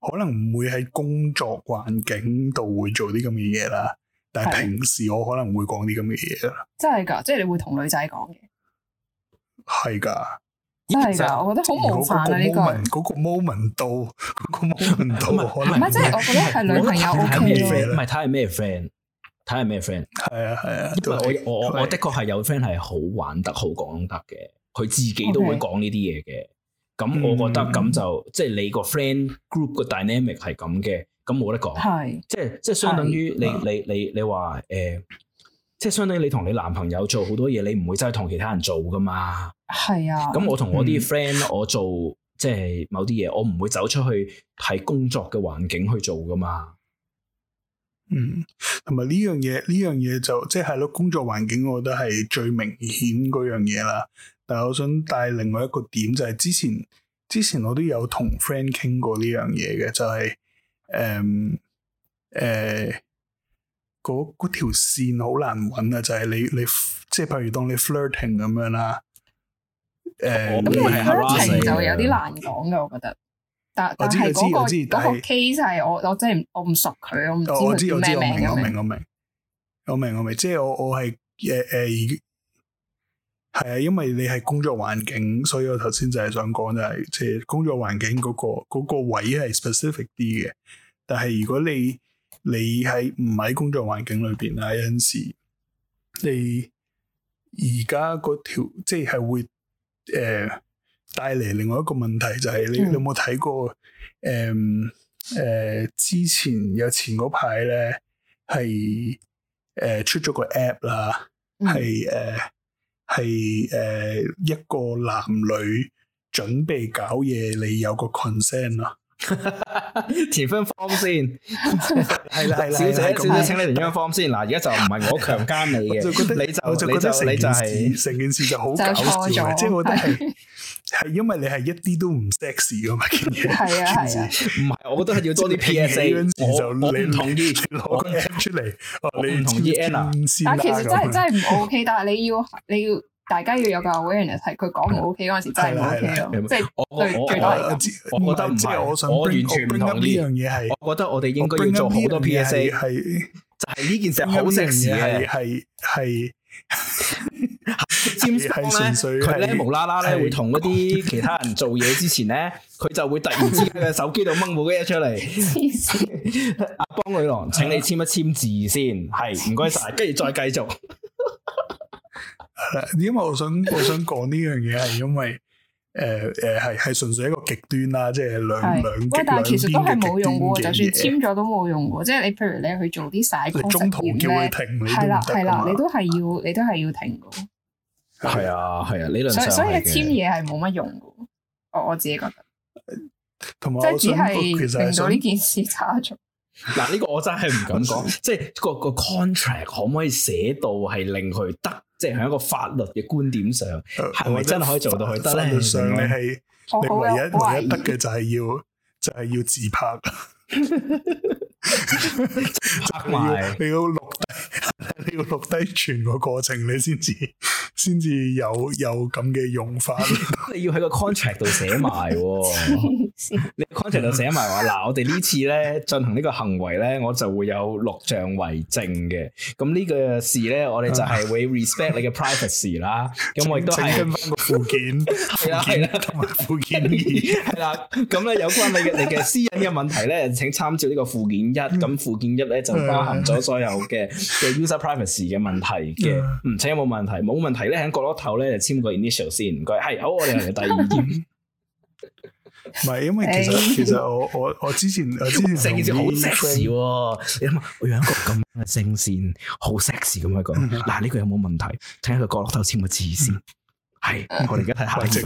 可能唔會喺工作環境度會做啲咁嘅嘢啦，但係平時我可能會講啲咁嘅嘢啦。真係噶，即係你會同女仔講嘅，係噶，真係噶，我覺得好模範啊呢個嗰個 moment 到嗰個 moment 到，可能唔係即係我覺得係女朋友 O K 咯，唔係睇係咩 friend，睇係咩 friend，係啊係啊，因為我我我的確係有 friend 係好玩得好講得嘅，佢自己都會講呢啲嘢嘅。咁、嗯、我覺得咁就即係你個 friend group 個 dynamic 係咁嘅，咁冇得講。係是即係即係相等於你是你你你話誒、呃，即係相等於你同你男朋友做好多嘢，你唔會真係同其他人做噶嘛。係啊。咁我同我啲 friend，、嗯、我做即係某啲嘢，我唔會走出去喺工作嘅環境去做噶嘛。嗯，同埋呢樣嘢，呢樣嘢就即係咯，工作環境我覺得係最明顯嗰樣嘢啦。但係我想帶另外一個點，就係之前之前我都有同 friend 傾過呢樣嘢嘅，就係誒誒，嗰條線好難搵啊，就係你你即係譬如當你 flirting 咁樣啦，誒咁就有啲難講嘅，我覺得。但係嗰、嗰個 case 係我我真係我唔熟佢，我，我知我知，我知，我明我明我明我明我明，即係我我係誒誒，係、呃呃、啊，因為你係工作環境，所以我頭先就係想講就係即係工作環境嗰、嗰個嗰個位係 specific 啲嘅。但係如果你你喺唔喺工作環境裏邊啊，有陣時你而家嗰條即係會誒。呃帶嚟另外一個問題就係你有冇睇過誒誒之前有前嗰排咧係誒出咗個 app 啦，係誒係誒一個男女準備搞嘢，你有個 consent 啦，填 form 先係啦係啦，小姐小姐請你填 form 先，嗱而家就唔係我強姦你嘅，你就你就你就係成件事就好搞笑，錯咗，即係我哋。係因為你係一啲都唔 sexy 噶嘛，係啊係，唔係，我覺得係要多啲 PSA，你唔同意，攞個 M 出嚟，你唔同意 M C，但係其實真係真係唔 OK，但係你要你要大家要有個 awareness 係佢講唔 OK 嗰陣時真係唔 OK 即係我覺得唔係，我完全唔同意呢樣嘢，係我覺得我哋應該要做好多 PSA，係就係呢件事，好正嘅，係係係。純粹咧，佢咧無啦啦咧會同嗰啲其他人做嘢之前咧，佢 就會突然之間嘅手機度掹部一出嚟。 阿邦女郎，請你簽一簽字先，係唔該晒，跟住再繼續。 點解我想我想講呢樣嘢，係因為。誒誒係係純粹一個極端啦，即係兩兩兩但係其實都係冇用嘅，就算簽咗都冇用嘅。即係你譬如你去做啲晒空嘅嘢咧，係啦係啦，你都係要你都係要停嘅。係啊係啊，理論上所以你簽嘢係冇乜用嘅。我我自己覺得，同埋即係令到呢件事差咗。嗱呢個我真係唔敢講，即係個個 contract 可唔可以寫到係令佢得？即係喺一個法律嘅觀點上，係咪、呃、真係可以做到去？法律上你係白你唯一唯一得嘅就係要 就係要自拍。 你埋，你要錄低你要錄低全個過程，你先至先至有有咁嘅用法。你要喺個 contract 度，寫埋，你 contract 度寫埋話嗱，我哋呢次咧進行呢個行為咧，我就會有錄像為證嘅。咁呢個事咧，我哋就係會 respect 你嘅 privacy 啦。咁我亦都係跟返個附件係啦係啦，同埋附件二係啦。咁咧有關你嘅你嘅私隱嘅問題咧，請參照呢個附件。一咁附件一咧就包含咗所有嘅嘅 user privacy 嘅問題嘅，唔知有冇問題？冇問題咧喺角落頭咧就簽個 initial 先，唔該。係好，我哋嚟第二點。唔係，因為其實其實我我我之前我之前成件事好 sexy 喎，你諗下我用一個咁嘅聲線好 sexy 咁樣講，嗱呢個有冇問題？睇下個角落頭簽個字先。係，我哋而家睇下一頁。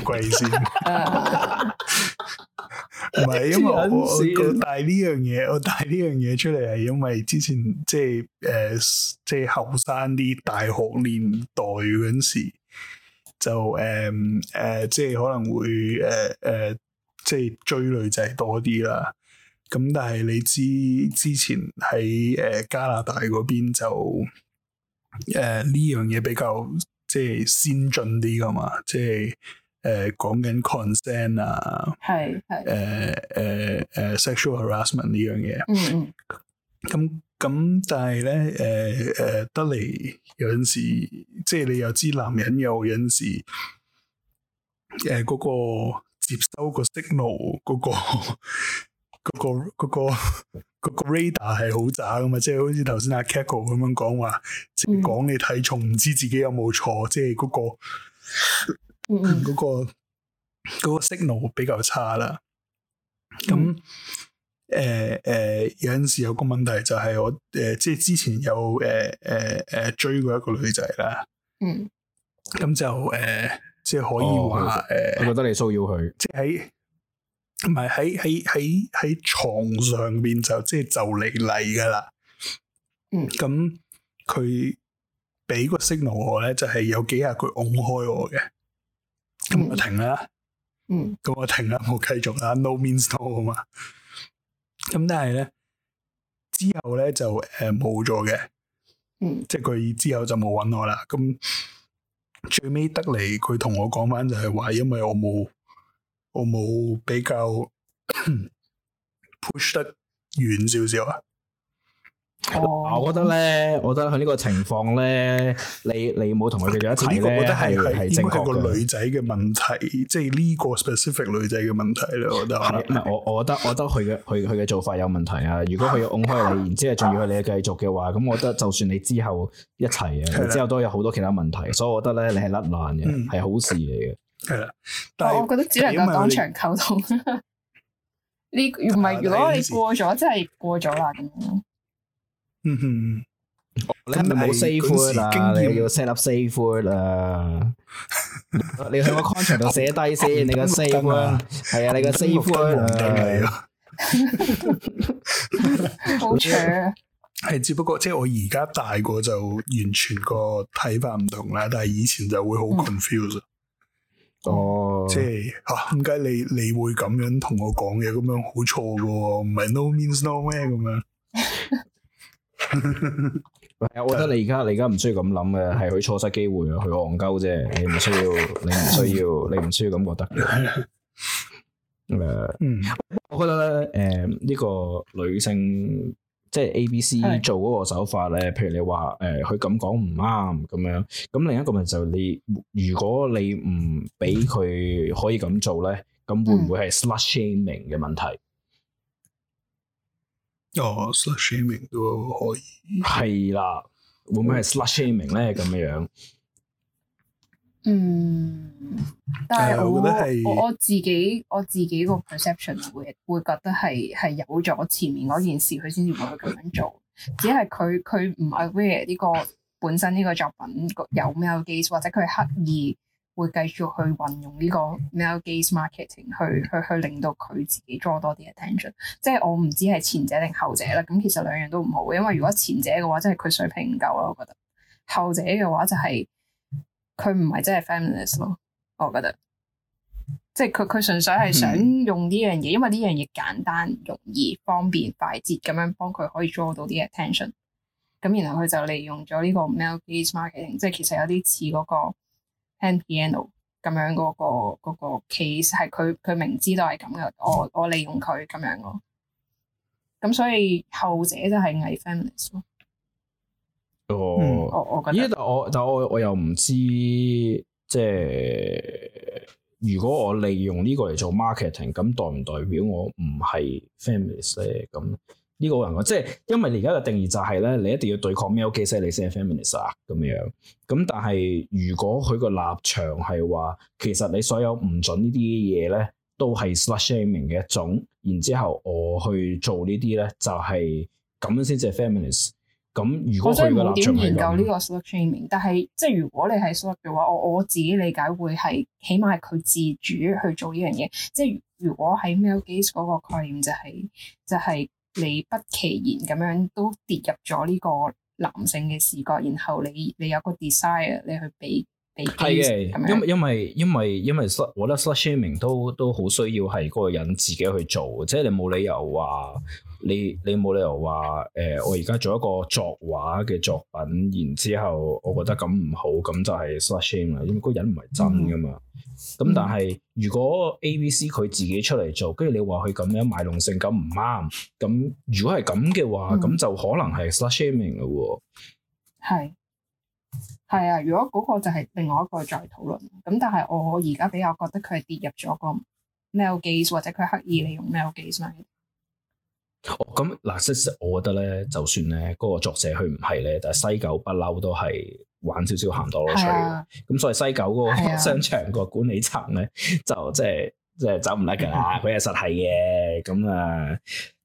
唔係，因為我 我帶呢樣嘢，我帶呢樣嘢出嚟係因為之前即係誒，即係後生啲大學年代嗰陣時，就誒誒、呃，即係可能會誒誒、呃，即係追女仔多啲啦。咁但係你知之前喺誒加拿大嗰邊就誒呢、呃、樣嘢比較即係先進啲㗎嘛，即係。誒、呃、講緊 concern 啊，係係誒誒誒 sexual harassment 呢樣嘢。嗯咁咁，但係咧，誒誒得嚟有陣時，即係你又知男人有陣時，誒、呃、嗰、那個接收個、那個 signal 嗰、那個嗰、那個嗰、那個嗰個 radar 係好渣噶嘛，即係好似頭先阿 Cecil 咁樣講話，即係講你睇重唔知自己有冇錯,、嗯、錯，即係嗰、那個。嗰、嗯那個嗰、那個 signal 比較差啦，咁誒誒有陣時有個問題就係我誒即係之前有誒誒誒追過一個女仔啦，嗯，咁就誒、呃、即係可以話誒，我覺、哦呃、得你騷擾佢，即係唔係喺喺喺喺床上邊就即係就嚟嚟噶啦，嗯，咁佢俾個 signal 我咧就係、是、有幾日佢 open 開我嘅。咁我停啦，嗯，咁我停啦了、嗯，我繼續啦，No means no 啊嘛。咁但係咧，之後咧就誒冇咗嘅，嗯，即係佢之後就冇揾、呃嗯、我啦。咁最尾得嚟，佢同我講翻就係話，因為我冇，我冇比較 push 得遠少少啊。Oh. 我覺得咧，我覺得佢呢個情況咧，你你冇同佢繼續一齊咧，係係正確嘅。因為個女仔嘅問題，即係呢個 specific 女仔嘅問題咧，我覺得唔係我，我覺得我覺得佢嘅佢佢嘅做法有問題啊！如果佢要戹開你，啊、然之後仲要佢你繼續嘅話，咁我覺得就算你之後一齊啊，之後都有好多其他問題，的所以我覺得咧，你係甩爛嘅，係好事嚟嘅。係啦，但係我覺得只能夠當場溝通。呢唔係，如果你過咗，即係過咗啦， 嗯哼，你係咪冇 safe word 啊？你要 set up safe word 啊？你喺個 contract 度寫低先，你個 safe 係啊，你個 safe 啊，係啊，好正。係只不過即係我而家大個就完全個睇法唔同啦，但係以前就會好 confuse。哦，即係吓，點解你你會咁樣同我講嘢？咁樣好錯噶，唔係 no means no 咩咁樣？ 我覺得你而家你而家唔需要咁諗嘅，係佢錯失機會啊，佢戇鳩啫，你唔需要，你唔需要，你唔需要咁覺得。誒、嗯，我覺得咧，誒、呃，呢、這個女性即係 A B C 做嗰個手法咧，的譬如你話誒，佢咁講唔啱咁樣，咁另一個問題就係你，如果你唔俾佢可以咁做咧，咁會唔會係 slut shaming 嘅問題？嗯哦、oh，slushing 都可以。係啦，會唔會係 slushing 咧？咁樣樣。 嗯，但係我我 我自己我自己個 perception 會 會覺得係係有咗前面嗰件事，佢先至會去咁樣做。只係佢佢唔 aware 呢、呢個本身呢個作品有咩有 case 或者佢刻意。會繼續去運用呢個 male gaze marketing 去去去令到佢自己 draw 多啲 attention，即係我唔知係前者定後者啦。咁其實兩樣都唔好，因為如果前者嘅話，即係佢水平唔夠啦，我覺得；後者嘅話就係佢唔係真係 feminist 咯，我覺得。即係佢佢純粹係想用呢樣嘢，因為呢樣嘢簡單、容易、方便、快捷咁樣幫佢可以 draw 到啲 attention。咁然後佢就利用咗呢個 male gaze marketing，即係其實有啲似嗰個。piano 咁樣嗰個、嗰個 case 係佢佢明知都係咁嘅，我我利用佢咁樣咯。咁所以後者就係偽 feminist 咯。哦、嗯，我我覺得但係我但我但我，我又唔知，即係如果我利用呢個嚟做 marketing，咁代唔代表我唔係 feminist 咧？咁。呢個人喎，即係因為而家嘅定義就係咧，你一定要對抗 male gaze，你先係 feminist 啊咁樣。咁但係如果佢個立場係話，其實你所有唔準呢啲嘢咧，都係 slut shaming 嘅一種。然之後我去做呢啲咧，就係咁樣先至係 feminist。咁如果我真係冇點研究呢個 slut shaming，但係即係如果你係 slut 嘅話，我我自己理解會係起碼係佢自主去做呢樣嘢。即係如果喺 male gaze 嗰個概念就係、就係。你不其然咁樣都跌入咗呢個男性嘅視角，然後你你有個 desire，你去俾俾 case，係嘅，咁樣，因為因為因為因為 ug，我覺得 slut shaming 都都好需要係嗰個人自己去做，即係你冇理由話，啊。你你冇理由話誒、呃，我而家做一個作畫嘅作品，然之後我覺得咁唔好，咁就係 slut shaming 啦，因為嗰人唔係真噶嘛。咁、嗯、但係如果 A B C 佢自己出嚟做，跟住你話佢咁樣賣弄性感唔啱，咁如果係咁嘅話，咁、嗯、就可能係 slut shaming 啦喎。係係啊，如果嗰個就係另外一個再討論。咁但係我而家比較覺得佢係跌入咗個 male gaze 或者佢刻意利用 male gaze 咪。哦，咁嗱，其實我覺得咧，就算咧，嗰個作者佢唔係咧，但係西九不嬲都係玩少少行多路，所以咁所以西九嗰個商場個管理層咧，啊、就即係即係走唔甩噶啦，佢係實係嘅，咁啊，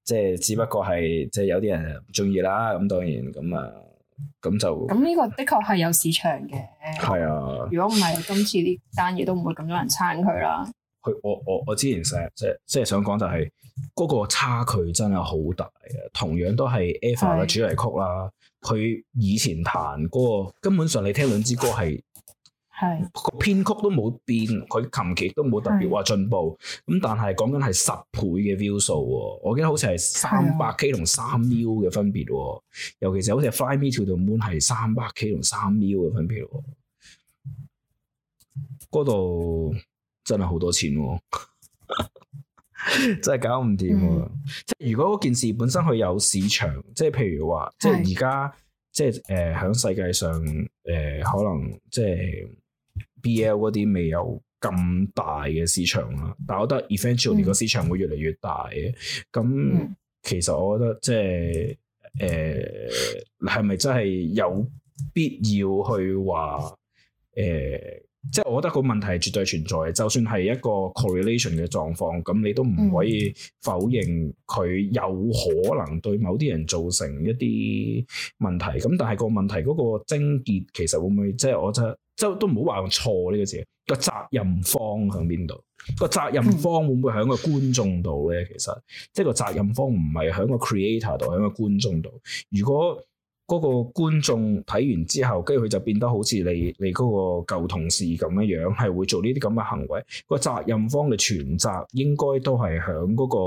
即係只不過係即係有啲人唔中意啦，咁當然咁啊，咁就咁呢個的確係有市場嘅，係啊，如果唔係 今次啲單嘢都唔會咁多人撐佢啦。佢我我我之前成日即即係想講就係嗰個差距真係好大嘅，同樣都係 Eva 嘅主題曲啦。佢是以前彈歌，那個，根本上你聽兩支歌係係個編曲都冇變，佢琴技都冇特別話進步。咁但係講緊係十倍嘅 view 數，我記得好似係三百 K 同三 U 嘅分別，的尤其是好似 Fly Me to the Moon 係三百 K 同三 U 嘅分別。嗰度。真係好多錢，啊， 真係搞唔掂，啊。Mm hmm. 即係如果件事本身佢有市場，即係譬如話，即係而家，是即係誒，喺、呃、世界上誒、呃，可能即係 B L 嗰啲未有咁大嘅市場啦。但係我覺得 eventually 個市場會越嚟越大嘅。咁、mm hmm. 其實我覺得即係誒，係、呃、咪真係有必要去話誒？呃即係我覺得個問題係絕對存在嘅，就算係一個 correlation 嘅狀況，咁你都唔可以否認佢有可能對某啲人造成一啲問題。咁但係個問題嗰個症結其實會唔會即係我覺得，即係都唔好話錯呢個字？個責任方響邊度？個責任方會唔會響個觀眾度咧？其實即係個責任方唔係響個 creator 度，響個觀眾度。如果嗰個觀眾睇完之後，跟住佢就變得好似你你嗰個舊同事咁樣樣，係會做呢啲咁嘅行為。個責任方嘅全責應該都係喺嗰個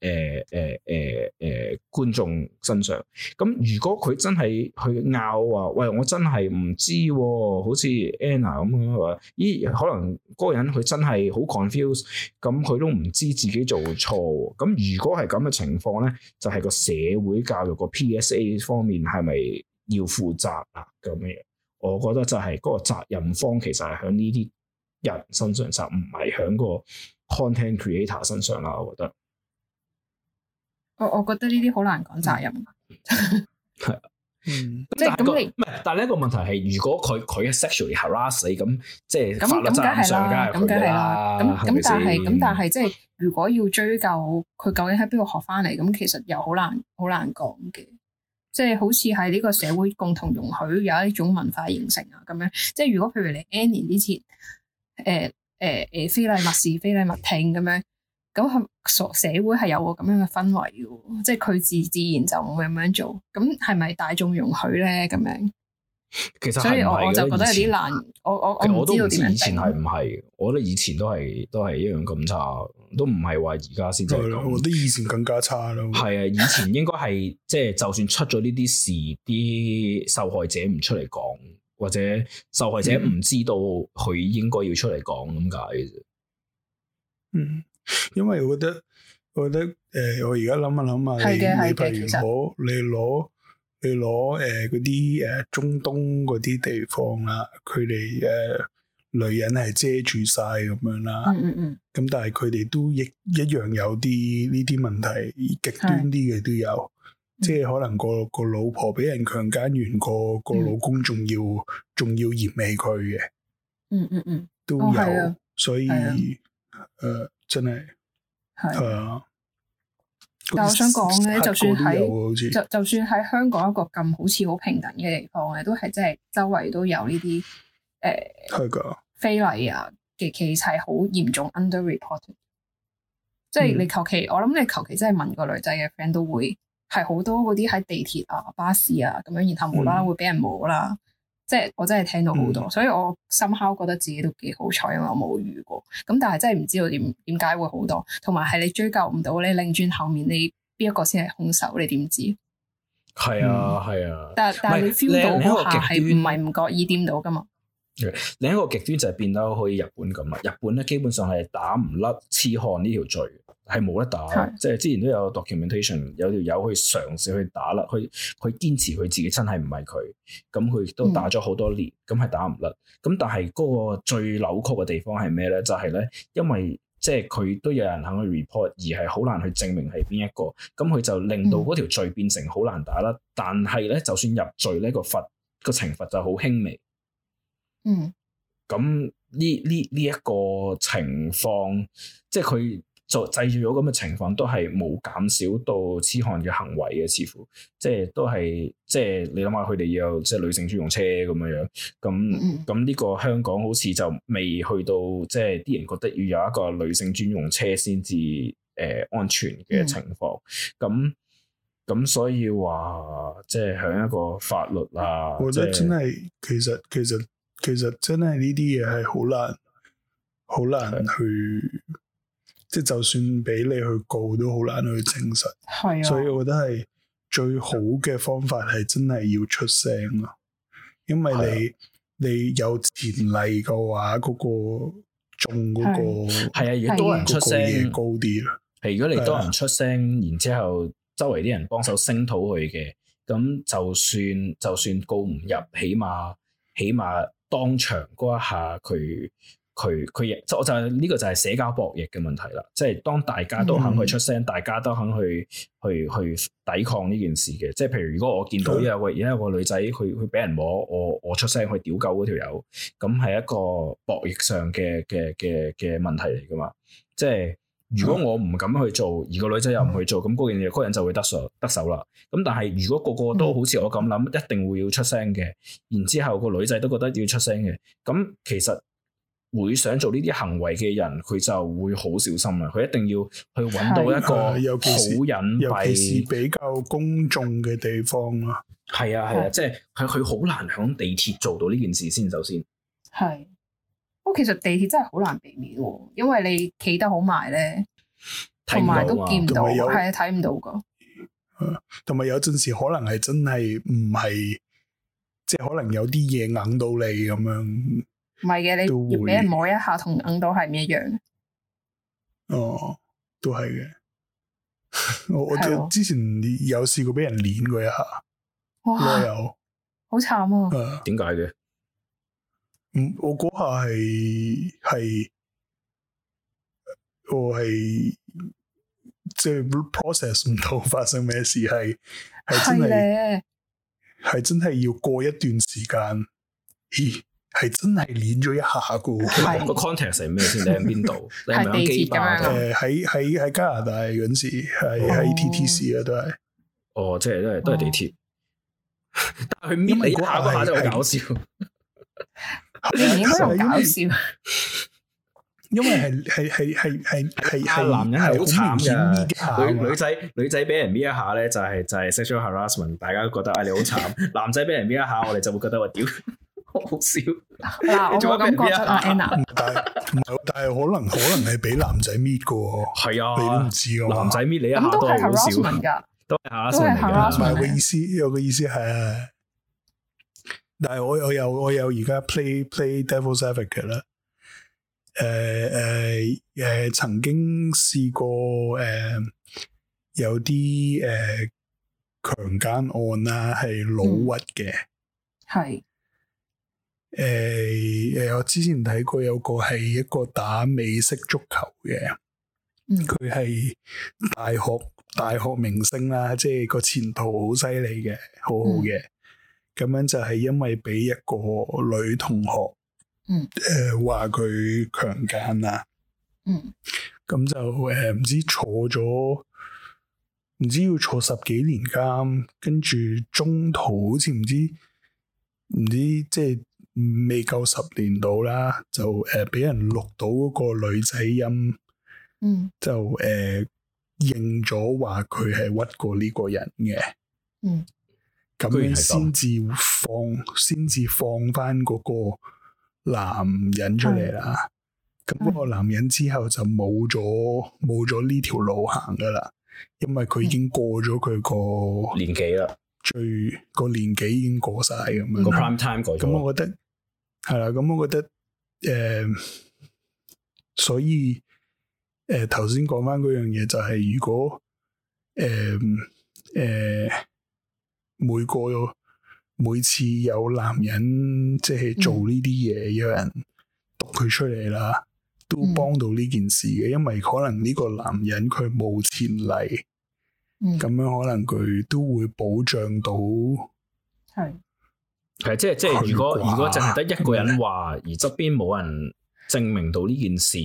誒誒誒誒觀眾身上。咁如果佢真係去拗話，喂，我真係唔知，好似 Anna 咁樣話，咦，可能嗰個人佢真係好 confused，咁佢都唔知自己做錯。咁如果係咁嘅情況咧，就係個社會教育個 PSA 方面係咪？要負責啦咁樣，我覺得就係嗰個責任方其實係喺呢啲人身上，就唔係喺個 content creator 身上啦。我覺得，我我覺得呢啲好難講責任。係即係咁你唔係，但係呢個問題係，如果佢佢 sexually harass 你，咁即係咁咁法律上梗係啦，梗係啦，咁但係咁但係，即係如果要追究佢究竟喺邊度學翻嚟，咁其實又好難好難講嘅。即係好似係呢個社會共同容許有一種文化形成啊咁樣，即係如果譬如你 N 年之前，誒誒誒，非禮勿視，非禮勿聽咁樣，咁係所社會係有個咁樣嘅氛圍嘅，即係佢自自然就唔會咁樣做，咁係咪大眾容許咧咁樣？其實係我就覺得有啲難以前我我，我知道啲人其實我都唔知以前係唔係？我覺得以前都係都係一樣咁差，都唔係話而家先係咁。我覺得以前更加差咯。係啊，以前應該係 即係，就算出咗呢啲事，啲受害者唔出嚟講，或者受害者唔知道佢應該要出嚟講咁解啫。嗯，因為我覺得，我覺得，誒、呃，我而家諗下諗下，你理賠完好，其實 你攞。你攞誒嗰啲誒中東嗰啲地方啦，佢哋誒女人係遮住晒咁樣啦。嗯嗯，咁但係佢哋都一一樣有啲呢啲問題，極端啲嘅都有。是即係可能、個個、嗯、個老婆俾人強姦完，個個老公仲要仲要嫌棄佢嘅。嗯嗯嗯。都有，嗯嗯嗯嗯 oh, 所以誒、啊啊、對真係的誒。但我想講咧，就算喺就就算喺香港一個咁好似好平等嘅地方咧，都係即係周圍都有呢啲誒，噶、呃、的非禮啊、嘅歧視，好嚴重 under。Underreported，即係、就是、你求其，嗯、我諗你求其，即係問個女仔嘅 friend 都會係好多嗰啲喺地鐵啊、巴士啊咁樣，然後無啦啦會俾人摸啦。嗯即係我真係聽到好多，嗯、所以我深刻覺得自己都幾好彩，因為我冇遇過。咁但係真係唔知道點點解會好多，同埋係你追究唔到，你擰轉後面你邊一個先係兇手，你點知？係啊，係啊。但係但係你 feel 到嗰下係唔係唔覺意掂到噶嘛？另一個極端就係變到好似日本咁啦，日本咧基本上係打唔甩癡漢呢條罪，係冇得打。是即係之前都有一個 documentation 有條友去嘗試去打甩，佢佢堅持佢自己真係唔係佢，咁佢都打咗好多年，咁係打唔甩。咁但係嗰個最扭曲嘅地方係咩咧？就係咧，因為即係佢都有人肯去 report，而係好難去證明係邊一個。咁佢就令到嗰條罪變成好難打甩。嗯、但係咧，就算入罪呢個罰個懲罰就好輕微。嗯，咁呢、呢、呢一個情況，即係佢就製造咗咁嘅情況，都係冇減少到痴漢嘅行為嘅，似乎即係都係，即係你諗下，佢哋要有即係女性專用車咁樣樣，咁咁呢個香港好似就未去到，即係啲人覺得要有一個女性專用車先至誒安全嘅情況，咁咁，嗯、所以話即係響一個法律啊，或者真係其實其實。其實其實其實真係呢啲嘢係好難，好難去，即係的就算俾你去告，都好難去證實。係啊的，所以我覺得係最好嘅方法係真係要出聲咯，的因為你的你有前例嘅話，嗰個中嗰個係啊，如果多人出聲高啲啦。係的如果你多人出聲，的然之後周圍啲人幫手聲討佢嘅，咁就算就算告唔入，起碼起碼。起當場嗰一下，佢佢佢亦，即係我就係呢個就係社交博弈嘅問題啦。即係當大家都肯去出聲，嗯、大家都肯去去去抵抗呢件事嘅。即係譬如，如果我見到有個、嗯、有個女仔，佢佢俾人摸，我我出聲去屌鳩嗰條友，咁係一個博弈上嘅嘅嘅嘅問題嚟噶嘛？即係。如果我唔敢去做，而個女仔又唔去做，咁嗰件事嗰個人就會得手得手啦。咁但係如果個個都、嗯、好似我咁諗，一定會要出聲嘅。然之後個女仔都覺得要出聲嘅。咁其實會想做呢啲行為嘅人，佢就會好小心啊。佢一定要去揾到一個好人，尤其是比較公眾嘅地方啊。係啊係啊，即係佢佢好難響地鐵做到呢件事先，首先係。不過其實地鐵真係好難避免喎，因為你企得好埋咧，同埋都見唔到，係睇唔到噶。同埋有陣時可能係真係唔係，即係可能有啲嘢硬到你咁樣。唔係嘅，你俾會人摸一下同硬到係唔一樣。哦，都係嘅。 我的我之前有試過俾人捏過一下。哇！有好慘啊！點解嘅？唔，我嗰下係係我係即係 process 唔到發生咩事，係係真係係嗎真係要過一段時間，咦？係真係捻咗一下下故，個是是 context 係咩先？你喺邊度？你喺地鐵？誒，喺喺喺加拿大嗰陣時，喺喺 TTC 啊，哦、都係哦，即係都係都係地鐵、哦。但係佢搣下嗰下真係搞笑。你點解搞笑？因為係係係係係係男人係好慘嘅，女女仔女仔俾人搣一下咧、就是，就係、是、就係 sexual harassment，大家都覺得哎你好慘。 男仔俾人搣一下，我哋就會覺得我屌， 好笑。嗱、啊，我咁覺得啊，Anna， 但係但係可能可能係俾男仔搣噶，係啊， 你都唔知噶。男仔搣你一下都係 harassment，噶，都係 harassment、嗯、個意思，有個意思係。但係我我有我有而家 play play Devil's Advocate 啦、呃，誒誒誒曾經試過誒、呃、有啲誒、呃、強姦案啦，係老屈嘅，係誒誒我之前睇過有個係一個打美式足球嘅，佢係、嗯、大學大學明星啦，即係個前途好犀利嘅，好好嘅。咁樣就係因為俾一個女同學，嗯，誒話佢強姦啦，嗯，咁就誒唔、呃、知坐咗唔知要坐十幾年監，跟住中途好似唔知唔知，知即係未夠十年到啦，就誒俾、呃、人錄到嗰個女仔音嗯、呃嗯，嗯，就誒認咗話佢係屈過呢個人嘅，嗯。咁樣先至放，先至放翻嗰個男人出嚟啦。咁嗰、啊、個男人之後就冇咗，冇咗呢條路行噶啦。因為佢已經過咗佢個年紀啦，最個年紀已經過晒咁、嗯、樣。個 prime time 過咗。咁我覺得係啦。咁我覺得誒、呃，所以誒頭先講翻嗰樣嘢就係、是、如果誒誒。呃呃呃每個每次有男人即係、就是、做呢啲嘢，嗯、有人讀佢出嚟啦，都幫到呢件事嘅。嗯、因為可能呢個男人佢冇前例，咁、嗯、樣可能佢都會保障到係係、嗯、即係即係。如果吧如果淨係得一個人話，嗯、呢而側邊冇人證明到呢件事，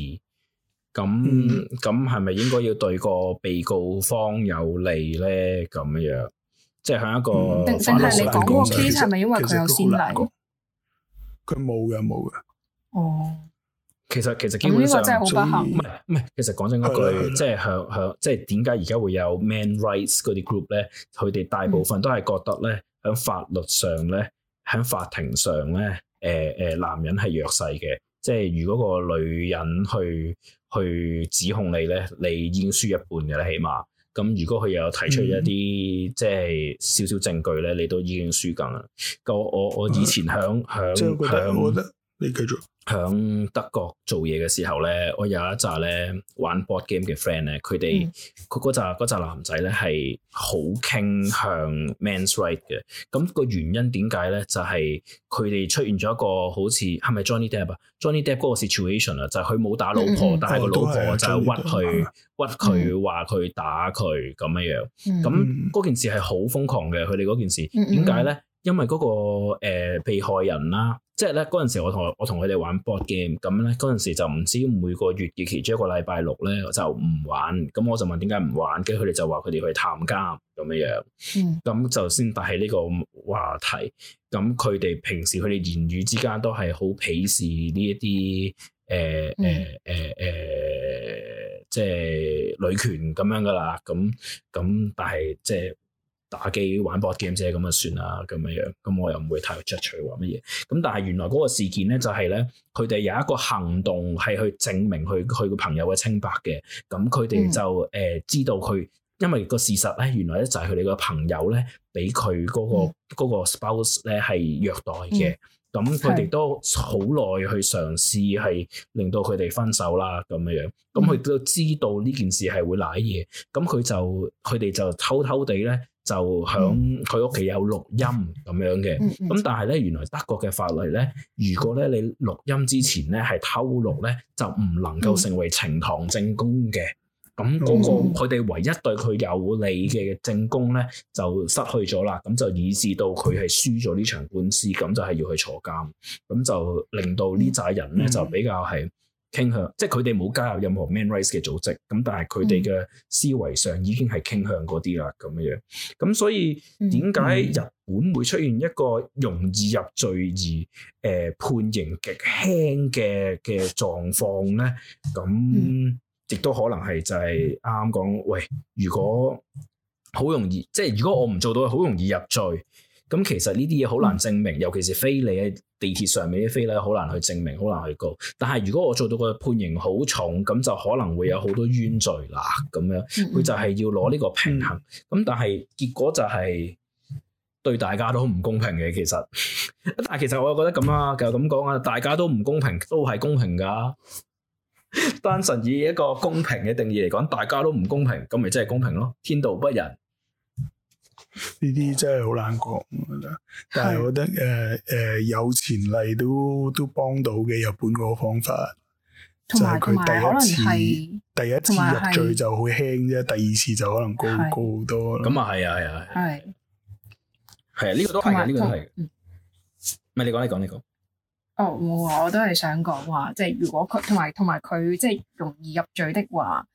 咁咁係咪應該要對個被告方有利咧？咁樣？即係向一個法律上嘅 case 係咪因為佢有先例？佢冇嘅，冇嘅。哦。其實其實，其實基本上即係好不幸。唔係唔係。其實講真嗰句，即係向向，即係點解而家會有 man rights 嗰啲 group 咧？佢哋大部分都係覺得咧，喺法律上咧，喺法庭上咧，誒、呃、誒、呃，男人係弱勢嘅。即係如果個女人去去指控你咧，你已經輸一半嘅啦，起碼。咁如果佢又有提出一啲、嗯、即係少少證據咧，你都已經輸緊啦。個我我以前響響響，你繼續。喺德國做嘢嘅時候咧，我有一紮咧玩 board game 嘅 friend 咧，佢哋佢嗰扎嗰紮男仔咧係好傾向 mans right 嘅。咁、那個原因點解咧？就係佢哋出現咗一個好似係咪 Johnny Depp 啊？Johnny Depp 嗰個 situation 啊，就係佢冇打老婆，嗯嗯，但係個老婆就屈佢屈佢話佢打佢咁樣樣。咁嗰、嗯、件事係好瘋狂嘅，佢哋嗰件事點解咧？嗯嗯因為嗰、那個、呃、被害人啦，即係咧嗰陣時我，我同我同佢哋玩 board game，咁咧嗰陣時就唔知每個月嘅其中一個禮拜六咧就唔玩，咁我就問點解唔玩，跟住佢哋就話佢哋去探監咁樣樣，咁就先帶起呢個話題，咁佢哋平時佢哋言語之間都係好鄙視呢一啲誒誒誒誒，即係女權咁樣噶啦，咁咁，但係即係。打機玩 board game 啫，咁啊算啦，咁樣樣，咁我又唔會太去出彩話乜嘢。咁但係原來嗰個事件咧，就係咧，佢哋有一個行動係去證明佢佢個朋友嘅清白嘅。咁佢哋就誒、呃、知道佢，因為個事實咧，原來咧就係佢哋個朋友咧，俾佢嗰個,、嗯、個 spouse 咧係虐待嘅。咁佢哋都好耐去嘗試係令到佢哋分手啦，咁樣樣。咁、嗯、佢、嗯、都知道呢件事係會瀨嘢，咁佢就佢哋就偷偷地咧。就響佢屋企有錄音咁樣嘅，咁、嗯嗯、但係咧，原來德國嘅法律咧，如果咧你錄音之前咧係偷錄咧，就唔能夠成為呈堂證供嘅。咁嗰、嗯嗰個佢哋唯一對佢有利嘅證供咧，就失去咗啦。咁就以至到佢係輸咗呢場官司，咁就係要去坐監，咁就令到呢扎人咧就比較係傾向，即係佢哋冇加入任何 man race 嘅組織，咁但係佢哋嘅思維上已經係傾向嗰啲啦，咁樣。咁所以點解日本會出現一個容易入罪而誒判刑極輕嘅嘅狀況咧？咁亦都可能係就係啱啱講，喂，如果好容易，即係如果我唔做到，好容易入罪。咁其實呢啲嘢好難證明，尤其是非禮喺地鐵上面啲非禮咧，好難去證明，好難去告。但係如果我做到個判刑好重，咁就可能會有好多冤罪啦。咁樣佢就係要攞呢個平衡。咁但係結果就係對大家都唔公平嘅。其實， 但係其實我又覺得咁啊，就咁講啊，大家都唔公平，都係公平噶。 單純以一個公平嘅定義嚟講，大家都唔公平，咁咪真係公平咯？天道不仁。呢啲真係好難講得，但係我覺得誒誒、呃呃、有前例都都幫到嘅，日本個方法，有就係佢第一次第一次入罪就好輕啫，有第二次就可能高是高好多。咁啊係啊係啊係。係、這個，啊呢有個都係呢個都係。唔係、嗯、你講你講你講。哦，我我都係想講話，即係如果佢同埋同埋佢即係容易入罪的話。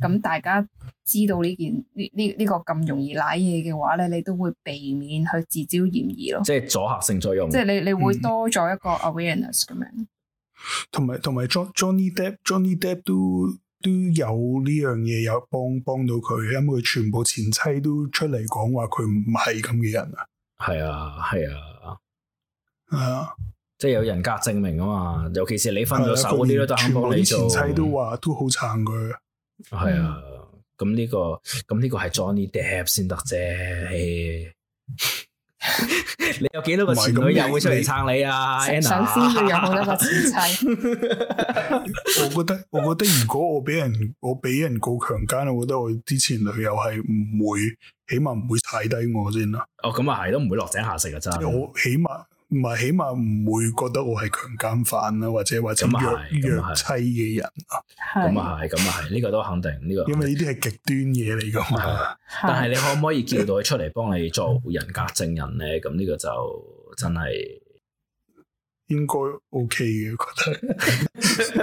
咁大家知道呢件呢呢呢個咁容易賴嘢嘅話咧，你都會避免去自招嫌疑咯。即係阻嚇性作用。即係你你會多咗一個 awareness 咁樣。同埋同埋 John, Johnny Depp, Johnny Depp 都都有呢樣嘢有幫幫到佢，因為佢全部前妻都出嚟講話佢唔係咁嘅人啊。係啊係啊係啊！啊即係有人格證明啊嘛，尤其是你分咗、啊、手嗰啲咧，啊、年都肯幫你做。前妻都話都好撐佢。係、嗯、啊，咁、這、呢個咁呢、呢個係 Johnny Depp 先得啫。 你有幾多個前女友會出嚟撐你啊？首先要有好多個前妻。 我覺得，我覺得如果我俾人我俾人告強姦，我覺得我之前女友係唔會，起碼唔會踩低我先啦。哦，咁啊係，都唔會落井下石㗎，真係我起碼。 唔係，起碼唔會覺得我係強姦犯啦，或者或者弱弱妻嘅人啊。咁啊係，咁啊係，呢、呢個都肯定，呢個因為呢啲係極端嘢嚟噶嘛。 但係你可唔可以叫到佢出嚟幫你做人格證人咧？咁呢個就真係。應該 OK 嘅，覺得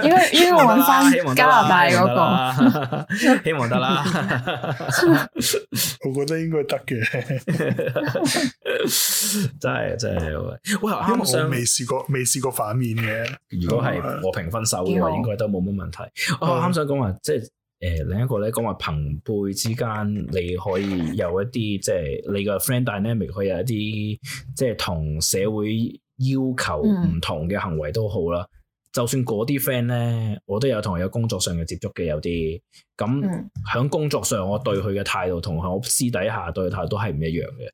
因為因為揾翻加拿大嗰個， 希望得啦。我覺得應該得嘅，真係真係。喂，啱啱我未試過未試過反面嘅。剛剛如果係和平分手嘅話，應該都冇乜問題。我啱想講話，即係誒另一個咧，講話朋輩之間你可以有一啲，即係你個 friend dynamic 可以有一啲，即係同社會。要求唔同嘅行為都好啦，嗯、就算嗰啲 friend 咧，我都有同佢有工作上嘅接觸嘅有啲，咁喺工作上我對佢嘅態度同我私底下對佢態度係唔一樣嘅，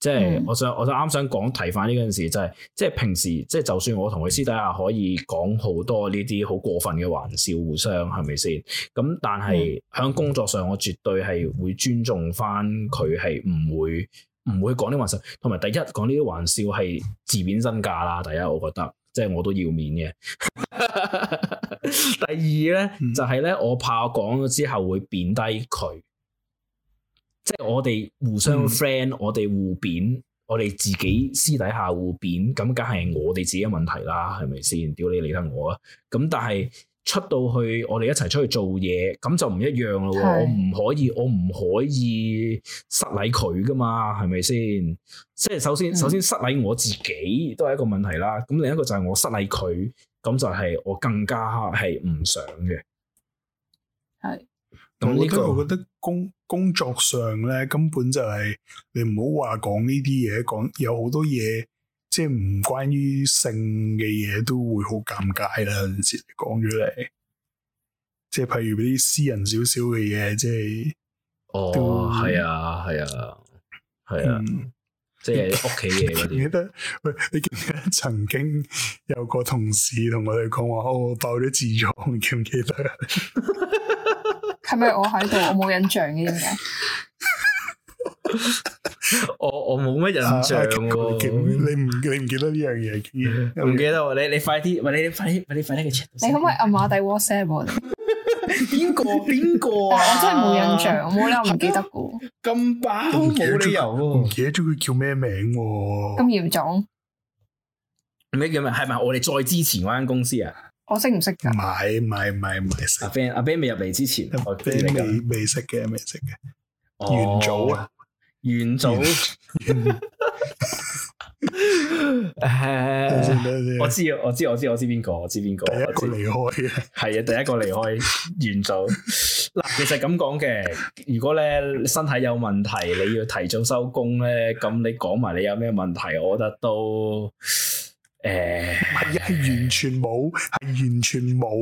即係我想，嗯、我想啱想講，提翻呢件事，就係，就係即係平時，即係就算我同佢私底下可以講好多呢啲好過分嘅玩笑，互相係咪先？咁但係喺工作上，我絕對係會尊重翻佢，係唔會。唔會講啲玩笑，同埋第一講呢啲玩笑係自貶身價啦。第一，我覺得即係、就是、我都要面嘅。 第二咧呢，嗯、就係咧，我怕講咗之後會貶低佢，即、就、係、是、我哋互相 friend，、嗯、我哋互貶，我哋自己私底下互貶，咁梗係我哋自己嘅問題啦，係咪先？屌你理得我啊！咁但係。出到去，我哋一齊出去做嘢，咁就唔一樣咯。是我唔可以，我唔可以失禮佢噶嘛，係咪先？即係首先，是首先失禮我自己都係一個問題啦。咁另一個就係我失禮佢，咁就係我更加係唔想嘅。係是。呢個、我覺得，我覺得工工作上咧，根本就係、是、你唔好話講呢啲嘢，講有好多嘢。即係唔關於性嘅嘢都會好尷尬啦，有陣時講咗嚟。即係譬如啲私人少少嘅嘢，即係哦，係啊，係啊，係啊，嗯、即係屋企嘢嗰啲。你記得， 你記得喂，你記得曾經有個同事同我哋講話，我爆咗痔瘡你記唔記得？係咪我喺度？我冇印象嘅。我我冇乜印象喎，你唔你唔記得呢樣嘢？唔記得喎，你你快啲，喂你快啲，喂你快啲去 check。你可唔可以阿馬蒂 WhatsApp 我哋？邊個邊個啊？我真係冇印象，冇理由唔記得嘅。咁巴都冇理由咯，唔記得咗佢叫咩名？咁嚴重？咩叫咩？係咪我哋再之前嗰間公司啊？我識唔識噶？唔係唔係唔係唔係識。阿 Ben 阿 Ben 未入嚟之前，阿 Ben 未未識嘅，未識嘅，元祖啊！元祖，我知我知我知我知邊個我知邊個，我知個離開係啊， 第一個離開 元祖。嗱， 其實咁講嘅，如果咧身體有問題，你要提早收工咧，咁你講埋你有咩問題，我覺得都。誒，係啊、欸，係完全冇，係完全冇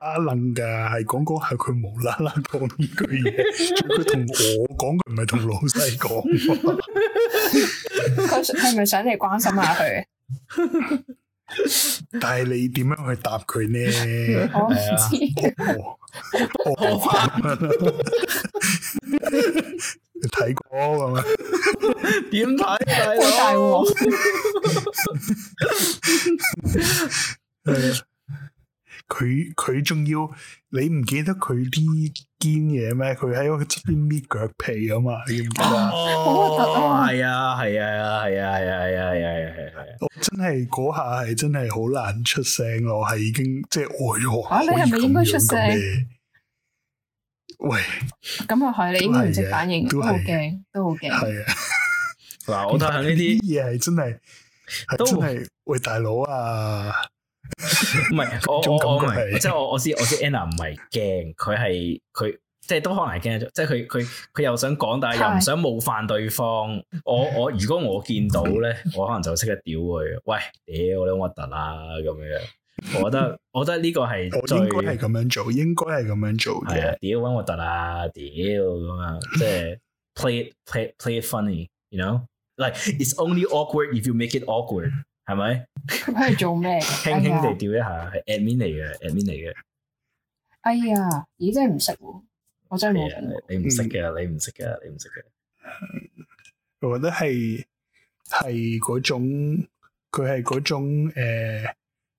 啦楞噶，係講講係佢冇啦啦講呢句嘢，佢同 我講，佢唔係同老細講。佢係咪想你關心下佢？ 但係你點樣去答佢呢？嗯、我唔知。 你睇過咁啊？點睇大鑊？佢佢仲要你唔記得佢啲堅嘢咩？佢喺我側邊搣腳皮啊嘛？你唔記得，係啊，係啊，係啊，係啊，係啊，係啊，係啊，係、啊、對話真係嗰下係真係好難出聲咯，係已經即係愛咗你係咪應該出聲？喂，咁啊、嗯，係你應該唔識反應，都好驚，都好驚。係是的 啊，嗱，我睇下呢啲嘢係真係，都係喂大佬啊，唔係，我我唔係，即係我我知我知 Anna 唔係驚，佢係佢即係都可能驚咗，即係佢佢佢又想講，但係又唔想冒犯對方。的我我如果我見到咧， 我可能就識得屌佢，喂屌你好核突啊咁樣。我覺得我覺得呢個係，應該係咁樣做，應該係咁樣做嘅。屌搵我得啦，屌咁樣！即係 play it, play play it funny，you know？Like it's only awkward if you make it awkward，係咪？佢係做咩？輕 輕地調一下，係 admin 嚟嘅，admin 嚟嘅。哎呀，咦、哎，真係唔識喎！我真係冇聽過。你唔識嘅，你唔識嘅，你唔識嘅。我覺得係係嗰種，佢係嗰種誒。呃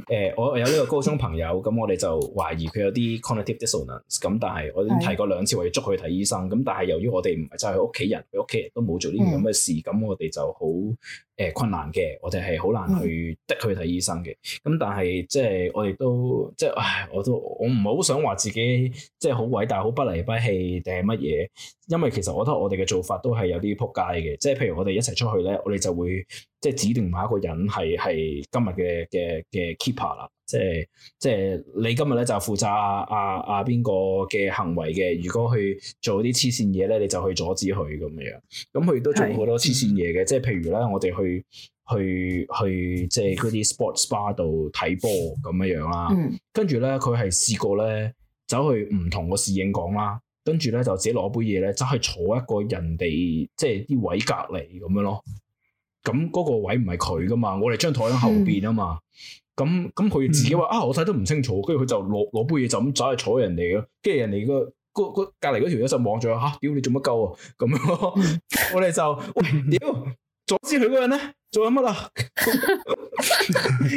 誒、呃，我有呢個高中朋友，咁我哋就懷疑佢有啲 cognitive dissonance，咁但係我已經提過兩次，我要捉佢去睇醫生，咁但係由於我哋唔係就係佢屋企人，佢屋企人都冇做呢啲咁嘅事，咁、嗯、我哋就好。誒困難嘅，我哋係好難去得、嗯、去睇醫生嘅。咁但係即係我哋都即係，唉，我都我唔好想話自己即係好偉大、好不離不棄定係乜嘢。因為其實我覺得我哋嘅做法都係有啲仆街嘅。即係譬如我哋一齊出去咧，我哋就會即係指定某一,一個人係係今日嘅嘅嘅 keeper 啦。即係即係你今日咧就負責阿阿阿邊個嘅行為嘅，如果去做啲黐線嘢咧，你就去阻止佢咁樣。咁佢都做好多黐線嘢嘅，即係譬如咧，我哋去去去即係嗰啲 sports bar 度睇波咁樣樣啦。跟住咧，佢係試過咧走去唔同個侍應講啦。跟住咧就自己攞杯嘢咧，走去坐一個人哋即係啲位隔籬咁樣咯。咁嗰個位唔係佢噶嘛，我哋張台喺後邊啊嘛。嗯咁咁佢自己話啊，我睇得唔清楚，跟住佢就攞攞杯嘢就咁走去坐人哋咯，跟住人哋個個隔籬嗰條友就望住，吓、啊，屌你做乜鳩啊？咁樣，我哋就喂，屌，阻止佢嗰人咧做緊乜啊？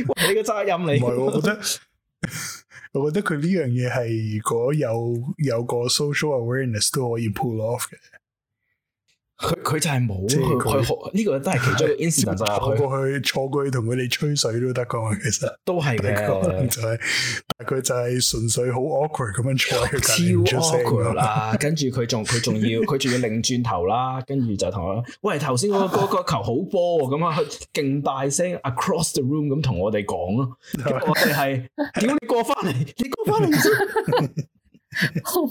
哇， 喂 你嘅責任嚟，唔係喎，我覺得，我覺得佢呢樣嘢係如果有有個 social awareness 都可以 pull off 嘅。佢佢就係冇去去呢個都係其中一個 instance，佢過去坐過去同佢哋吹水都得噶嘛，其實都係嘅，就係但佢就係純粹好 awkward 咁樣坐過超 awkward 啦。跟住佢仲佢仲要佢仲要擰轉頭啦。跟住就同我：喂，頭先嗰個個球好波喎，咁啊，佢勁大聲，across the room 咁同我哋講咯。我哋係叫你過翻嚟，你過翻嚟，好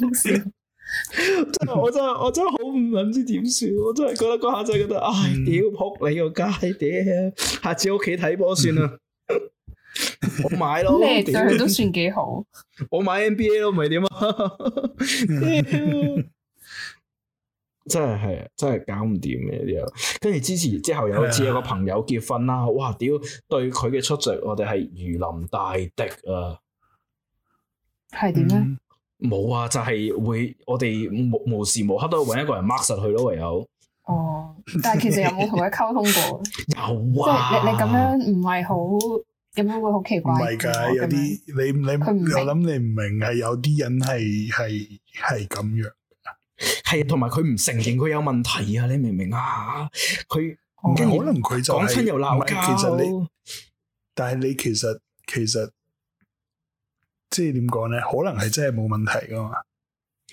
笑。 真係我真係我真係好唔諗知點算，我真係覺得嗰下真係覺得，唉，屌仆你個街屌，下次屋企睇波算啦， 我買咯，呢對 都算幾好， 我買 NBA 咯，唔係點啊？真係係啊，真係搞唔掂嘅啲，跟住 之前之後有一次有個朋友結婚啦，哇屌，對佢嘅出席我哋係如臨大敵啊，係點咧？ 冇啊，就係、是、會，我哋無無時無刻都揾一個人 mark 實佢咯，唯有。哦。但係其實有冇同佢溝通過？ 有啊。即係你你咁樣唔係好，咁樣會好奇怪。唔係㗎，有啲你你我諗你唔明係有啲人係係係咁樣。係，同埋佢唔承認佢有問題啊！你明唔明啊？佢唔是、哦、可能佢就講親又鬧，其實你，但係你其實其實。其實即係點講咧？可能係真係冇問題噶嘛？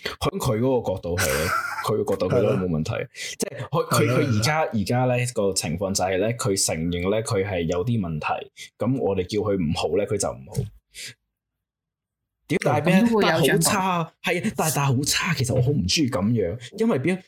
喺佢嗰個角度係，佢嘅 角度佢都冇問題。 即係佢佢佢而家而家咧個情況就係咧，佢承認咧佢係有啲問題。咁我哋叫佢唔好咧，佢就唔好。點、嗯、但係是咧？ 但係好差，係啊！但係但係好差。其實我好唔中意咁樣，因為點？屌，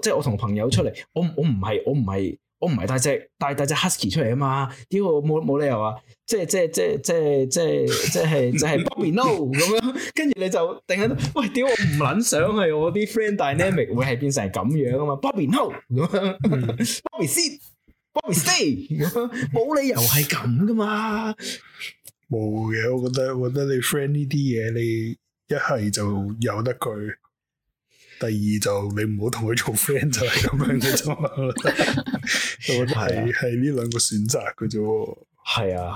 即係我同朋友出嚟，我我唔係我唔係。我唔係帶隻帶帶隻 husky 出嚟啊嘛，屌我冇冇理由啊，即係即係即係即係即係即係就係 Bobby no 咁樣，跟住你就定喺度，喂、 哎、屌我唔捻想係我啲 friend dynamic 會係變成咁樣啊嘛 ，Bobby no 咁 Bobby sit，Bobby stay 冇理由係咁噶嘛，冇嘅，我覺得我覺得你 friend 呢啲嘢，你一係就由得佢。第二你就你唔好同佢做 friend 就係咁樣嘅啫，我覺得係係呢兩個選擇嘅啫。係啊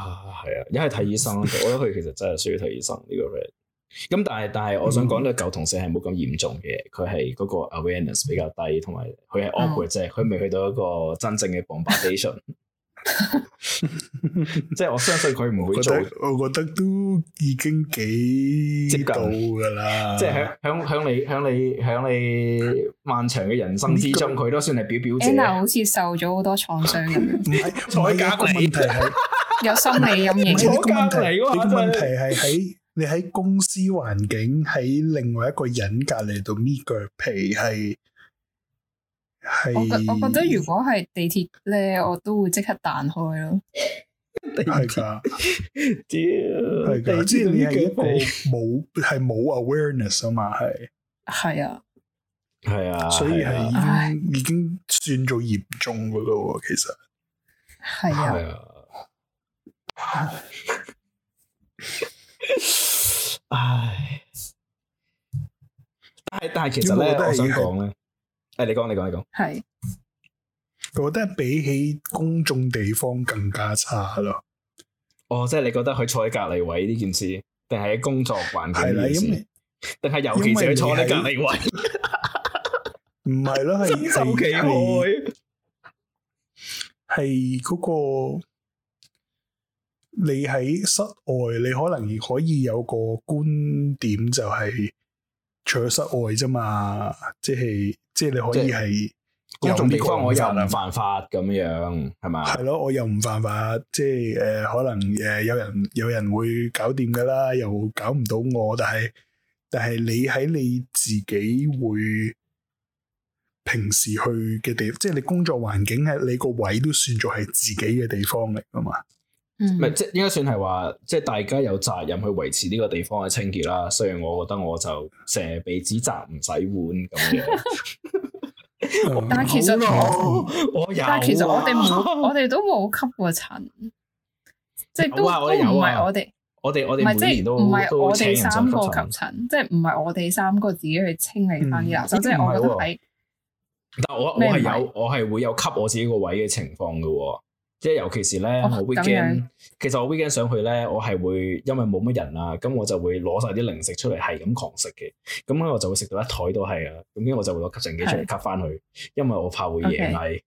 係啊，因為睇醫生， 我覺得佢其實真係需要睇醫生呢個。咁但係但係，我想講咧，嗯、舊同事係冇咁嚴重嘅，佢係嗰個 awareness 比較低，同埋佢係 awkward，即係佢未去到一個真正嘅 foundation。 即係我相信佢唔會做。我覺得都已經幾知道噶啦。近即係響響響你響你響你漫長嘅人生之中，佢這個 都算係表表姐。Anna 好似受咗好多創傷嘅。唔係，我而家個問題係 有心理陰影。你個問題，你個問題係喺 你喺公司環境喺另外一個人隔籬度搣腳皮係。是我覺我覺得如果係地鐵咧，我都會即刻彈開咯。係噶，屌，地鐵呢啲係冇冇係冇 awareness 啊嘛，係係啊，係啊 ，ness, 的所以係已經，的已經算做嚴重噶咯，其實係啊，唉，但係但係其實咧，我，我想講咧。誒，你講，你講，你講是。係，我覺得比起公眾地方更加差咯。哦，即係你覺得佢坐喺隔離位呢件事，定係喺工作環境呢件事，定係尤其是坐喺隔離位？唔係咯， 啦 真係好奇怪。係嗰、那個，你喺室外，你可能可以有個觀點、就是，就係。除咗室外啫嘛，即係即係你可以係一種地方，我又唔犯法咁樣，係嘛？係咯，我又唔犯法，即係誒、呃，可能誒，有人有人會搞掂噶啦，又搞唔到我，但係但係你喺你自己會平時去嘅地方，即係你工作環境係你個位都算做係自己嘅地方嚟噶嘛。唔係即係應該算係話，即係大家有責任去維持呢個地方嘅清潔啦。所以我覺得我就成日被指責唔使碗咁樣，但係其實我有，但係其實我哋我哋都冇吸過塵，即係都唔係我哋，我哋我哋每年都都請人吸塵，即係唔係我哋三個自己去清理翻嘅。即係我覺得係。但係我我係有我係會有吸我自己個位嘅情況嘅。即係尤其是咧，哦、我 weekend 這樣 其實我 weekend 上去咧，我係會因為冇乜人啊，咁我就會攞晒啲零食出嚟係咁狂食嘅。咁我就會食到一枱都係啊。咁跟住我就會攞吸塵機出嚟吸翻去，的因為我怕會贏咪。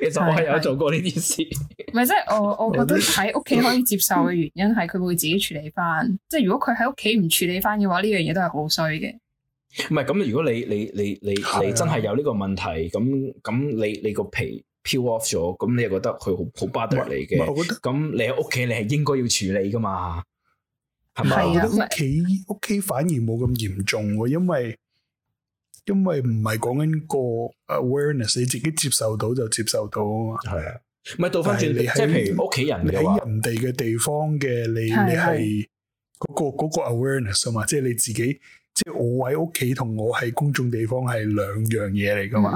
其實我係有做過呢啲事的。唔係即係我我覺得喺屋企可以接受嘅原因係佢會自己處理翻。即係 如果佢喺屋企唔處理翻嘅話，呢樣嘢都係好衰嘅。唔係咁，如果你你你你你，你，你真係有呢個問題，咁咁你你個皮。飄 off 咗，咁你又覺得佢好好 bad 嚟嘅。我覺得咁你喺屋企你係應該要處理噶嘛，係咪？屋企屋企反而冇咁嚴重喎，因為因為唔係講緊個 awareness，你自己接受到就接受到啊嘛，係啊，咪倒翻轉，即係譬如屋企人嘅話，你喺，人哋嘅地方嘅你你係嗰個嗰個 awareness 啊嘛，即係你自己。即係我喺屋企同我喺公眾地方係兩樣嘢嚟噶嘛？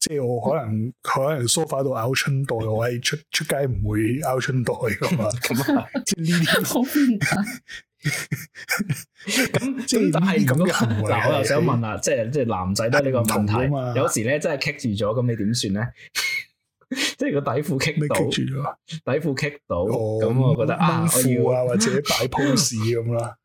即係我可能佢可能梳化度拗春袋，我喺出出街唔會拗春袋噶嘛？咁啊，即係呢啲咁。即係咁嘅行為，我又想問啦，即係即係男仔都係呢個問題嘛？有時咧真係棘住咗，咁你點算咧？ 即係個底褲棘到，底褲棘到，咁、哦、我覺得啊，我要， 笑啊或者擺 pose 咁啦，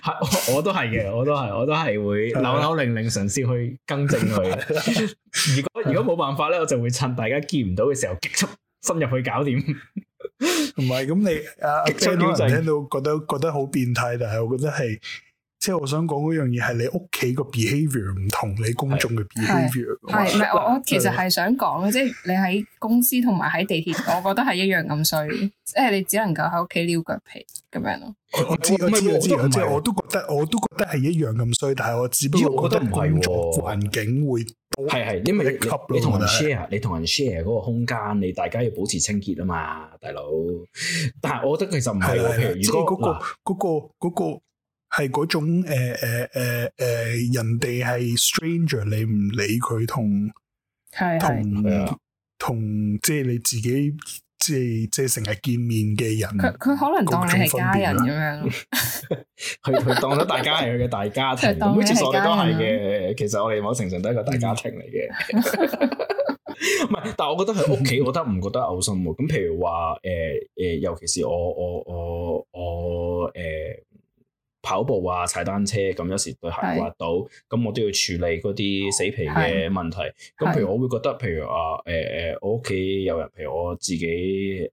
係我都係嘅，我都係，我都係會扭扭令令，嘗試去更正佢。 如果如果冇辦法咧，我就會趁大家見唔到嘅時候，極速深入去搞掂。唔係咁，你啊，極、啊、速可能聽到覺得覺得好變態，但係我覺得係。即係我想講嗰樣嘢係你屋企個 behavior 唔同你公眾嘅 behavior。係，唔係我其實係想講咧，即係你喺公司同埋喺地鐵，我覺得係一樣咁衰。即係你只能夠喺屋企撩腳皮咁樣咯。我知，我知，我知，即係我都覺得，我都覺得係一樣咁衰。但係我只不過覺得工作環境會係係，因為你同人 share，你同人 share 嗰個空間，你大家要保持清潔啊嘛，大佬。但係我覺得其實唔係咯，即係嗰個嗰個嗰個。係嗰種誒誒誒誒，人哋係 stranger，你唔理佢同係啊，同的即係你自己，即係即係成日見面嘅人，佢可能當你係家人咁樣，佢 佢當咗大家佢嘅大家庭， 家啊、每次我哋都係嘅。其實我哋某程度都係一個大家庭嚟嘅。唔係，但係我覺得佢屋企，我覺得唔覺得嘔心？咁譬如話誒誒，尤其是我我我我誒。呃呃呃呃跑步啊，踩單車咁，有時對鞋滑到，咁我都要處理嗰啲死皮嘅問題。咁譬如我會覺得，譬如話，誒誒，我屋企有人，譬如我自己，誒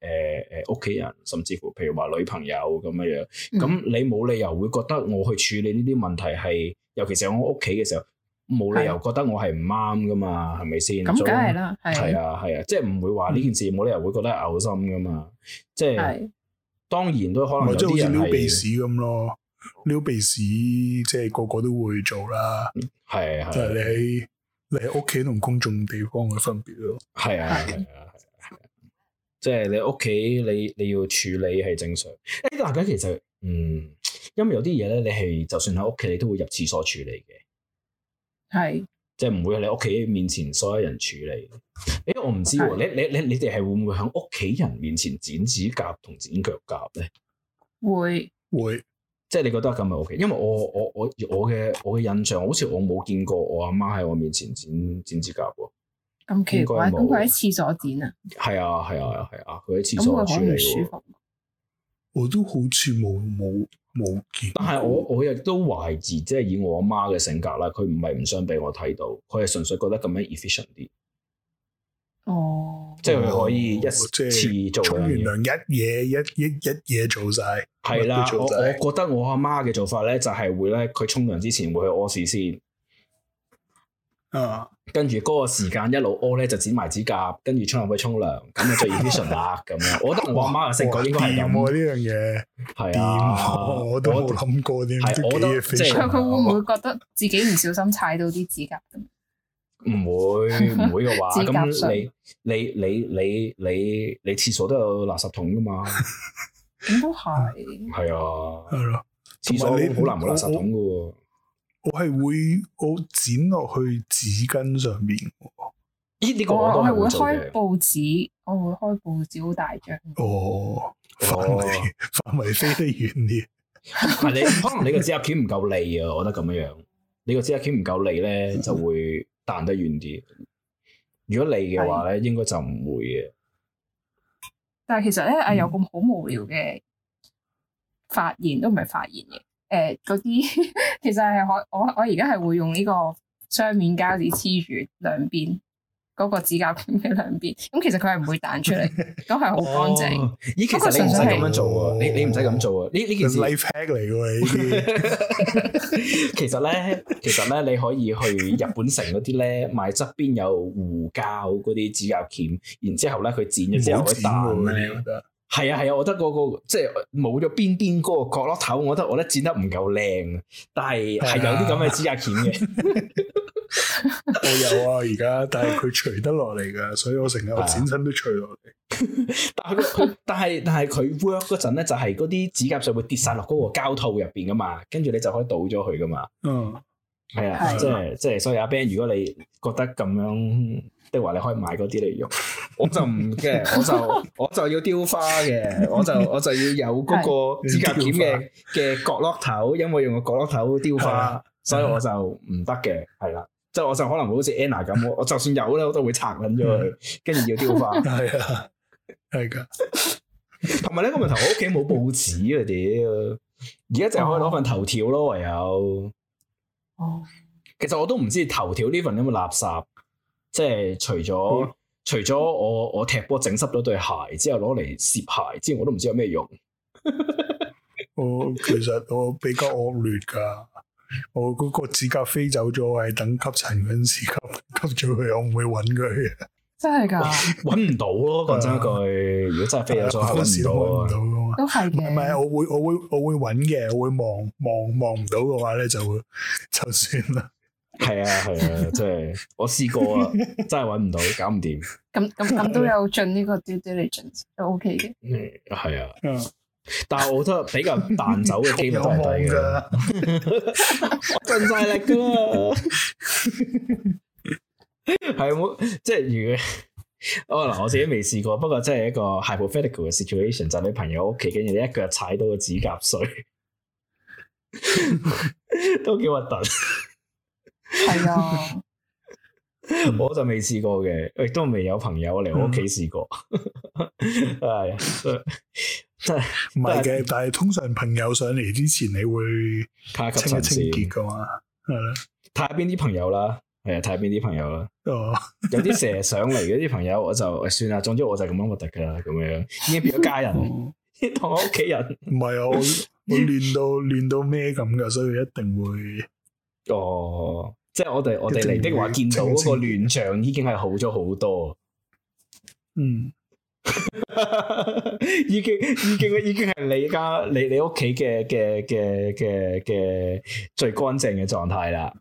誒，屋企人，甚至乎譬如話女朋友咁樣樣。咁你冇理由會覺得我去處理呢啲問題係，尤其是我屋企嘅時候，冇理由覺得我係唔啱噶嘛，係咪先？咁梗係啦，係啊，係啊，即係唔會話呢件事，冇理由會覺得係嘔心噶嘛。即係當然都可能，即係好似鼻屎咁咯。撩鼻屎，即係個個都會做啦，係的就係你的你喺屋企同公眾地方嘅分別咯，係啊係啊係啊，啊。 即係、就是、你屋企你你要處理係正常誒、欸，大家其實嗯，因為有啲嘢咧，你係就算喺屋企你都會入廁所處理嘅，係即係唔會喺你屋企面前所有人處理，誒、欸、我唔知喎、啊的，你你你你哋係會唔會喺屋企人面前剪指甲同剪腳甲咧？會會。會即係你覺得咁咪 OK？因為我我我我嘅我嘅印象，好似我冇見過我阿媽喺我面前剪剪指甲喎。咁奇怪，咁佢喺廁所剪啊？係啊係啊係啊，佢喺、啊啊啊啊、廁所剪嘅。咁佢唔舒服？我都好似冇冇冇見，但係我我亦都懷疑，即係以我阿媽嘅性格咧，佢唔係唔想俾我睇到，佢係純粹覺得咁樣 efficient 啲。哦，即係佢可以一次做，沖完涼一嘢一一一嘢做晒，係啦。我我覺得我阿媽嘅做法咧，就係會咧，佢沖涼之前會去屙屎先。啊，跟住嗰個時間一路屙咧，就剪埋指甲，跟住沖入去沖涼，咁就最啲順得咁樣。我覺得我阿媽嘅性格應該係冇呢樣嘢，係啊，我都冇諗過啲。係我即係會唔會覺得自己唔小心踩到啲指甲咁？唔會唔會嘅話，咁你你你你你你廁所都有垃圾桶噶嘛？應該係係啊，係咯。廁所都好難冇垃圾桶噶喎。我係會我剪落去紙巾上面。咦？你講我係會開報紙，我會開報紙好大張。哦，範圍範圍飛得遠啲。係你 可能你個指甲鉗唔夠利啊！我覺得咁樣樣，你個指甲鉗唔夠利咧，就會。嗯彈得遠啲，如果你嘅話咧，的應該就唔會嘅。但係其實咧，誒、嗯，有個好無聊嘅發現都唔係發現嘅。誒、呃，嗰啲 其實係我我我而家係會用呢個雙面膠紙黐住兩邊。兩邊嗰個指甲鉗嘅兩邊，咁其實佢係唔會彈出嚟，都係好乾淨。咦，其實你唔使咁樣做喎，哦、你、哦、你唔使咁做喎。呢呢、哦欸、件事，係 life hack 嚟嘅 其實咧， 其實咧， 你可以去日本城嗰啲咧買側邊有護膠嗰啲指甲鉗，然之後咧佢剪咗之剪後可以彈。係啊，係啊，我覺得嗰、嗰個即係冇咗邊邊嗰個角落頭，我覺得我咧剪得唔夠靚，但係係有啲咁嘅指甲鉗嘅， 我有啊而家，但係佢除得落嚟噶，所以我成日我剪身都除落嚟。但係但係佢 work 嗰陣咧，就係嗰啲指甲碎會跌晒落嗰個膠套入邊噶嘛，跟住你就可以倒咗佢噶嘛。嗯，係啊，即係即係，所以阿 Ben，如果你覺得咁樣。即係話你可以買嗰啲嚟用，我就唔驚，我就我就要雕花嘅，我就我就要有嗰個指甲鉗嘅嘅角落頭，因為用個角落頭雕花，所以我就唔得嘅，係啦，即係我就可能會好似 Anna 咁，我就算有咧，我都會拆撚咗佢，跟住要雕花，係啊， 係噶。同埋呢個問題，我屋企冇報紙啊屌，而家淨係可以攞份頭條咯，唯有哦。其實我都唔知頭條呢份有冇垃圾。即係除咗、嗯、除咗我我踢波整濕咗對鞋之後攞嚟攝鞋之後我都唔知有咩用。 我其實我比較惡劣噶，我嗰個指甲飛走咗，係等吸塵嗰陣時吸吸咗佢，我唔會搵佢。真係噶？搵唔到咯、啊，講真一句， 啊、如果真係飛咗咗，搵唔到，到啊，都係唔係我會我會我會搵嘅，我會望望望唔到嘅話咧，就就算啦。 係 啊，係啊，即係我試過啊，啊過，真係搵唔到，搞唔掂。咁咁咁都有盡呢個 due diligence，都 OK 嘅。嗯，係啊。但係我覺得比較彈走嘅幾率都係低嘅。盡 晒力噶啦、啊。係冇，即係如果我嗱，我自己未試過， 過，不過即係一個 hypothetical 嘅 situation， 就喺朋友屋企，跟住你一腳踩到個指甲水， 都幾核突。 係啊， 我就未試過嘅，亦都未有朋友嚟我屋企試過。係，唔係嘅，但係通常朋友上嚟之前，你會清唔清潔噶嘛？係啦，睇下邊啲朋友啦，係睇下邊啲朋友啦。哦， 有啲成日上嚟嗰啲朋友，我就、哎、算啦。總之我就咁樣核突噶啦，咁樣已經變咗家人，同 我屋企人。唔係啊，我我亂到亂到咩咁噶，所以一定會哦。即係我哋我哋嚟的話見到嗰個亂象已經係好咗好多，嗯 已經，已經已經已經係你家你你屋企嘅嘅嘅嘅嘅最乾淨嘅狀態啦，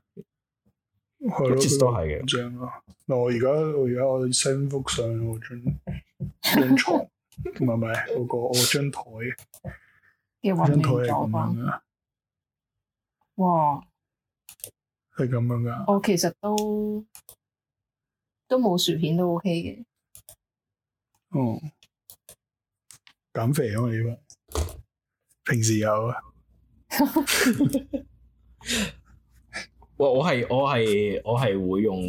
係咯了，都係嘅。張咯，嗱我而家我而家我升幅相我張張床，唔係唔係，嗰個我張台嘅畫面咗哇！係咁樣噶我其實都都冇薯片都 OK 嘅。哦、嗯，減肥啊嘛呢個，平時有啊。 哇，我我係我係我係會用，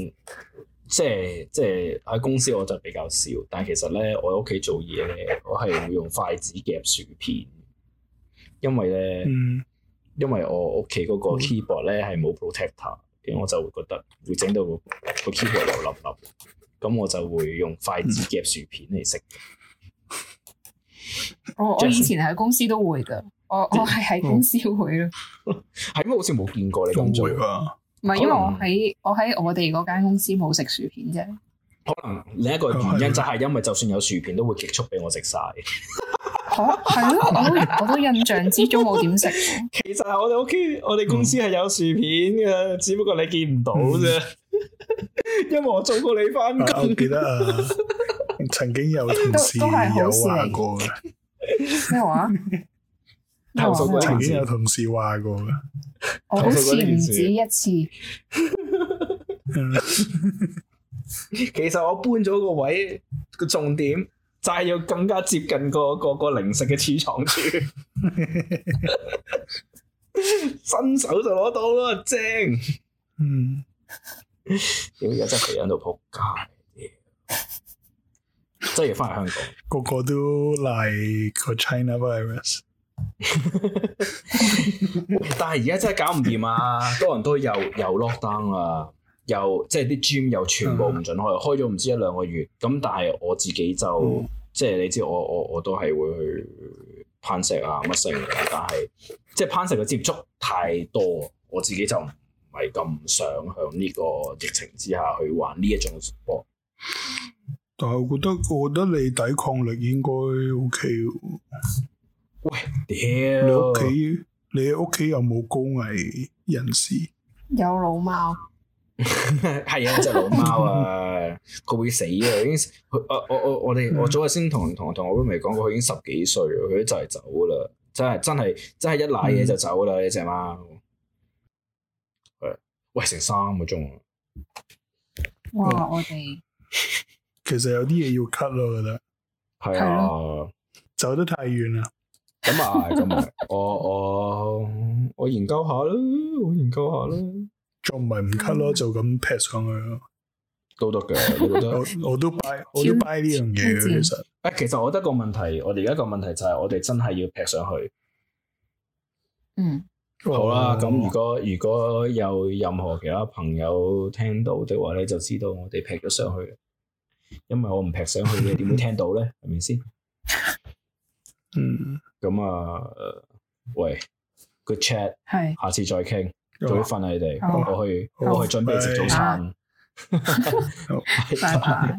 即係即係喺公司我就比較少，但係其實咧我喺屋企做嘢咧，我係會用筷子夾薯片，因為咧。嗯。因為我屋企嗰個 keyboard 咧係冇 protector，咁我就會覺得會整到個 keyboard 油粒粒，咁我就會用筷子夾薯片嚟食。我、嗯、 我以前喺公司都會噶，我我係喺公司會咯，係咩、嗯？ 好似冇見過你咁做，唔係、啊、因為我喺能我喺我哋嗰間公司冇食薯片啫。可能另一個原因就係因為就算有薯片，都會極速俾我食晒。 吓係咯，我都印象之中冇點食。其實我哋屋企，我哋公司係有薯片㗎，嗯、只不過你見唔到啫。 因為我做過你返工。啊，我記得啊，曾經有同事， 有，事有話過嘅。咩話？曾經有同事話過 事我好似唔止一次。 其實我搬咗個位，個重點。就係要更加接近、那個、那個那個零食嘅儲藏處，伸 手就攞到啦，正。嗯，而家真係喺度仆街，真、就、係、是、要翻嚟香港，個個都賴、like、個 China virus。但係而家真係搞唔掂啊！ 多人都又又 lock down 啊～又即係啲 gym 又全部唔准開，開咗唔知一兩個月。咁但係我自己就、嗯、即係你知我我我都係會去攀石啊乜剩，但係即係攀石嘅接觸太多，我自己就唔係咁想向呢個疫情之下去玩呢一種 sport。但係我覺得我覺得你抵抗力應該 OK。喂，屌！你屋企你屋企有冇高危人士？有老貓。係 啊，隻老貓啊，佢會死啊！已經，佢，我，我，我哋，我早日先同，同，同都未講過，佢已經十幾歲，佢都就係走啦，真係，真係、嗯，真係一瀨嘢就走啦！呢隻貓，喂，成三個鐘啊！哇唉，我哋，其實有啲嘢要 cut 咯，我覺得，係啊，走得太遠啦，咁啊，咁啊、就是， 我，我，我研究下咯，我研究下咯。仲唔係唔 cut 咯，就咁劈上去咯，都得嘅。我覺得我都 buy，我都 buy 呢樣嘢，其實誒，其實我覺得個問題，我哋而家個問題就係我哋真係要劈上去。嗯，好啦，咁如果如果有任何其他朋友聽到的話咧，就知道我哋劈咗上去。因為我唔劈上去你點會聽到咧？係咪先？嗯。咁啊，喂，good chat，係，下次再傾。早瞓啊！你哋，吧我去，我去準備食早餐。好，拜拜吧。